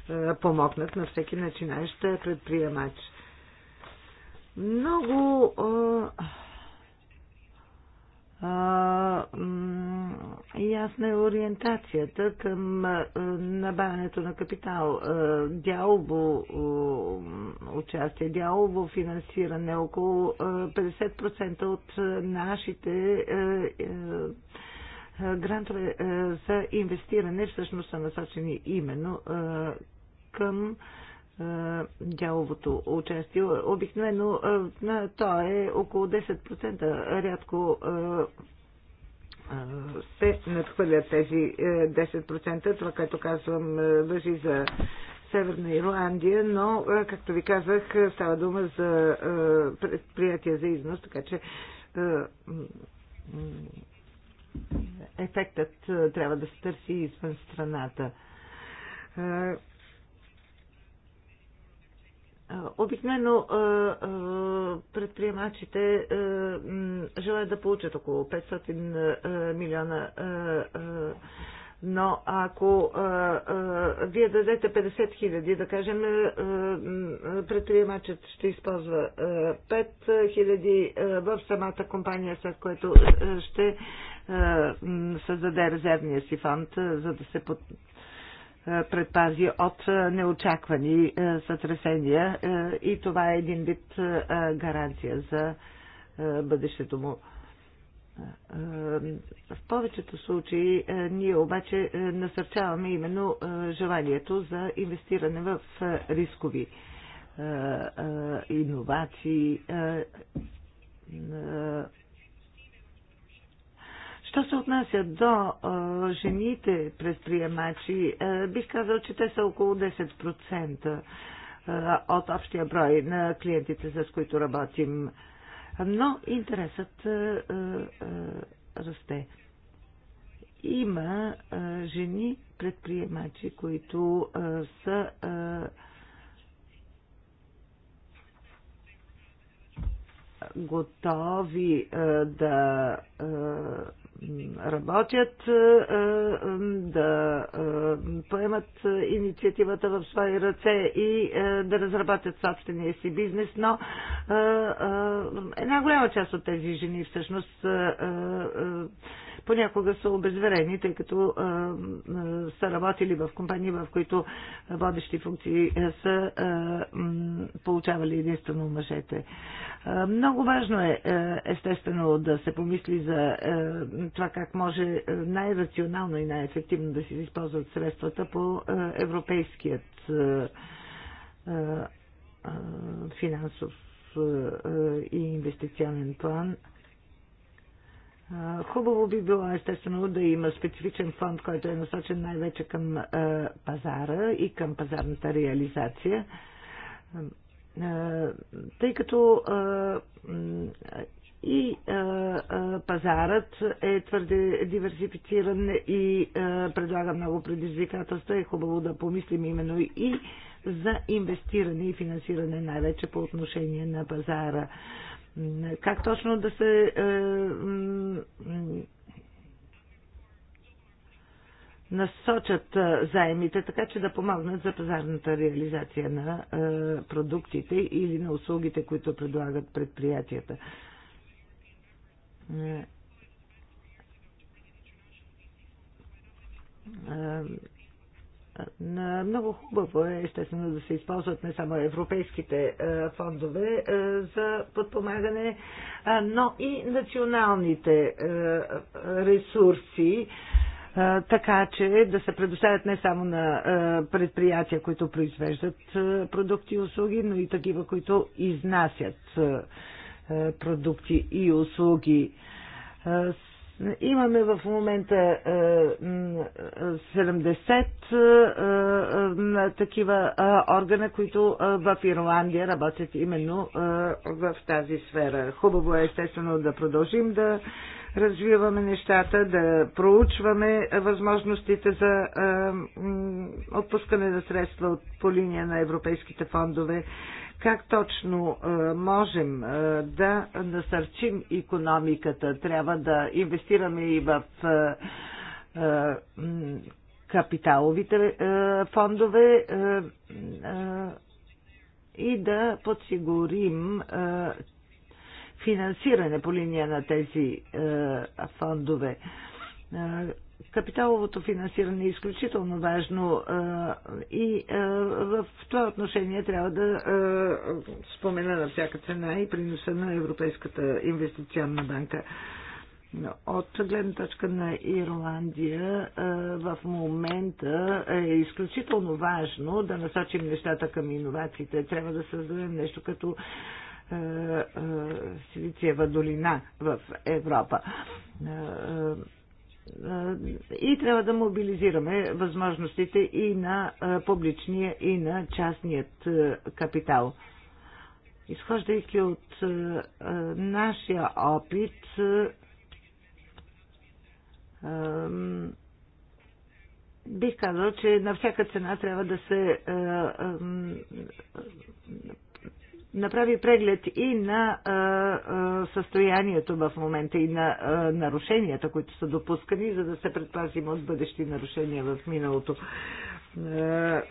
а, помогнат на всеки начинаещ предприемач. Много А ясна е ориентацията към набавянето на капитал, дялово участие, дялово финансиране, около 50% от нашите грантове за инвестиране всъщност са насочени именно към дяловото участие. Обикновено то е около 10%. Рядко се надхвърлят тези 10%. Това, което казвам, въжи за Северна Ирландия, но, както ви казах, става дума за предприятия за износ, така че ефектът трябва да се търси извън страната. Обикновено предприемачите желаят да получат около 500 милиона, но ако вие дадете 50 хиляди, да кажем, предприемачът ще използва 5 хиляди в самата компания, след което ще създаде резервния си фонд, за да се е, предпази от е, неочаквани е, сътресения и това е един вид гаранция за бъдещето му. В повечето случаи ние обаче насърчаваме именно желанието за инвестиране в рискови иновации Що се отнася до а, жените предприемачи, а, бих казал, че те са около 10% от общия брой на клиентите, с които работим. Но интересът а, а, расте. Има а, жени предприемачи, които а, са. А, готови а, да а, работят, е, е, да е, поемат инициативата в свои ръце и да разработят собствения си бизнес, но една голяма част от тези жени всъщност понякога са обезверени, тъй като а, са работили в компании, в които водещи функции е, са а, получавали единствено мъжете. А, много важно е, е естествено, да се помисли за а, е, това как може най-рационално и най-ефективно да се използват средствата по а, европейският а, а, финансов и инвестиционен план – Хубаво би било, естествено, да има специфичен фонд, който е насочен най-вече към пазара и към пазарната реализация. Тъй като и пазарът е твърде диверсифициран и предлага много предизвикателства, е хубаво да помислим именно и за инвестиране и финансиране най-вече по отношение на пазара. Как точно да се е, насочат е, заемите, така че да помогнат за пазарната реализация на е, продуктите или на услугите, които предлагат предприятията. Много хубаво е, естествено, да се използват не само европейските е, фондове е, за подпомагане, е, но и националните ресурси, така че да се предоставят не само на предприятия, които произвеждат продукти и услуги, но и такива, които изнасят продукти и услуги Имаме в момента 70 е, е, е, такива органа, които в Ирландия работят именно в тази сфера. Хубаво е естествено да продължим да развиваме нещата, да проучваме възможностите за отпускане на средства от, по линия на европейските фондове. Как точно можем да насърчим економиката? Трябва да инвестираме и в капиталовите фондове и да подсигурим, финансиране по линия на тези е, фондове. Е, капиталовото финансиране е изключително важно е, и в това отношение трябва да спомена на всяка цена и приноса на Европейската инвестиционна банка. От гледна точка на Ирландия в момента е изключително важно да насочим нещата към иновациите. Трябва да създадем нещо като е, е, Силициева долина в Европа. Е, и трябва да мобилизираме възможностите и на публичния, и на частният капитал. Изхождайки от нашия опит, бих казал, че на всяка цена трябва да се направи преглед и на а, а, състоянието в момента и на а, нарушенията, които са допускани, за да се предпазим от бъдещи нарушения в миналото. А,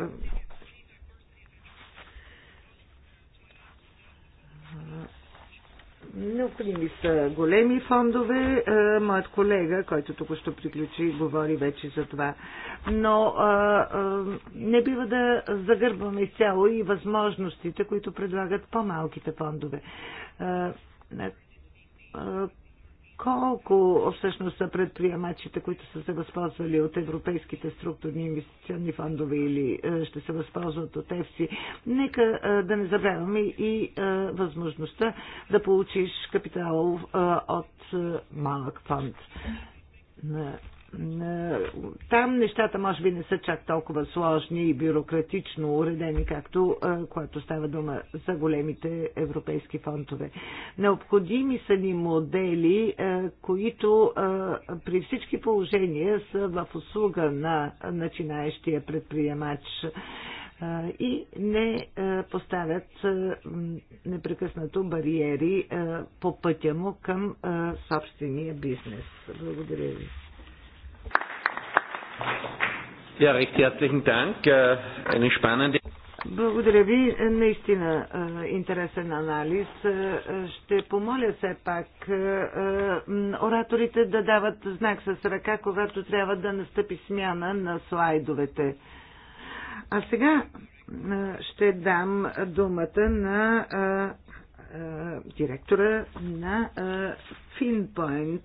Необходими са големи фондове. Е, моят колега, който тук що приключи, говори вече за това. Но а, е, а, е, не бива да загърбваме изцяло и възможностите, които предлагат по-малките фондове. А, колко всъщност са предприемачите, които са се възползвали от европейските структурни инвестиционни фондове или е, ще се възползват от ЕФСИ. Нека е, да не забравяме и е, възможността да получиш капитал от малък фонд. Е, там нещата може би не са чак толкова сложни и бюрократично уредени, както е, когато става дума за големите европейски фондове. Необходими са ни модели, е, които при всички положения са в услуга на начинаещия предприемач и не поставят непрекъснато бариери по пътя му към собствения бизнес. Благодаря ви. Ja, recht herzlichen Dank. Äh, Eine spannende. Благодаря ви. Наистина э, интересен анализ. Э, ще помоля все пак э, ораторите да дават знак с ръка, когато трябва да настъпи смяна на слайдовете. А сега ще дам думата на директора на Finpoint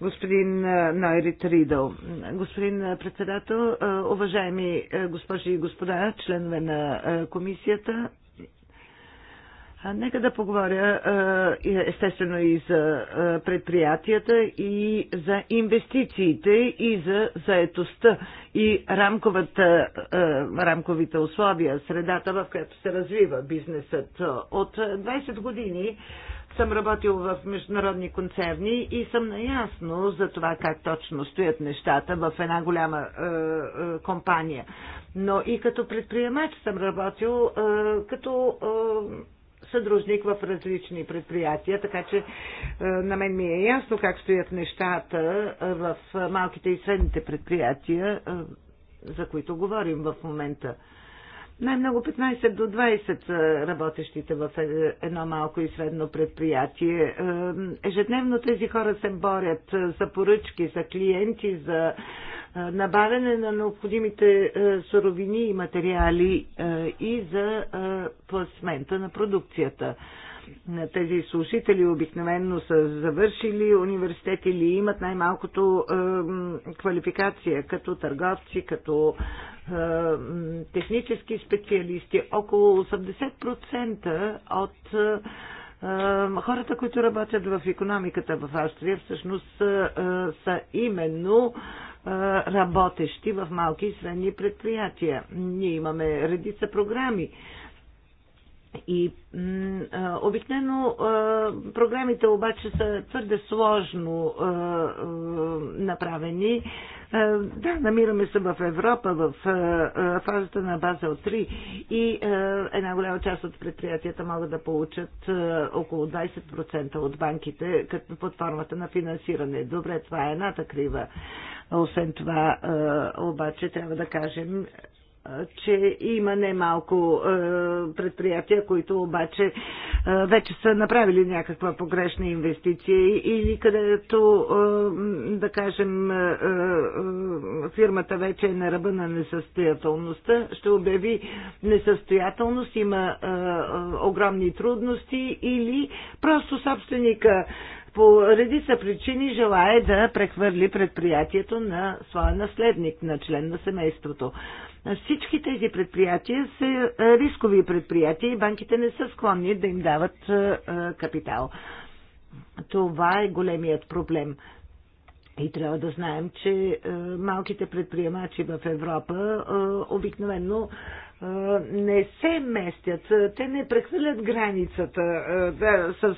господин Найрит Ридъл. Господин председател, уважаеми госпожи и господа, членове на комисията, Нека да поговоря естествено и за предприятията, и за инвестициите, и за заетостта, и рамковата, рамковите условия, средата, в която се развива бизнесът. От 20 години съм работил в международни концерни и съм наясно за това как точно стоят нещата в една голяма е, е, компания. Но и като предприемач съм работил е, като е, съдружник в различни предприятия, така че е, на мен ми е ясно как стоят нещата е, в малките и средните предприятия, е, за които говорим в момента. Най-много 15 до 20 работещите в е, едно малко и средно предприятие. Е, ежедневно тези хора се борят е, за поръчки, за клиенти, за набавяне на необходимите суровини и материали и за пласмента на продукцията. Тези слушатели обикновенно са завършили университет или имат най-малкото квалификация като търговци, като е, технически специалисти. Около 80% от е, е, хората, които работят в економиката в Австрия, всъщност са, са именно работещи в малки и средни предприятия. Ние имаме редица програми и обикновено програмите обаче са твърде сложно направени. Да, намираме се в Европа, в фазата на база от 3 и една голяма част от предприятията могат да получат около 20% от банките като под формата на финансиране. Добре, това е едната крива. Освен това, обаче, трябва да кажем, че има немалко е, предприятия, които обаче е, вече са направили някаква погрешна инвестиция или където, е, да кажем, фирмата вече е на ръба на несъстоятелността, ще обяви несъстоятелност, има огромни трудности или просто собственика по редица причини желая да прехвърли предприятието на своя наследник, на член на семейството. Всички тези предприятия са рискови предприятия и банките не са склонни да им дават капитал. Това е големият проблем. И трябва да знаем, че малките предприемачи в Европа обикновено не се местят. Те не прехвърлят границата да, с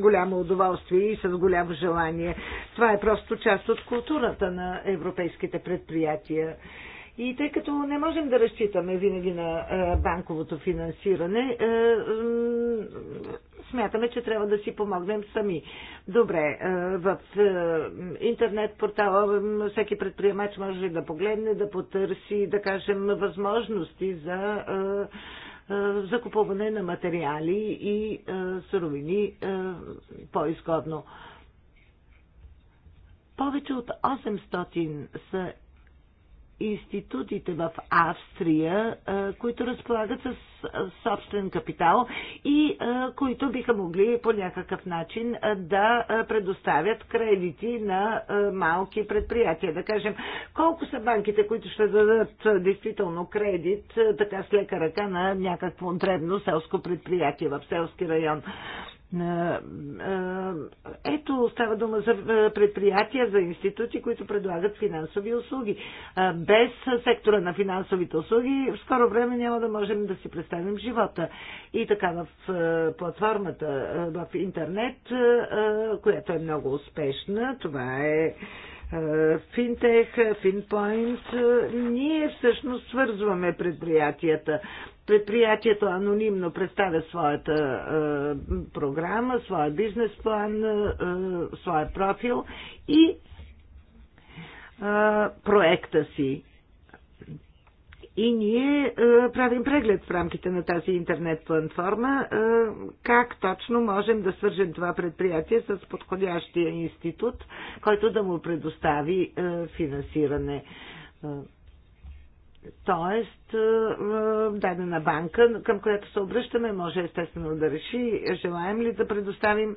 голямо удоволствие и с голямо желание. Това е просто част от културата на европейските предприятия. И тъй като не можем да разчитаме винаги на банковото финансиране, смятаме, че трябва да си помогнем сами. Добре, в интернет портала всеки предприемач може да погледне, да потърси, да кажем, възможности за закупуване на материали и суровини по-изгодно. Повече от 800 са институтите в Австрия, които разполагат с собствен капитал и които биха могли по някакъв начин да предоставят кредити на малки предприятия. Да кажем, колко са банките, които ще дадат действително кредит, така с лека ръка на някакво древно селско предприятие в селски район. Ето, става дума за предприятия, за институти, които предлагат финансови услуги. Без сектора на финансовите услуги в скоро време няма да можем да си представим живота. И така в платформата в интернет, която е много успешна, това е Финтех, Финпоинт, ние всъщност свързваме предприятията предприятието анонимно представя своята е, програма, своя бизнес план, е, своя профил и е, проекта си. И ние е, правим преглед в рамките на тази интернет платформа, е, как точно можем да свържем това предприятие с подходящия институт, който да му предостави е, финансиране. Е, тоест, е, дадена банка, към която се обръщаме, може естествено да реши, желаем ли да предоставим е,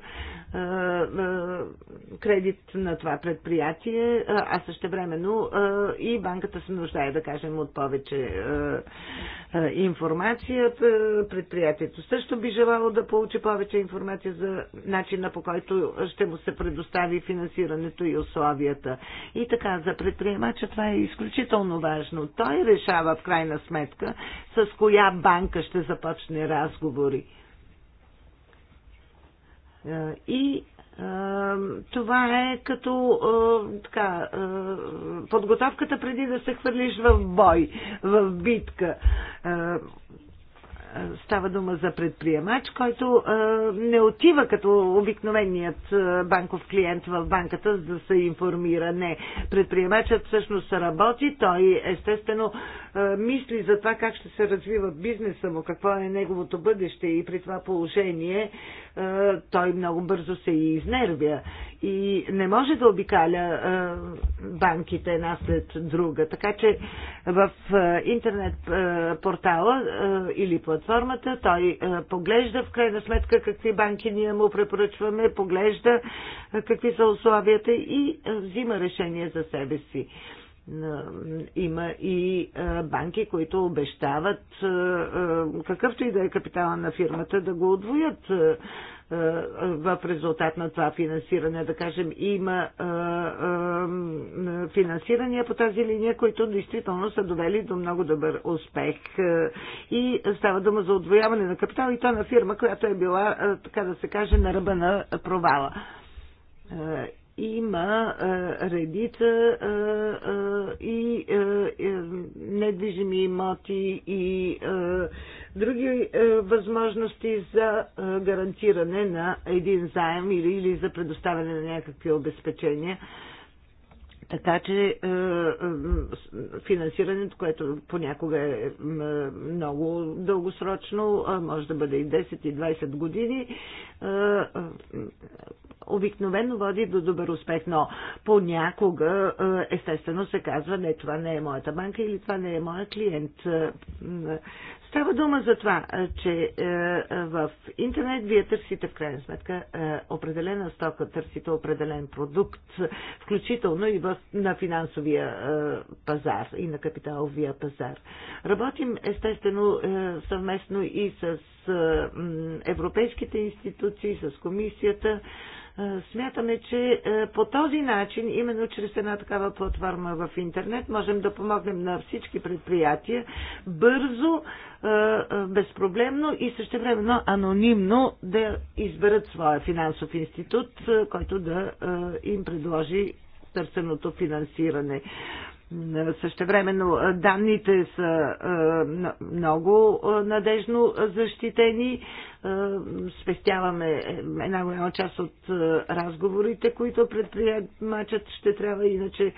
е, кредит на това предприятие, а също времено и банката се нуждае, да кажем, от повече информация. Предприятието също би желало да получи повече информация за начина по който ще му се предостави финансирането и условията. И така, за предприемача това е изключително важно. Той решава в крайна сметка с коя банка ще започне разговори. Е, и е, това е като е, така, подготовката преди да се хвърлиш в бой, в битка. Става дума за предприемач, който не отива като обикновеният банков клиент в банката, за да се информира. Не. Предприемачът всъщност работи, той естествено мисли за това как ще се развива бизнеса му, какво е неговото бъдеще и при това положение той много бързо се изнервя и не може да обикаля банките една след друга. Така че в интернет портала или платформата той поглежда в крайна сметка какви банки ние му препоръчваме, поглежда какви са условията и взима решение за себе си има и банки, които обещават какъвто и да е капитала на фирмата да го отвоят в резултат на това финансиране. Да кажем, има финансирания по тази линия, които действително са довели до много добър успех. И става дума за отвояване на капитал и то на фирма, която е била, така да се каже, на ръба на провала има редица и недвижими имоти и други е, възможности за е, гарантиране на един заем или, или за предоставяне на някакви обезпечения. Така че е, е финансирането, което понякога е много дългосрочно, може да бъде и 10 и 20 години, е, обикновено води до добър успех, но понякога естествено се казва, не, това не е моята банка или това не е моя клиент. Става дума за това, че е, е, в интернет вие търсите в крайна сметка е, определена стока, търсите определен продукт, включително и в, на финансовия пазар и на капиталовия пазар. Работим естествено съвместно и с европейските институции, с комисията, е, смятаме, че е, по този начин, именно чрез една такава платформа в интернет, можем да помогнем на всички предприятия бързо, е, безпроблемно и същевременно анонимно да изберат своя финансов институт, който да им предложи търсеното финансиране. Същевременно данните са много надежно защитени. Спестяваме една голяма част от разговорите, които предприемачът ще трябва иначе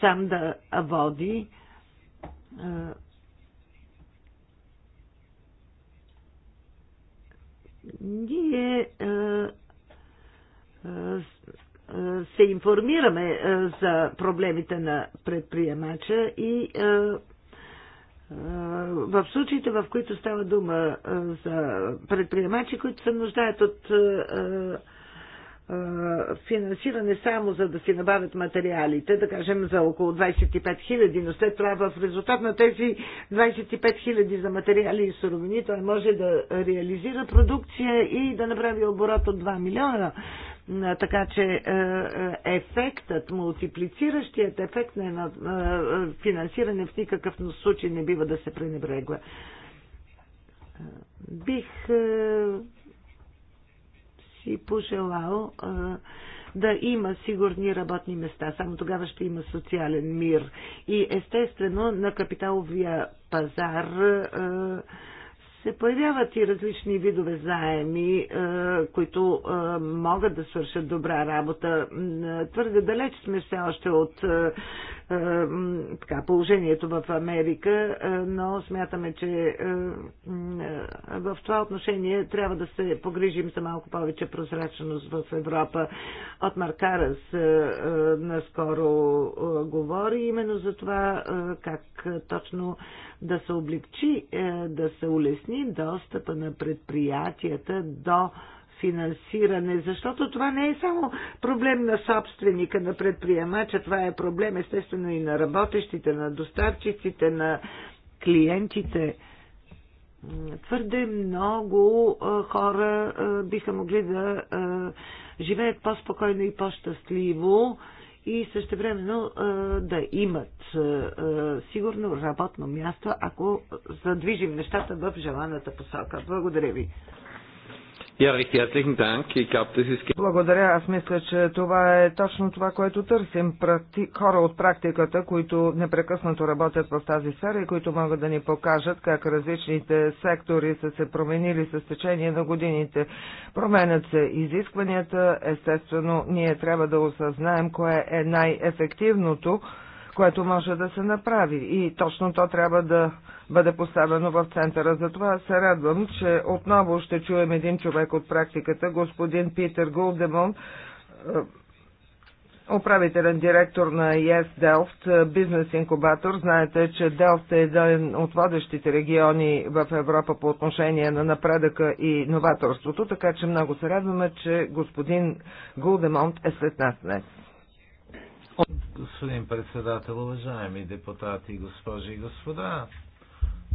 сам да води. Ние се информираме е, за проблемите на предприемача и е, е, в случаите, в които става дума за предприемачи, които се нуждаят от финансиране само за да си набавят материалите, да кажем за около 25 хиляди, но след това в резултат на тези 25 хиляди за материали и суровини той може да реализира продукция и да направи оборот от 2 милиона. Така че е, е, ефектът, мултиплициращият ефект на едно е, финансиране в никакъв случай не бива да се пренебрегва. Бих си пожелал да има сигурни работни места. Само тогава ще има социален мир. И естествено на капиталовия пазар се появяват и различни видове заеми, е, които е, могат да свършат добра работа. Е, твърде далеч сме все още от е, така, положението в Америка, е, но смятаме, че е, в това отношение трябва да се погрижим за малко повече прозрачност в Европа. От Маркарас наскоро говори именно за това как точно да се облегчи, да се улесни достъпа на предприятията до финансиране, защото това не е само проблем на собственика, на предприемача, това е проблем естествено и на работещите, на доставчиците, на клиентите. Твърде много хора биха могли да живеят по-спокойно и по-щастливо и същевременно да имат сигурно работно място, ако задвижим нещата в желаната посока. Благодаря ви. Благодаря. Аз мисля, че това е точно това, което търсим. Практи... Хора от практиката, които непрекъснато работят в тази сфера и които могат да ни покажат как различните сектори са се променили с течение на годините. Променят се изискванията. Естествено, ние трябва да осъзнаем кое е най-ефективното, което може да се направи. И точно то трябва да бъде поставено в центъра. Затова се радвам, че отново ще чуем един човек от практиката, господин Питер Голдемон, е, управителен директор на ЕС Делфт, бизнес инкубатор. Знаете, че Делфт е един от водещите региони в Европа по отношение на напредъка и новаторството, така че много се радваме, че господин Гулдемонт е след нас днес. Господин председател, уважаеми депутати, госпожи и господа,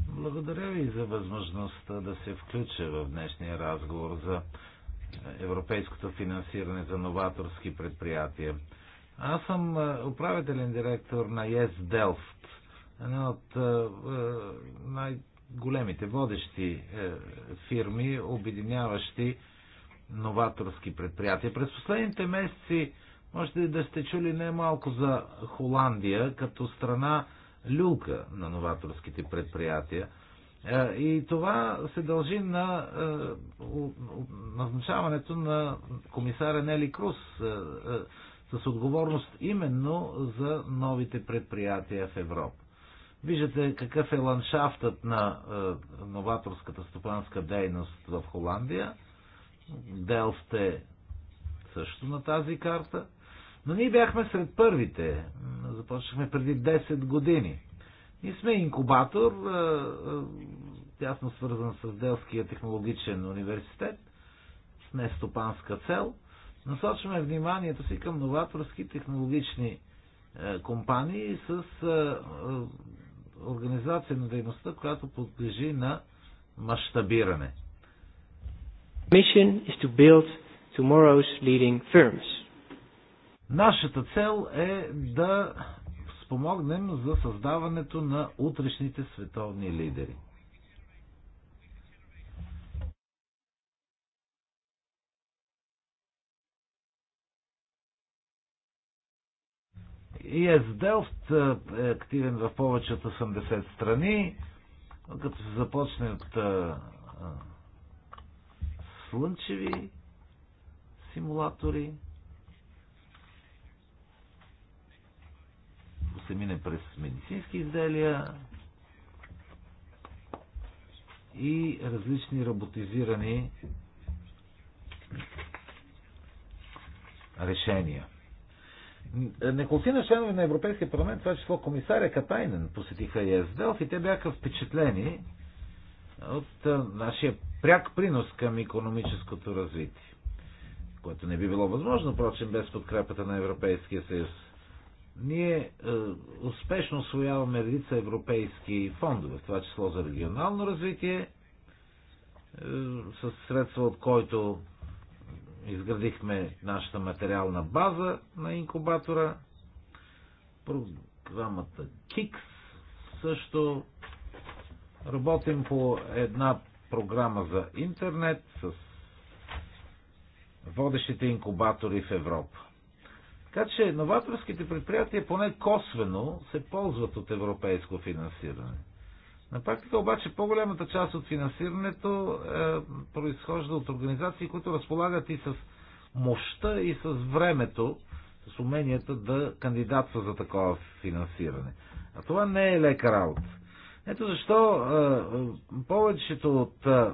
благодаря ви за възможността да се включа в днешния разговор за европейското финансиране за новаторски предприятия. Аз съм е, управителен директор на ЕС Делфт, една от е, е, най-големите водещи фирми, обединяващи новаторски предприятия. През последните месеци можете да сте чули немалко малко за Холандия, като страна люлка на новаторските предприятия. Е, и това се дължи на е, назначаването на комисаря Нели Крус е, с отговорност именно за новите предприятия в Европа. Виждате какъв е ландшафтът на новаторската стопанска дейност в Холандия. Делфт е също на тази карта – но ние бяхме сред първите. Започнахме преди 10 години. Ние сме инкубатор, тясно свързан с Делския технологичен университет, с нестопанска цел. Насочваме вниманието си към новаторски технологични е, компании с е, е, организация на дейността, която подлежи на мащабиране. Mission is to build tomorrow's leading firms. Нашата цел е да спомогнем за създаването на утрешните световни лидери. ИС Делфт е, е активен в повече от 80 страни, като се започне от а, е, а, е, слънчеви симулатори, се мине през медицински изделия и различни роботизирани решения. Неколцина членове на Европейския парламент, това число комисаря Катайнен, посетиха ЕСДЕЛФ и те бяха впечатлени от нашия пряк принос към економическото развитие, което не би било възможно, впрочем, без подкрепата на Европейския съюз. Ние е, успешно освояваме редица европейски фондове, в това число за регионално развитие, е, с средства от който изградихме нашата материална база на инкубатора, програмата КИКС също работим по една програма за интернет с водещите инкубатори в Европа. Така че новаторските предприятия поне косвено се ползват от европейско финансиране. На практика обаче по-голямата част от финансирането е, произхожда от организации, които разполагат и с мощта и с времето, с уменията да кандидатства за такова финансиране. А това не е лека работа. Ето защо е, е повечето от е,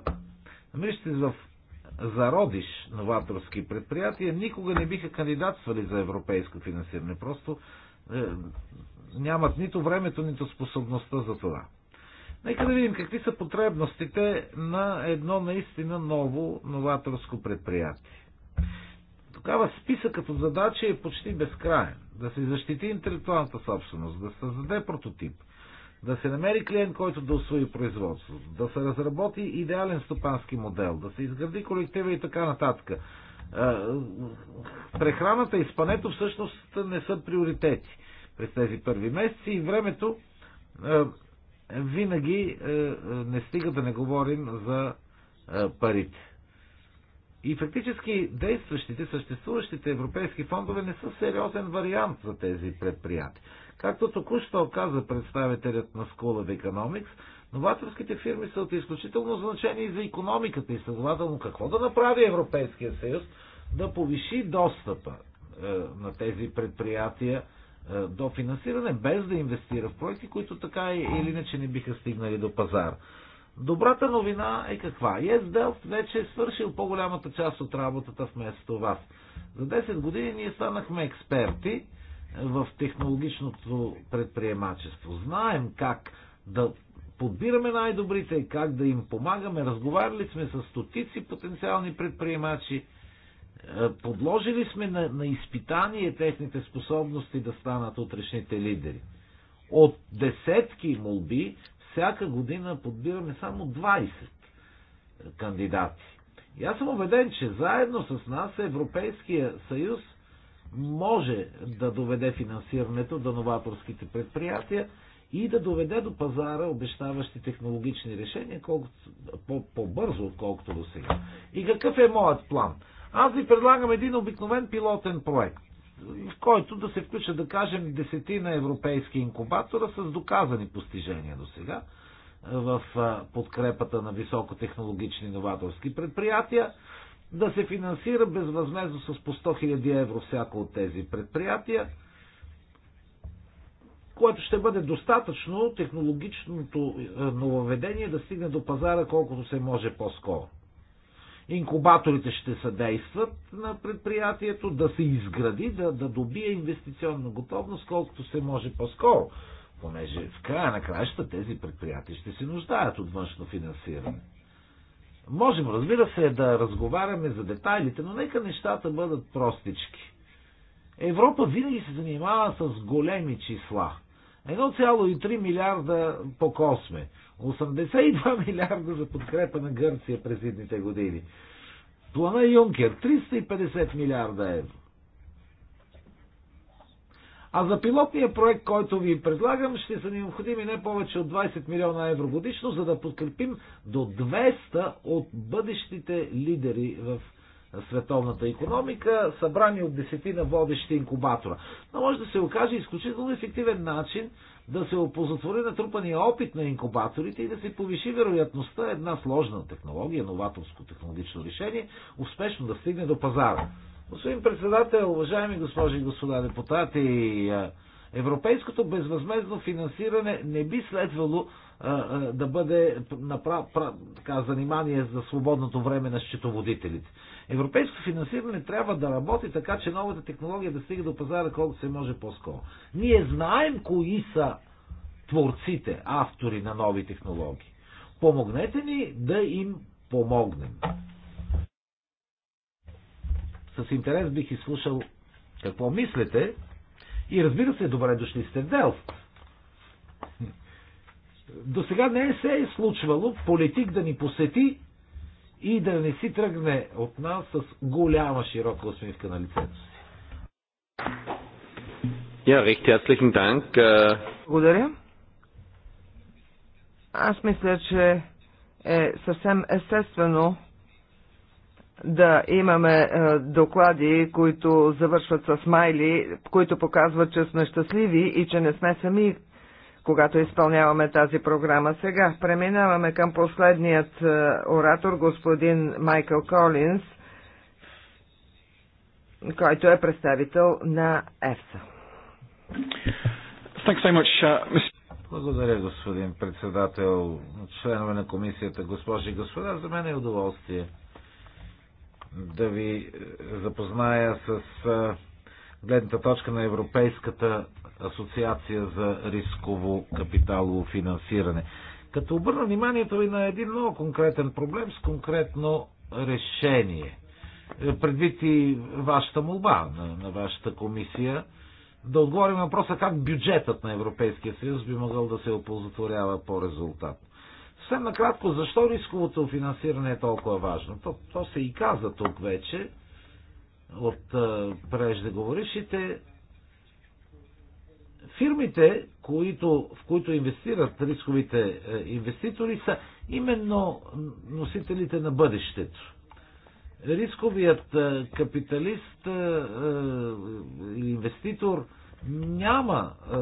намирайте в зародиш новаторски предприятия, никога не биха кандидатствали за европейско финансиране. Просто е, нямат нито времето, нито способността за това. Нека да видим какви са потребностите на едно наистина ново новаторско предприятие. Тогава списъкът от задачи е почти безкраен. Да се защити интелектуалната собственост, да създаде прототип, да се намери клиент, който да освои производството, да се разработи идеален стопански модел, да се изгради колектива и така нататък. Е, прехраната и спането всъщност не са приоритети през тези първи месеци и времето е, винаги е, не стига да не говорим за парите. И фактически действащите, съществуващите европейски фондове не са сериозен вариант за тези предприятия. Както току-що каза представителят на School of Economics, новаторските фирми са от изключително значение и за економиката и съзнателно, какво да направи Европейския съюз да повиши достъпа е, на тези предприятия е, до финансиране, без да инвестира в проекти, които така или иначе не биха стигнали до пазара. Добрата новина е каква? Delft вече е свършил по-голямата част от работата вместо вас. За 10 години ние станахме експерти в технологичното предприемачество. Знаем как да подбираме най-добрите и как да им помагаме. Разговаряли сме с стотици потенциални предприемачи. Е, подложили сме на, на изпитание техните способности да станат утрешните лидери. От десетки молби, всяка година подбираме само 20 кандидати. И аз съм убеден, че заедно с нас Европейския съюз може да доведе финансирането до новаторските предприятия и да доведе до пазара обещаващи технологични решения по, по-бързо, отколкото до сега. И какъв е моят план? Аз ви предлагам един обикновен пилотен проект, в който да се включат, да кажем, десетина европейски инкубатора с доказани постижения до сега в подкрепата на високотехнологични новаторски предприятия да се финансира безвъзмезно с по 100 000 евро всяко от тези предприятия, което ще бъде достатъчно технологичното е, нововведение да стигне до пазара колкото се може по-скоро. Инкубаторите ще съдействат на предприятието да се изгради, да, да добие инвестиционна готовност колкото се може по-скоро, понеже в края на краища тези предприятия ще се нуждаят от външно финансиране. Можем, разбира се, да разговаряме за детайлите, но нека нещата бъдат простички. Европа винаги се занимава с големи числа. 1,3 милиарда по Косме. 82 милиарда за подкрепа на Гърция през едните години. Плана Юнкер 350 милиарда евро. А за пилотния проект, който ви предлагам, ще са ни необходими не повече от 20 милиона евро годишно, за да подкрепим до 200 от бъдещите лидери в световната економика, събрани от десетина водещи инкубатора. Но може да се окаже изключително ефективен начин да се опозотвори натрупания опит на инкубаторите и да се повиши вероятността една сложна технология, новаторско технологично решение, успешно да стигне до пазара. Господин председател, уважаеми госпожи и господа депутати, е, европейското безвъзмезно финансиране не би следвало е, е, да бъде така, занимание за свободното време на счетоводителите. Европейско финансиране трябва да работи така, че новата технология да стига до пазара колкото се може по-скоро. Ние знаем кои са творците, автори на нови технологии. Помогнете ни да им помогнем с интерес бих изслушал какво мислите. И разбира се, добре дошли сте в Делфт. До сега не се е случвало политик да ни посети и да не си тръгне от нас с голяма широка усмивка на лицето си. Ja, recht herzlichen Dank. Äh, Благодаря. Аз мисля, че е съвсем естествено да имаме е, доклади, които завършват с майли, които показват, че сме щастливи и че не сме сами, когато изпълняваме тази програма. Сега преминаваме към последният е, оратор, господин Майкъл Колинс, който е представител на ЕФСА. Uh, Благодаря, господин председател, членове на комисията, госпожи и господа. За мен е удоволствие да ви е, запозная с е, гледната точка на Европейската асоциация за рисково капиталово финансиране. Като обърна вниманието ви на един много конкретен проблем с конкретно решение. Е, предвид и вашата молба на, на вашата комисия, да отговорим на въпроса как бюджетът на Европейския съюз би могъл да се оползотворява по резултат съвсем накратко, защо рисковото финансиране е толкова важно? То, то се и каза тук вече от а, преждеговорившите. Фирмите, които, в които инвестират рисковите е, инвеститори, са именно носителите на бъдещето рисковият е, капиталист е, или инвеститор няма е,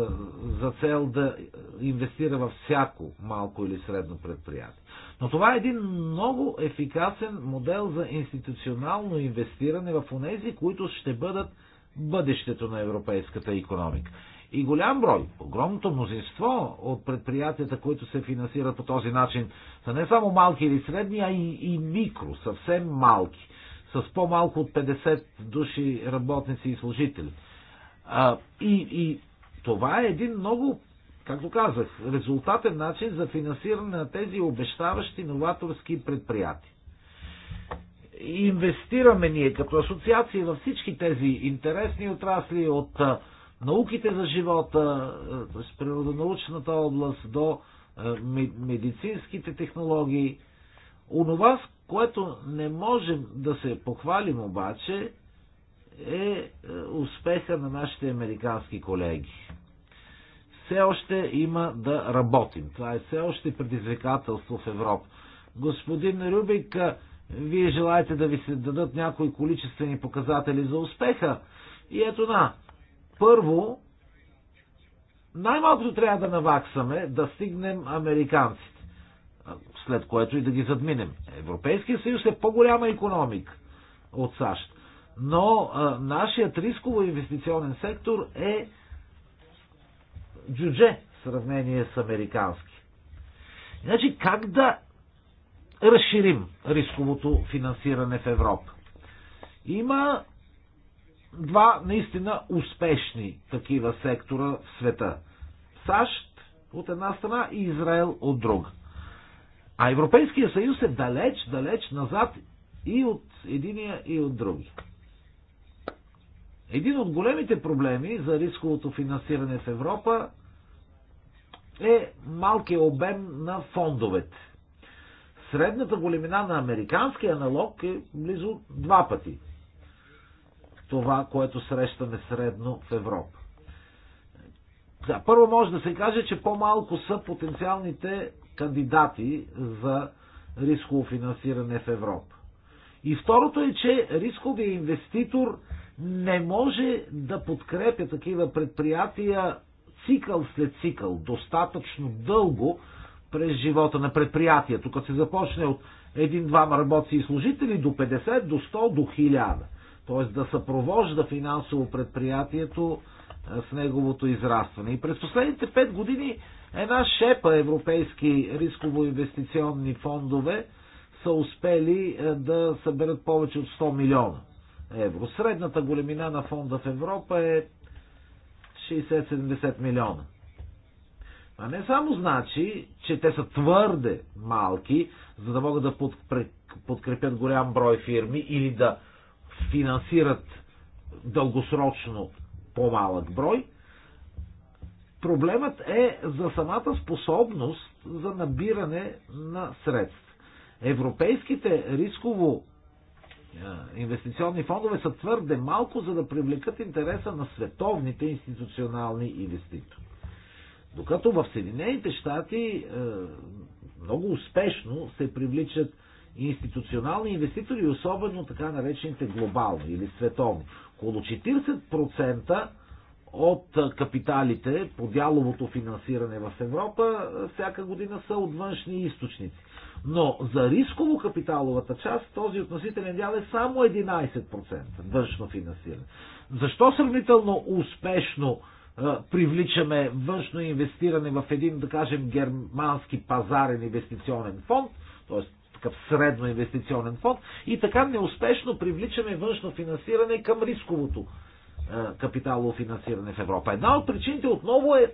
за цел да инвестира във всяко малко или средно предприятие. Но това е един много ефикасен модел за институционално инвестиране в онези, които ще бъдат бъдещето на европейската економика. И голям брой, огромното мнозинство от предприятията, които се финансират по този начин, са не само малки или средни, а и, и микро, съвсем малки, с по-малко от 50 души работници и служители – а, и, и това е един много, както казах, резултатен начин за финансиране на тези обещаващи новаторски предприятия. Инвестираме ние като асоциации във всички тези интересни отрасли от науките за живота, т.е. природонаучната област до медицинските технологии. Онова, с което не можем да се похвалим обаче, е, е успеха на нашите американски колеги. Все още има да работим. Това е все още предизвикателство в Европа. Господин Рюбик, е, вие желаете да ви се дадат някои количествени показатели за успеха. И ето на. Първо, най-малкото трябва да наваксаме да стигнем американците, след което и да ги задминем. Европейския съюз е по-голяма економика от САЩ но а, нашият рисково-инвестиционен сектор е джудже в сравнение с американски. Значи как да разширим рисковото финансиране в Европа? Има два наистина успешни такива сектора в света. САЩ от една страна и Израел от друга. А Европейския съюз е далеч, далеч назад и от единия, и от другия. Един от големите проблеми за рисковото финансиране в Европа е малкият обем на фондовете. Средната големина на американския аналог е близо два пъти това, което срещаме средно в Европа. Да, първо може да се каже, че по-малко са потенциалните кандидати за рисково финансиране в Европа. И второто е, че рисковият инвеститор не може да подкрепя такива предприятия цикъл след цикъл, достатъчно дълго през живота на предприятието, като се започне от един-двама работци и служители до 50, до 100, до 1000. Тоест да съпровожда финансово предприятието с неговото израстване. И през последните 5 години една шепа европейски рисково-инвестиционни фондове са успели да съберат повече от 100 милиона евро. Средната големина на фонда в Европа е 60-70 милиона. А не само значи, че те са твърде малки, за да могат да подкрепят голям брой фирми или да финансират дългосрочно по-малък брой. Проблемът е за самата способност за набиране на средства. Европейските рисково инвестиционни фондове са твърде малко, за да привлекат интереса на световните институционални инвеститори. Докато в Съединените щати е, много успешно се привличат институционални инвеститори, особено така наречените глобални или световни. Около 40% от е, капиталите по дяловото финансиране в Европа е, всяка година са от външни източници. Но за рисково капиталовата част този относителен дял е само 11% външно финансиране. Защо сравнително успешно привличаме външно инвестиране в един, да кажем, германски пазарен инвестиционен фонд, т.е. такъв средно инвестиционен фонд, и така неуспешно привличаме външно финансиране към рисковото капиталово финансиране в Европа. Една от причините отново е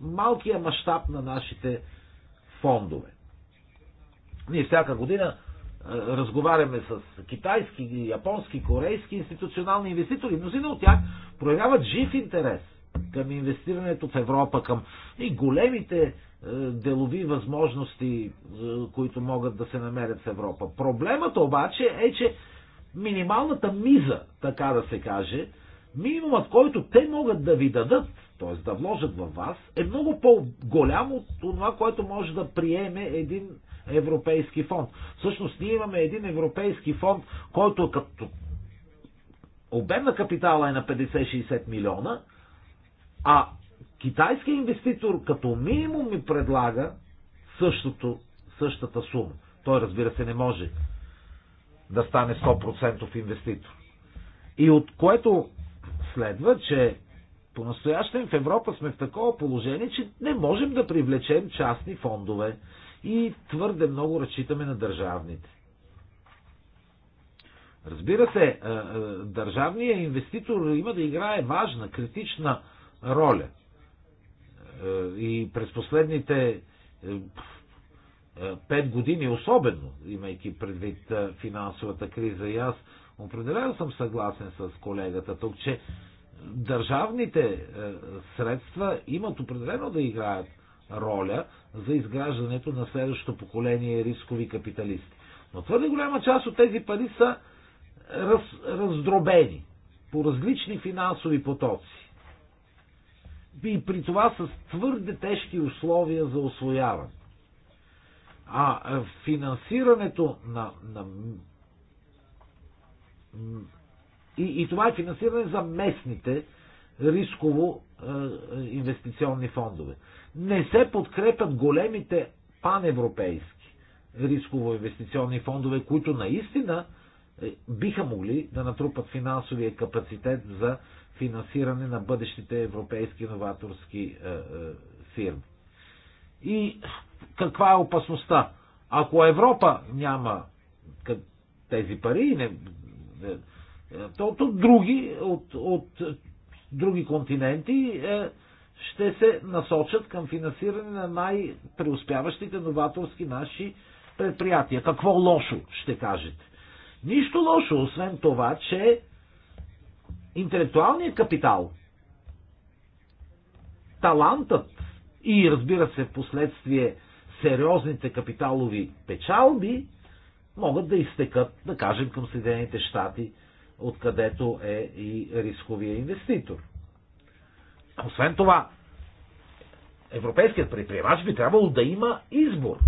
малкия мащаб на нашите фондове. Ние всяка година е, разговаряме с китайски, японски, корейски институционални инвеститори. Мнозина от тях проявяват жив интерес към инвестирането в Европа, към и големите е, делови възможности, е, които могат да се намерят в Европа. Проблемът обаче е, че минималната миза, така да се каже, минимумът, който те могат да ви дадат, т.е. да вложат във вас, е много по-голям от това, което може да приеме един европейски фонд. Всъщност ние имаме един европейски фонд, който е като обем на капитала е на 50-60 милиона, а китайският инвеститор като минимум ми предлага същото, същата сума. Той разбира се не може да стане 100% инвеститор. И от което следва, че по-настоящем в Европа сме в такова положение, че не можем да привлечем частни фондове и твърде много разчитаме на държавните. Разбира се, е, е, държавният инвеститор има да играе важна, критична роля. Е, и през последните пет години особено, имайки предвид финансовата криза. И аз определено съм съгласен с колегата тук, че държавните средства имат определено да играят роля за изграждането на следващото поколение рискови капиталисти. Но твърде голяма част от тези пари са раз, раздробени по различни финансови потоци. И при това с твърде тежки условия за освояване. А финансирането на, на и, и това е финансиране за местните рисково е, е, инвестиционни фондове. Не се подкрепят големите паневропейски рисково инвестиционни фондове, които наистина е, биха могли да натрупат финансовия капацитет за финансиране на бъдещите европейски новаторски фирми. И каква е опасността? Ако Европа няма тези пари, то, то други от, от други континенти, е, ще се насочат към финансиране на най-преуспяващите новаторски наши предприятия. Какво лошо, ще кажете? Нищо лошо, освен това, че интелектуалният капитал, талантът и разбира се в последствие сериозните капиталови печалби могат да изтекат, да кажем, към Съединените щати – откъдето е и рисковия инвеститор. Освен това, европейският предприемач би трябвало да има избор.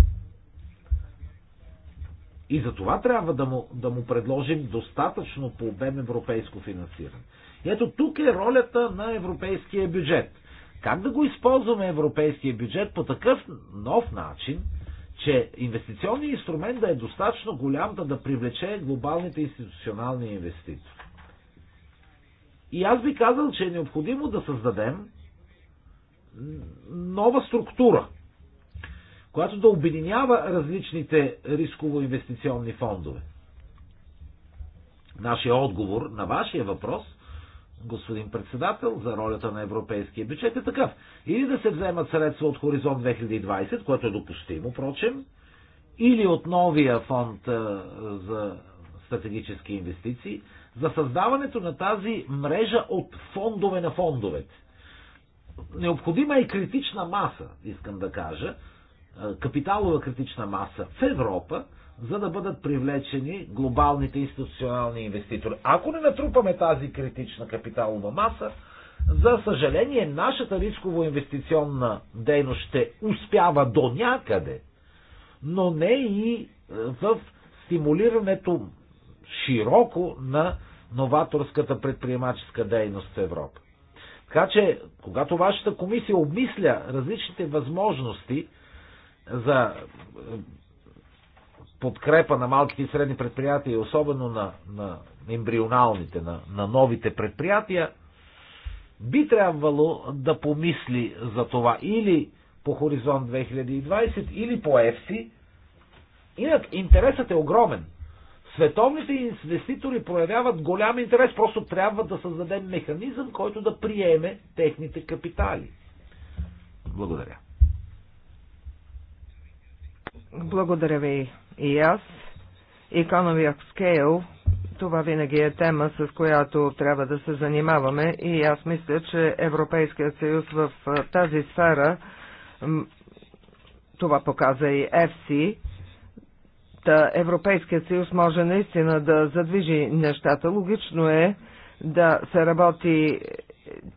И за това трябва да му, да му предложим достатъчно по обем европейско финансиране. И ето тук е ролята на европейския бюджет. Как да го използваме европейския бюджет по такъв нов начин – че инвестиционният инструмент да е достатъчно голям, да, да привлече глобалните институционални инвестиции. И аз би казал, че е необходимо да създадем нова структура, която да обединява различните рисково-инвестиционни фондове. Нашия отговор на вашия въпрос – господин председател, за ролята на европейския бюджет е такъв. Или да се вземат средства от Хоризонт 2020, което е допустимо, прочем, или от новия фонд за стратегически инвестиции, за създаването на тази мрежа от фондове на фондовете. Необходима е критична маса, искам да кажа, капиталова критична маса в Европа, за да бъдат привлечени глобалните институционални инвеститори. Ако не натрупаме тази критична капиталова маса, за съжаление, нашата рисково-инвестиционна дейност ще успява до някъде, но не и е, в стимулирането широко на новаторската предприемаческа дейност в Европа. Така че, когато вашата комисия обмисля различните възможности за е, подкрепа на малките и средни предприятия, особено на, на ембрионалните, на, на новите предприятия, би трябвало да помисли за това или по Хоризонт 2020, или по ЕФСИ. Инак интересът е огромен. Световните инвеститори проявяват голям интерес, просто трябва да създадем механизъм, който да приеме техните капитали. Благодаря. Благодаря ви, и аз. Economy of Scale, това винаги е тема, с която трябва да се занимаваме и аз мисля, че Европейският съюз в тази сфера, това показа и ЕФСИ, да Европейският съюз може наистина да задвижи нещата. Логично е да се работи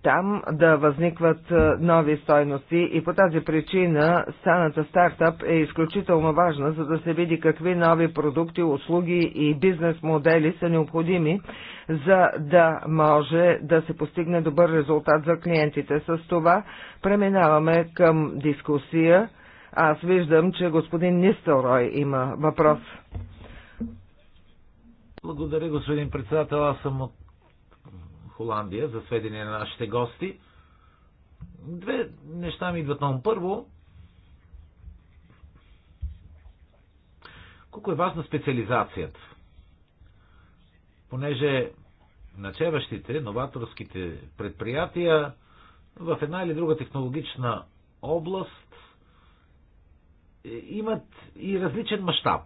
там да възникват е, нови стойности и по тази причина станата стартъп е изключително важна, за да се види какви нови продукти, услуги и бизнес модели са необходими, за да може да се постигне добър резултат за клиентите. С това преминаваме към дискусия. Аз виждам, че господин Нистелрой има въпрос. Благодаря, господин председател. Аз съм от Холандия, за сведение на нашите гости. Две неща ми идват на Първо, колко е важна специализацията. Понеже начеващите, новаторските предприятия в една или друга технологична област е, имат и различен мащаб.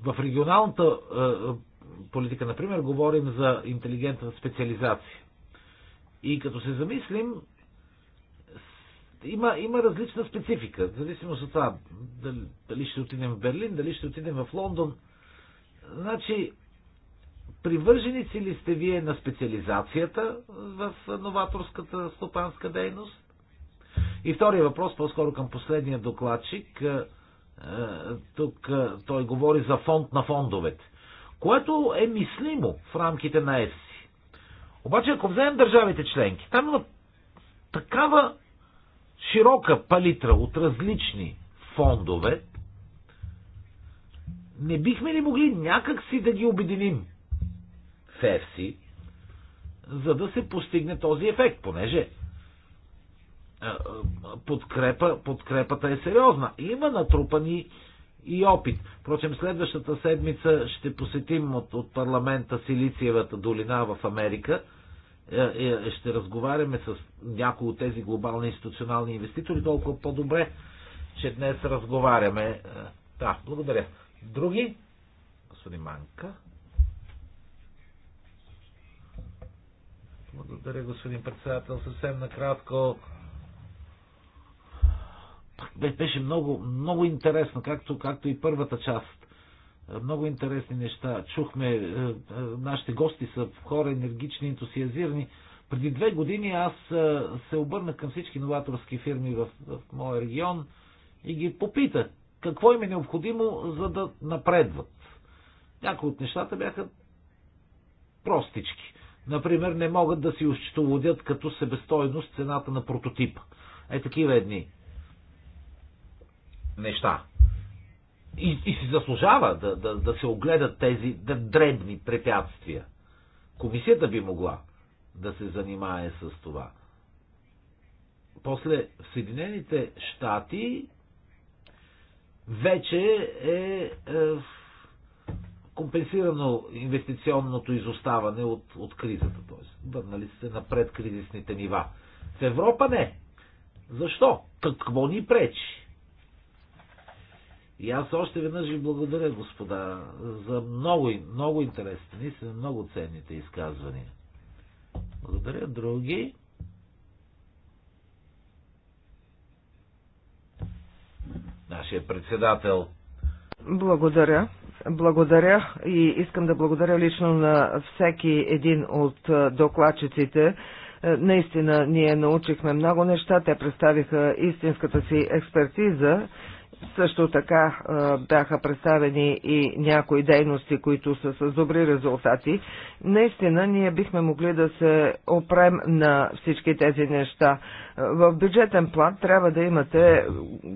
В регионалната е, политика, например, говорим за интелигентна специализация. И като се замислим, има, има различна специфика, зависимост от това дали, дали ще отидем в Берлин, дали ще отидем в Лондон. Значи, привърженици ли сте вие на специализацията в новаторската стопанска дейност? И втория въпрос, по-скоро към последния докладчик. Е, е, тук е, той говори за фонд на фондовете което е мислимо в рамките на ЕС. Обаче, ако вземем държавите членки, там има такава широка палитра от различни фондове, не бихме ли могли някакси да ги обединим в ЕФСИ, за да се постигне този ефект, понеже подкрепа, подкрепата е сериозна. Има натрупани и опит. Впрочем, следващата седмица ще посетим от, от парламента Силициевата долина в Америка. Е, е, ще разговаряме с някои от тези глобални институционални инвеститори, толкова по-добре, че днес разговаряме. Е, да, благодаря. Други? Господин Манка. Благодаря, господин председател. Съвсем накратко беше много, много интересно, както, както и първата част. Много интересни неща. Чухме, е, е, нашите гости са хора енергични, ентусиазирани. Преди две години аз е, се обърнах към всички новаторски фирми в, в моя регион и ги попитах какво им е необходимо, за да напредват. Някои от нещата бяха простички. Например, не могат да си ощетоводят като себестойност цената на прототипа. Е такива едни неща. И, и си заслужава да, да, да се огледат тези да дребни препятствия. Комисията би могла да се занимае с това. После в Съединените щати вече е, е компенсирано инвестиционното изоставане от, от кризата, т.е. върнали се на предкризисните нива. В Европа не. Защо? Какво ни пречи? И аз още веднъж ви благодаря, господа, за много, много интересни, наистина много ценните изказвания. Благодаря. Други? Нашия председател. Благодаря. Благодаря и искам да благодаря лично на всеки един от докладчиците. Наистина ние научихме много неща, те представиха истинската си експертиза също така бяха представени и някои дейности, които са с добри резултати. Наистина, ние бихме могли да се опрем на всички тези неща. В бюджетен план трябва да имате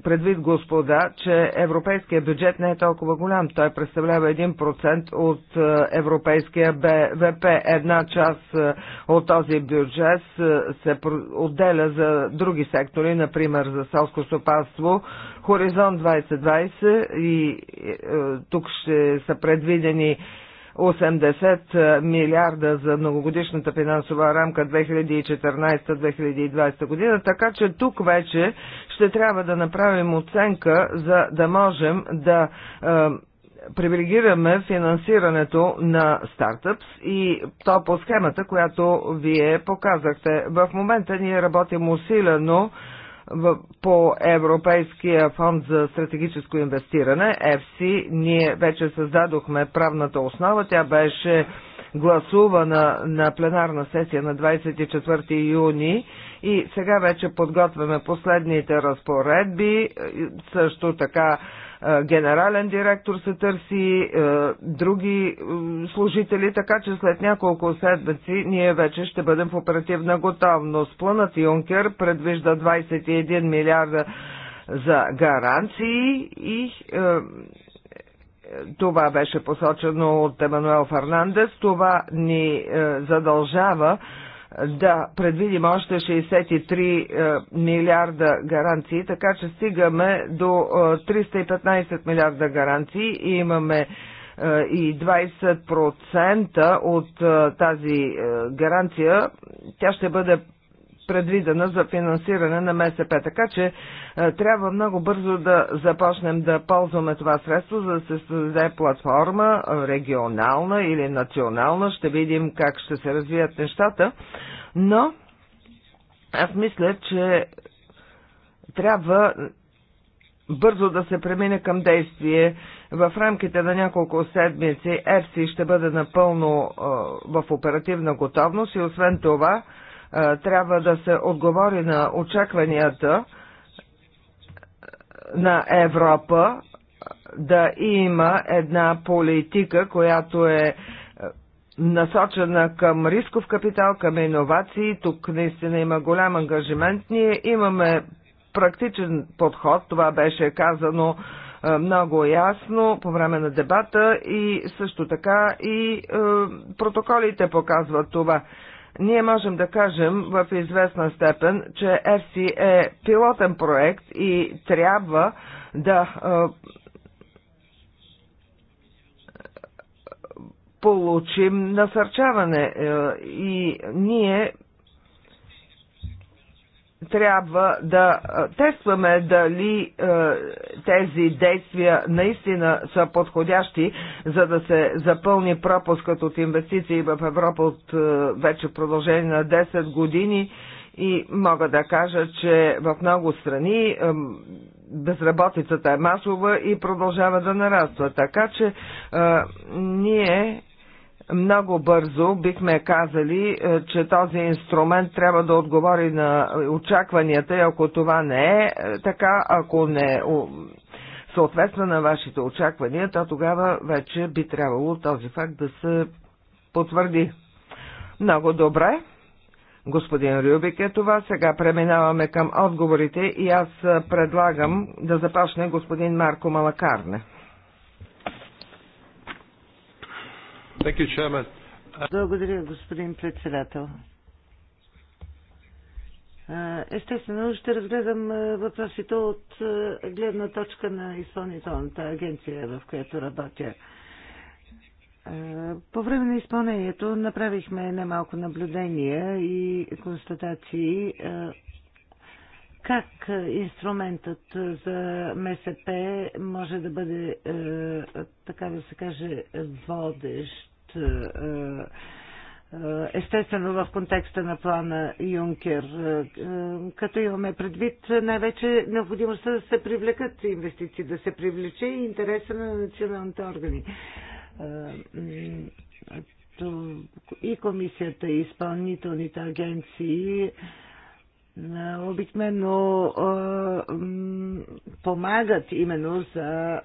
предвид, господа, че европейския бюджет не е толкова голям. Той представлява 1% от европейския БВП. Една част от този бюджет се отделя за други сектори, например за селско стопанство, Хоризонт 2020 и е, тук ще са предвидени 80 е, милиарда за многогодишната финансова рамка 2014-2020 година, така че тук вече ще трябва да направим оценка, за да можем да е, привилегираме финансирането на стартъпс и то по схемата, която вие показахте. В момента ние работим усилено по Европейския фонд за стратегическо инвестиране, ЕФСИ, ние вече създадохме правната основа. Тя беше гласувана на пленарна сесия на 24 юни и сега вече подготвяме последните разпоредби, също така е, генерален директор се търси, е, други служители, така че след няколко седмици ние вече ще бъдем в оперативна готовност. Планът Юнкер предвижда 21 милиарда за гаранции и е, това беше посочено от Емануел Фернандес. Това ни задължава да предвидим още 63 е, милиарда гаранции, така че стигаме до 315 е, милиарда гаранции е, и имаме и 20% от тази гаранция, тя ще бъде предвидена за финансиране на МСП. Така че е, трябва много бързо да започнем да ползваме това средство, за да се създаде платформа е, регионална или национална. Ще видим как ще се развият нещата. Но аз мисля, че трябва бързо да се премине към действие. В рамките на няколко седмици ЕРСИ ще бъде напълно е, в оперативна готовност и освен това трябва да се отговори на очакванията на Европа да има една политика, която е насочена към рисков капитал, към иновации. Тук наистина има голям ангажимент. Ние имаме практичен подход, това беше казано много ясно по време на дебата и също така и е, протоколите показват това ние можем да кажем в известна степен, че FC е пилотен проект и трябва да получим насърчаване и ние трябва да тестваме дали е, тези действия наистина са подходящи, за да се запълни пропускът от инвестиции в Европа от е, вече продължение на 10 години. И мога да кажа, че в много страни е, безработицата е масова и продължава да нараства. Така че е, ние много бързо бихме казали, е, че този инструмент трябва да отговори на очакванията и ако това не е, е така, ако не съответства на вашите очаквания, то тогава вече би трябвало този факт да се потвърди. Много добре. Господин Рюбик е това. Сега преминаваме към отговорите и аз предлагам да започне господин Марко Малакарне. You, Благодаря, господин председател. Естествено, ще разгледам въпросите от гледна точка на изпълнителната агенция, в която работя. По време на изпълнението направихме немалко наблюдения и констатации как инструментът за МСП може да бъде, така да се каже, водещ е, е, естествено в контекста на плана Юнкер, е, като имаме предвид най-вече необходимостта да се привлекат инвестиции, да се привлече и интереса на националните органи. И комисията, и изпълнителните агенции обикновено помагат именно за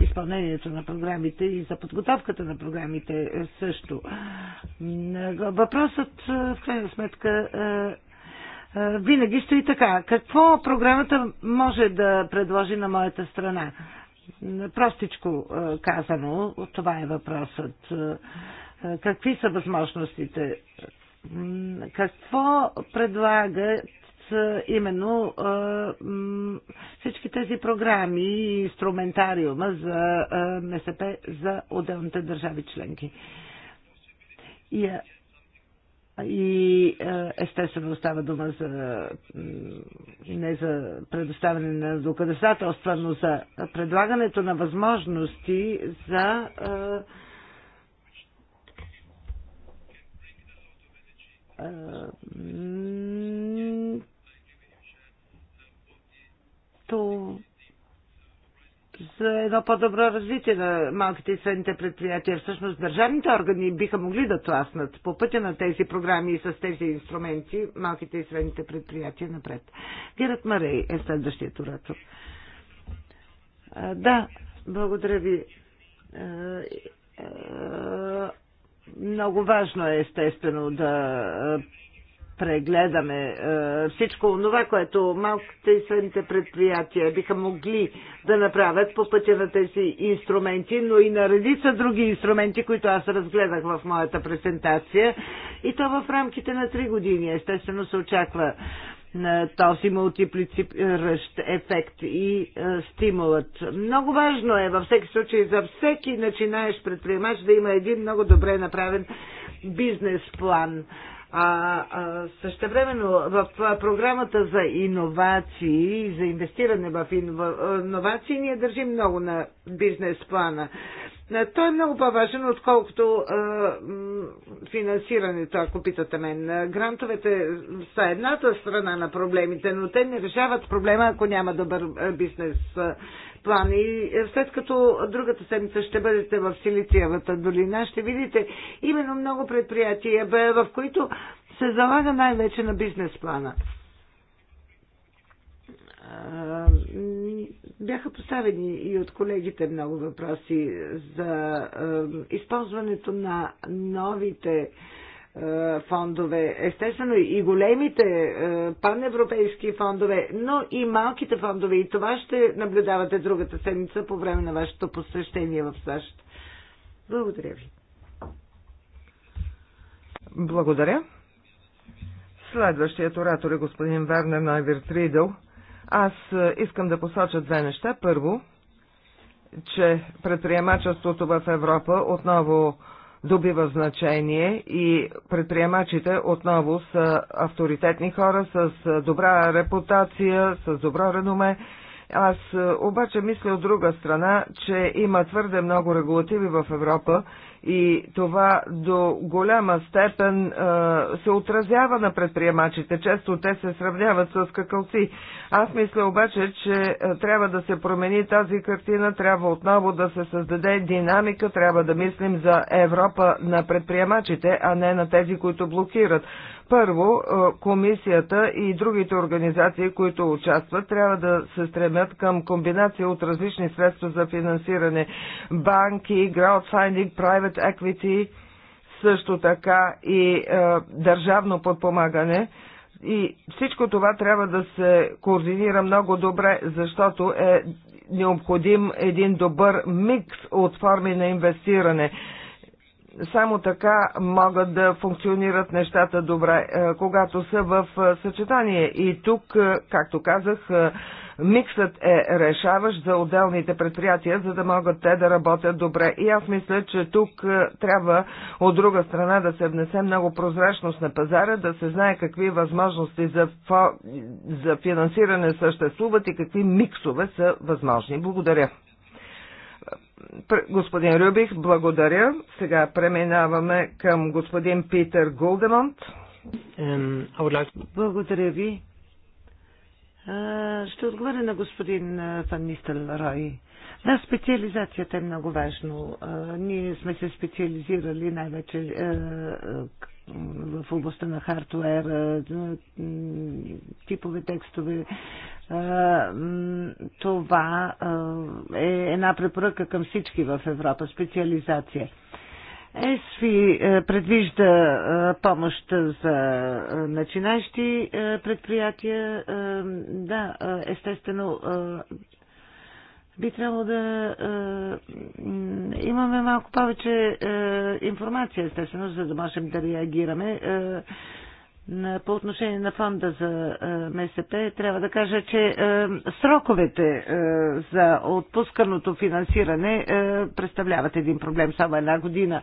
изпълнението на програмите и за подготовката на програмите е, също. Въпросът в крайна сметка винаги стои така. Какво програмата може да предложи на моята страна? Простичко казано, това е въпросът. Какви са възможностите какво предлагат именно всички тези програми и инструментариума за МСП за отделните държави членки? И, и естествено остава дума за не за предоставяне на доказателства, но за предлагането на възможности за то за едно по-добро развитие на малките и средните предприятия. Всъщност държавните органи биха могли да тласнат по пътя на тези програми и с тези инструменти малките и средните предприятия напред. Герат Марей е следващият оратор. Да, благодаря ви много важно е, естествено, да е, прегледаме е, всичко това, което малките и средните предприятия биха могли да направят по пътя на тези инструменти, но и на редица други инструменти, които аз разгледах в моята презентация. И то в рамките на три години. Естествено се очаква на този мултиплициращ ефект и е, стимулът. Много важно е във всеки случай за всеки начинаещ предприемач да има един много добре направен бизнес план. А, а същевременно в програмата за иновации и за инвестиране в иновации ние държим много на бизнес плана. Е, той е много по-важен, отколкото а, е, финансирането, ако питате мен. Грантовете са едната страна на проблемите, но те не решават проблема, ако няма добър е, бизнес план. И след като другата седмица ще бъдете в Силициевата долина, ще видите именно много предприятия, в които се залага най-вече на бизнес плана бяха поставени и от колегите много въпроси за използването на новите фондове, естествено и големите паневропейски фондове, но и малките фондове. И това ще наблюдавате другата седмица по време на вашето посещение в САЩ. Благодаря ви. Благодаря. Следващият оратор е господин Вернер Найвер Тридъл. Аз е, искам да посоча две неща. Първо, че предприемачеството в Европа отново добива значение и предприемачите отново са авторитетни хора с е, добра репутация, с добро реноме. Аз е, обаче мисля от друга страна, че има твърде много регулативи в Европа и това до голяма степен е, се отразява на предприемачите. Често те се сравняват с какълци. Аз мисля обаче, че е, трябва да се промени тази картина, трябва отново да се създаде динамика, трябва да мислим за Европа на предприемачите, а не на тези, които блокират. Първо, комисията и другите организации, които участват, трябва да се стремят към комбинация от различни средства за финансиране – банки, краудфандинг, private equity, също така и е, държавно подпомагане. И всичко това трябва да се координира много добре, защото е необходим един добър микс от форми на инвестиране само така могат да функционират нещата добре, е, когато са в е, съчетание. И тук, е, както казах, миксът е решаващ за отделните предприятия, за да могат те да работят добре. И аз мисля, че тук трябва от друга страна да се внесе много прозрачност на пазара, да се знае какви възможности за, за финансиране съществуват и какви миксове са възможни. Благодаря. Господин Рюбих, благодаря. Сега преминаваме към господин Питер Гулдемонт. Благодаря ви. Ще отговоря на господин Фан Нистел Рой. Да, специализацията е много важно. Ние сме се специализирали най-вече в областта на хардуер, типове текстове, това е една препоръка към всички в Европа специализация. ЕСФИ е, предвижда помощ за начинащи предприятия. Да, естествено, би трябвало да имаме малко повече информация, естествено, за да можем да реагираме по отношение на фонда за МСП, трябва да кажа, че сроковете за отпусканото финансиране представляват един проблем само една година.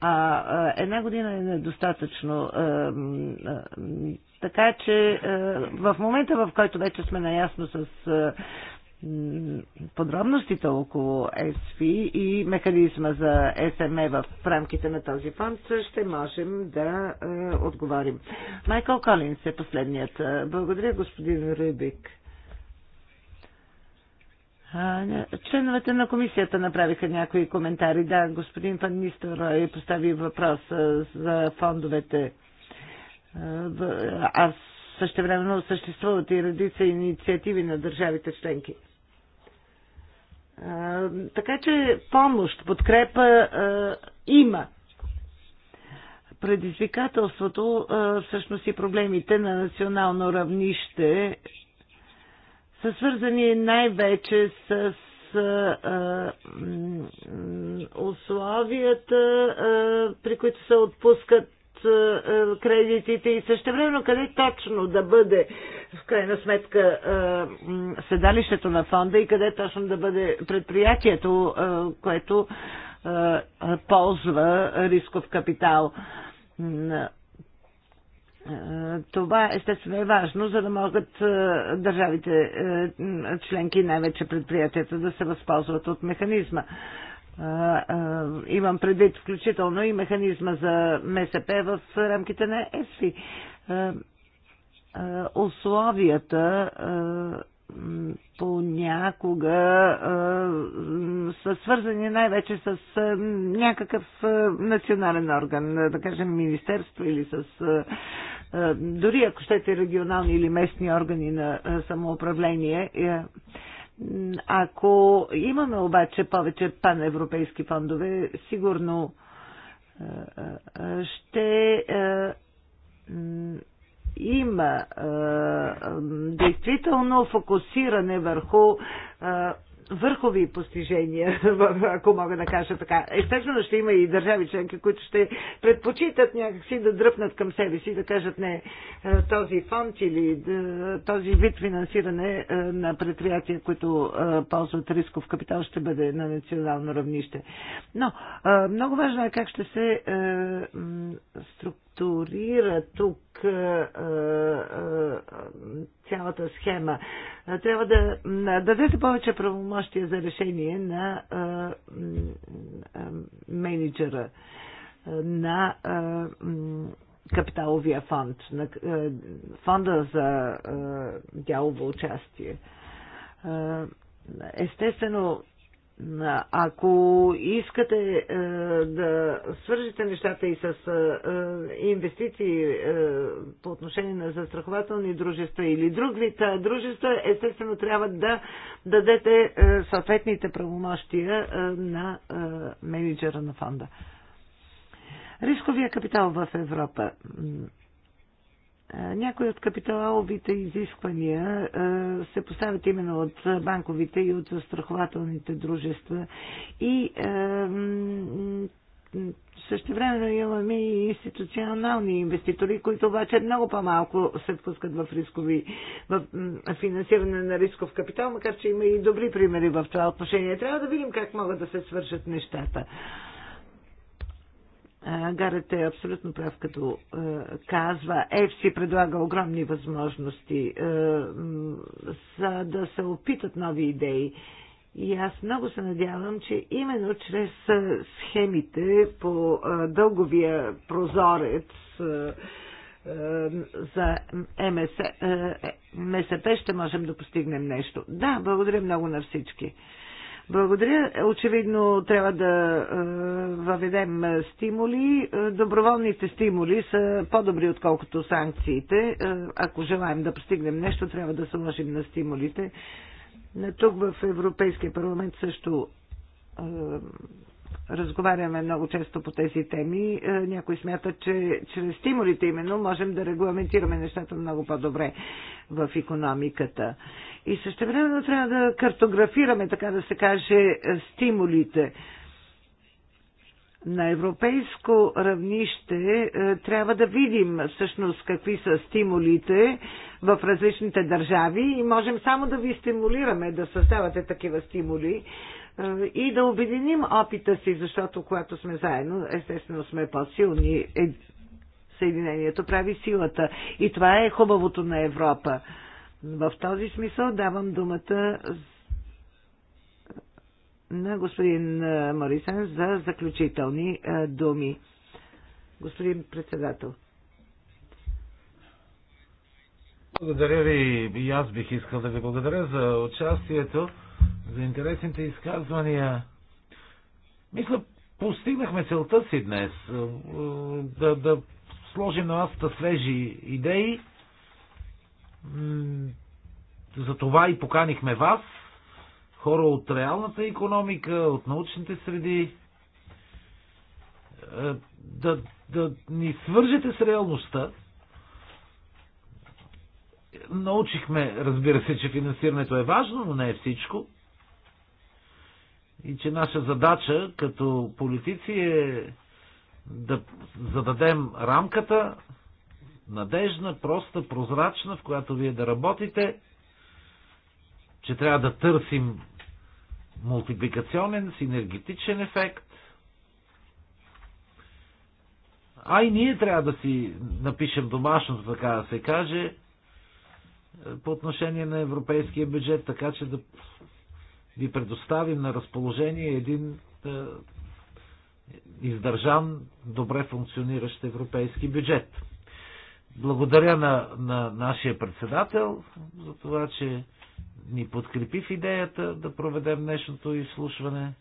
А една година е недостатъчно. Така че в момента, в който вече сме наясно с подробностите около ЕСФИ и механизма за СМЕ e в рамките на този фонд ще можем да е, отговорим. Майкъл Колинс е последният. Е, благодаря, господин Рубик. Членовете на комисията направиха някои коментари. Да, господин Фан постави въпрос е, за фондовете. Е, Аз също времено съществуват и редица инициативи на държавите членки. Така че помощ, подкрепа има. Предизвикателството, всъщност и проблемите на национално равнище са свързани най-вече с условията, при които се отпускат е, е, кредитите и същевременно къде точно да бъде в крайна сметка е, седалището на фонда и къде точно да бъде предприятието, което ползва рисков капитал. Това естествено е важно, за да могат държавите членки, най-вече предприятията, да се възползват от механизма имам предвид включително и механизма за МСП в рамките на ЕСФИ. Условията понякога са свързани най-вече с някакъв национален орган, да кажем министерство или с дори ако щете регионални или местни органи на самоуправление е, ако имаме обаче повече паневропейски фондове, сигурно е, е, ще е, има действително фокусиране върху върхови постижения, ако мога да кажа така. Естествено ще има и държави членки, които ще предпочитат някакси да дръпнат към себе си, да кажат не, е, този фонд или е, този вид финансиране е, на предприятия, които ползват рисков капитал, ще бъде на национално равнище. Но много важно е как ще се структурира структурира тук цялата схема. Трябва да дадете повече правомощия за решение на менеджера на капиталовия фонд, на фонда за дялово участие. Естествено, ако искате е, да свържете нещата и с е, е, инвестиции е, по отношение на застрахователни дружества или друг вид е, дружества, естествено трябва да дадете е, съответните правомощия е, на е, менеджера на фонда. Рисковия капитал в Европа. Е, някои от капиталовите изисквания е, се поставят именно от банковите и от застрахователните дружества. И е, времено имаме и институционални инвеститори, които обаче много по-малко се впускат в рискови, в финансиране на рисков капитал, макар че има и добри примери в това отношение. Трябва да видим как могат да се свършат нещата. Гарет е абсолютно прав, като е, казва, ЕФСИ предлага огромни възможности е, за да се опитат нови идеи. И аз много се надявам, че именно чрез схемите по е, дълговия прозорец е, е, за МСП е, МСП ще можем да постигнем нещо. Да, благодаря много на всички. Благодаря. Очевидно трябва да е, въведем стимули. Е, доброволните стимули са по-добри, отколкото санкциите. Е, ако желаем да постигнем нещо, трябва да сложим на стимулите. Тук в Европейския парламент също разговаряме много често по тези теми. Е, някои смятат, че чрез стимулите именно можем да регламентираме нещата много по-добре в економиката. И също време трябва да картографираме, така да се каже, стимулите. На европейско равнище е, трябва да видим всъщност какви са стимулите в различните държави и можем само да ви стимулираме да създавате такива стимули е, и да обединим опита си, защото когато сме заедно, естествено сме по-силни. Е, Съединението прави силата. И това е хубавото на Европа. В този смисъл давам думата на господин е, Морисен за заключителни думи. Господин председател. Благодаря ви и аз бих искал да ви благодаря за участието за интересните изказвания. Мисля, постигнахме целта си днес е, е, да, да сложим на вас свежи идеи. За това и поканихме вас, хора от реалната економика, от научните среди, е, да, да ни свържете с реалността. Научихме, разбира се, че финансирането е важно, но не е всичко и че наша задача като политици е да зададем рамката, надежна, проста, прозрачна, в която вие да работите, че трябва да търсим мултипликационен, синергетичен ефект, а и ние трябва да си напишем домашното, така да се каже, по отношение на европейския бюджет, така че да ви предоставим на разположение един е, издържан, добре функциониращ европейски бюджет. Благодаря на, на нашия председател за това, че ни подкрепи в идеята да проведем днешното изслушване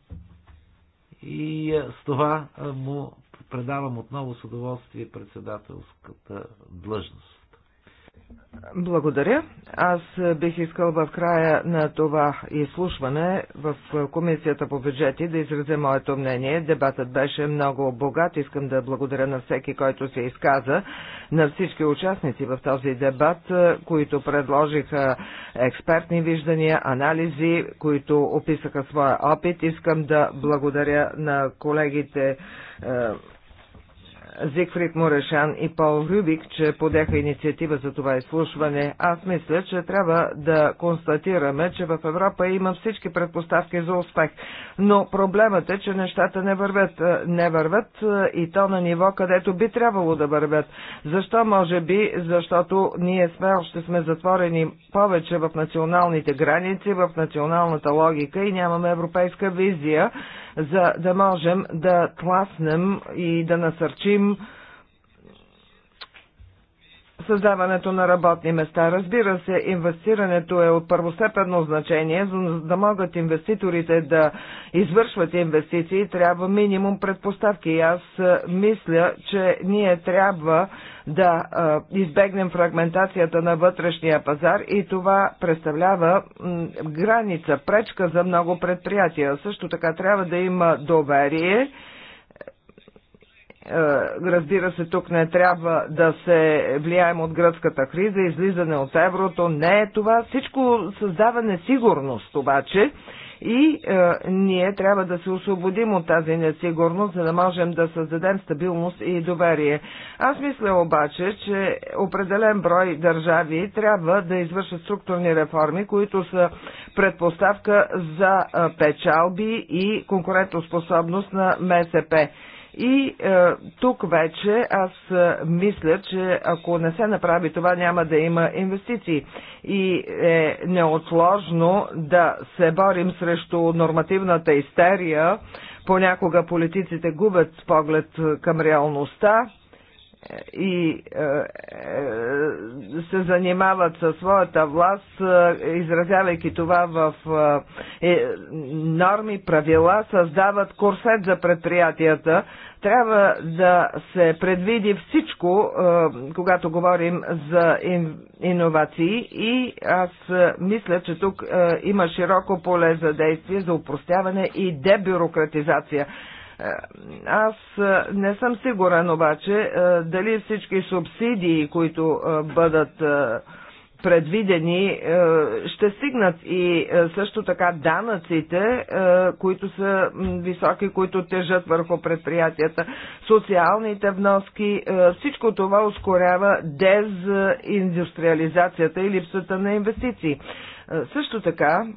и е, с това е, му предавам отново с удоволствие председателската длъжност. Благодаря. Аз бих искал в края на това изслушване в Комисията по бюджети да изразя моето мнение. Дебатът беше много богат. Искам да благодаря на всеки, който се изказа, на всички участници в този дебат, които предложиха експертни виждания, анализи, които описаха своя опит. Искам да благодаря на колегите е, Зигфрид Морешан и Пол Рюбик, че подеха инициатива за това изслушване. Аз мисля, че трябва да констатираме, че в Европа има всички предпоставки за успех. Но проблемът е, че нещата не вървят. Е, не вървят е, и то на ниво, където би трябвало да вървят. Защо може би? Защото ние сме, още сме затворени повече в националните граници, в националната логика и нямаме европейска визия, за да можем да тласнем и да насърчим създаването на работни места. Разбира се, инвестирането е от първостепенно значение, за да могат инвеститорите да извършват инвестиции, трябва минимум предпоставки. Аз мисля, че ние трябва да избегнем фрагментацията на вътрешния пазар и това представлява граница, пречка за много предприятия. Също така трябва да има доверие е, разбира се, тук не трябва да се влияем от гръцката криза, излизане от еврото. Не е това. Всичко създава несигурност обаче и е, ние трябва да се освободим от тази несигурност, за да можем да създадем стабилност и доверие. Аз мисля обаче, че определен брой държави трябва да извършат структурни реформи, които са предпоставка за е, печалби и конкурентоспособност на МСП. И е, тук вече аз е, мисля, че ако не се направи това, няма да има инвестиции. И е неотложно да се борим срещу нормативната истерия. Понякога политиците губят поглед е, към реалността е, и се занимават със своята власт, изразявайки това в норми, правила, създават курсет за предприятията, трябва да се предвиди всичко, е, когато говорим за иновации и аз е, мисля, че тук е, има широко поле за действие за упростяване и дебюрократизация. Аз не съм сигурен обаче дали всички субсидии, които бъдат предвидени, е, ще стигнат и е, също така данъците, е, които са високи, които тежат върху предприятията, социалните вноски, всичко това ускорява дезиндустриализацията и липсата на инвестиции. Също така,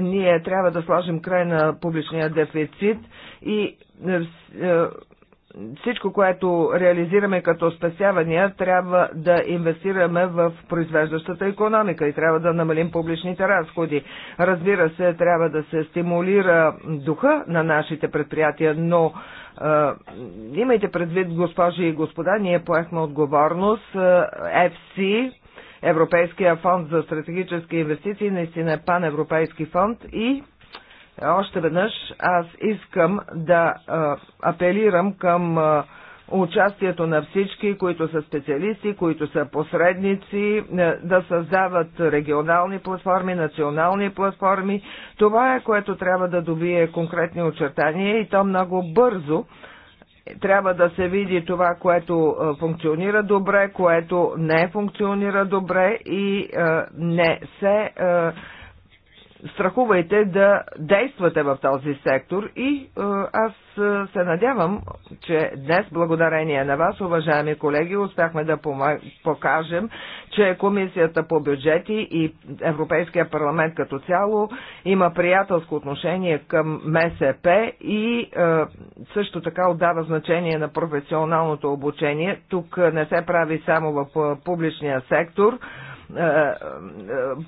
ние трябва да сложим край на публичния дефицит и всичко, което реализираме като спасявания, трябва да инвестираме в произвеждащата економика и трябва да намалим публичните разходи. Разбира се, трябва да се стимулира духа на нашите предприятия, но е, имайте предвид, госпожи и господа, ние поехме отговорност. Е, FC, Европейския фонд за стратегически инвестиции, наистина е паневропейски фонд и още веднъж аз искам да апелирам към участието на всички, които са специалисти, които са посредници, да създават регионални платформи, национални платформи. Това е което трябва да добие конкретни очертания и то много бързо. Трябва да се види това, което функционира добре, което не функционира добре и не се страхувайте да действате в този сектор и е, аз е, се надявам, че днес, благодарение на вас, уважаеми колеги, успяхме да покажем, че Комисията по бюджети и Европейския парламент като цяло има приятелско отношение към МСП и е, също така отдава значение на професионалното обучение. Тук не се прави само в публичния сектор, е, е,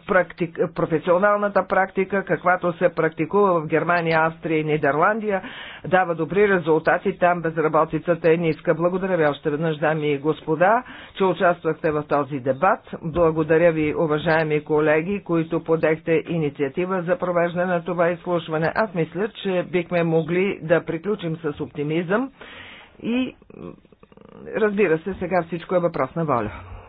практик, професионалната практика, каквато се практикува в Германия, Австрия и Нидерландия, дава добри резултати. Там безработицата е ниска. Благодаря ви още веднъж, дами и господа, че участвахте в този дебат. Благодаря ви, уважаеми колеги, които подехте инициатива за провеждане на това изслушване. Аз мисля, че бихме могли да приключим с оптимизъм и разбира се, сега всичко е въпрос на воля.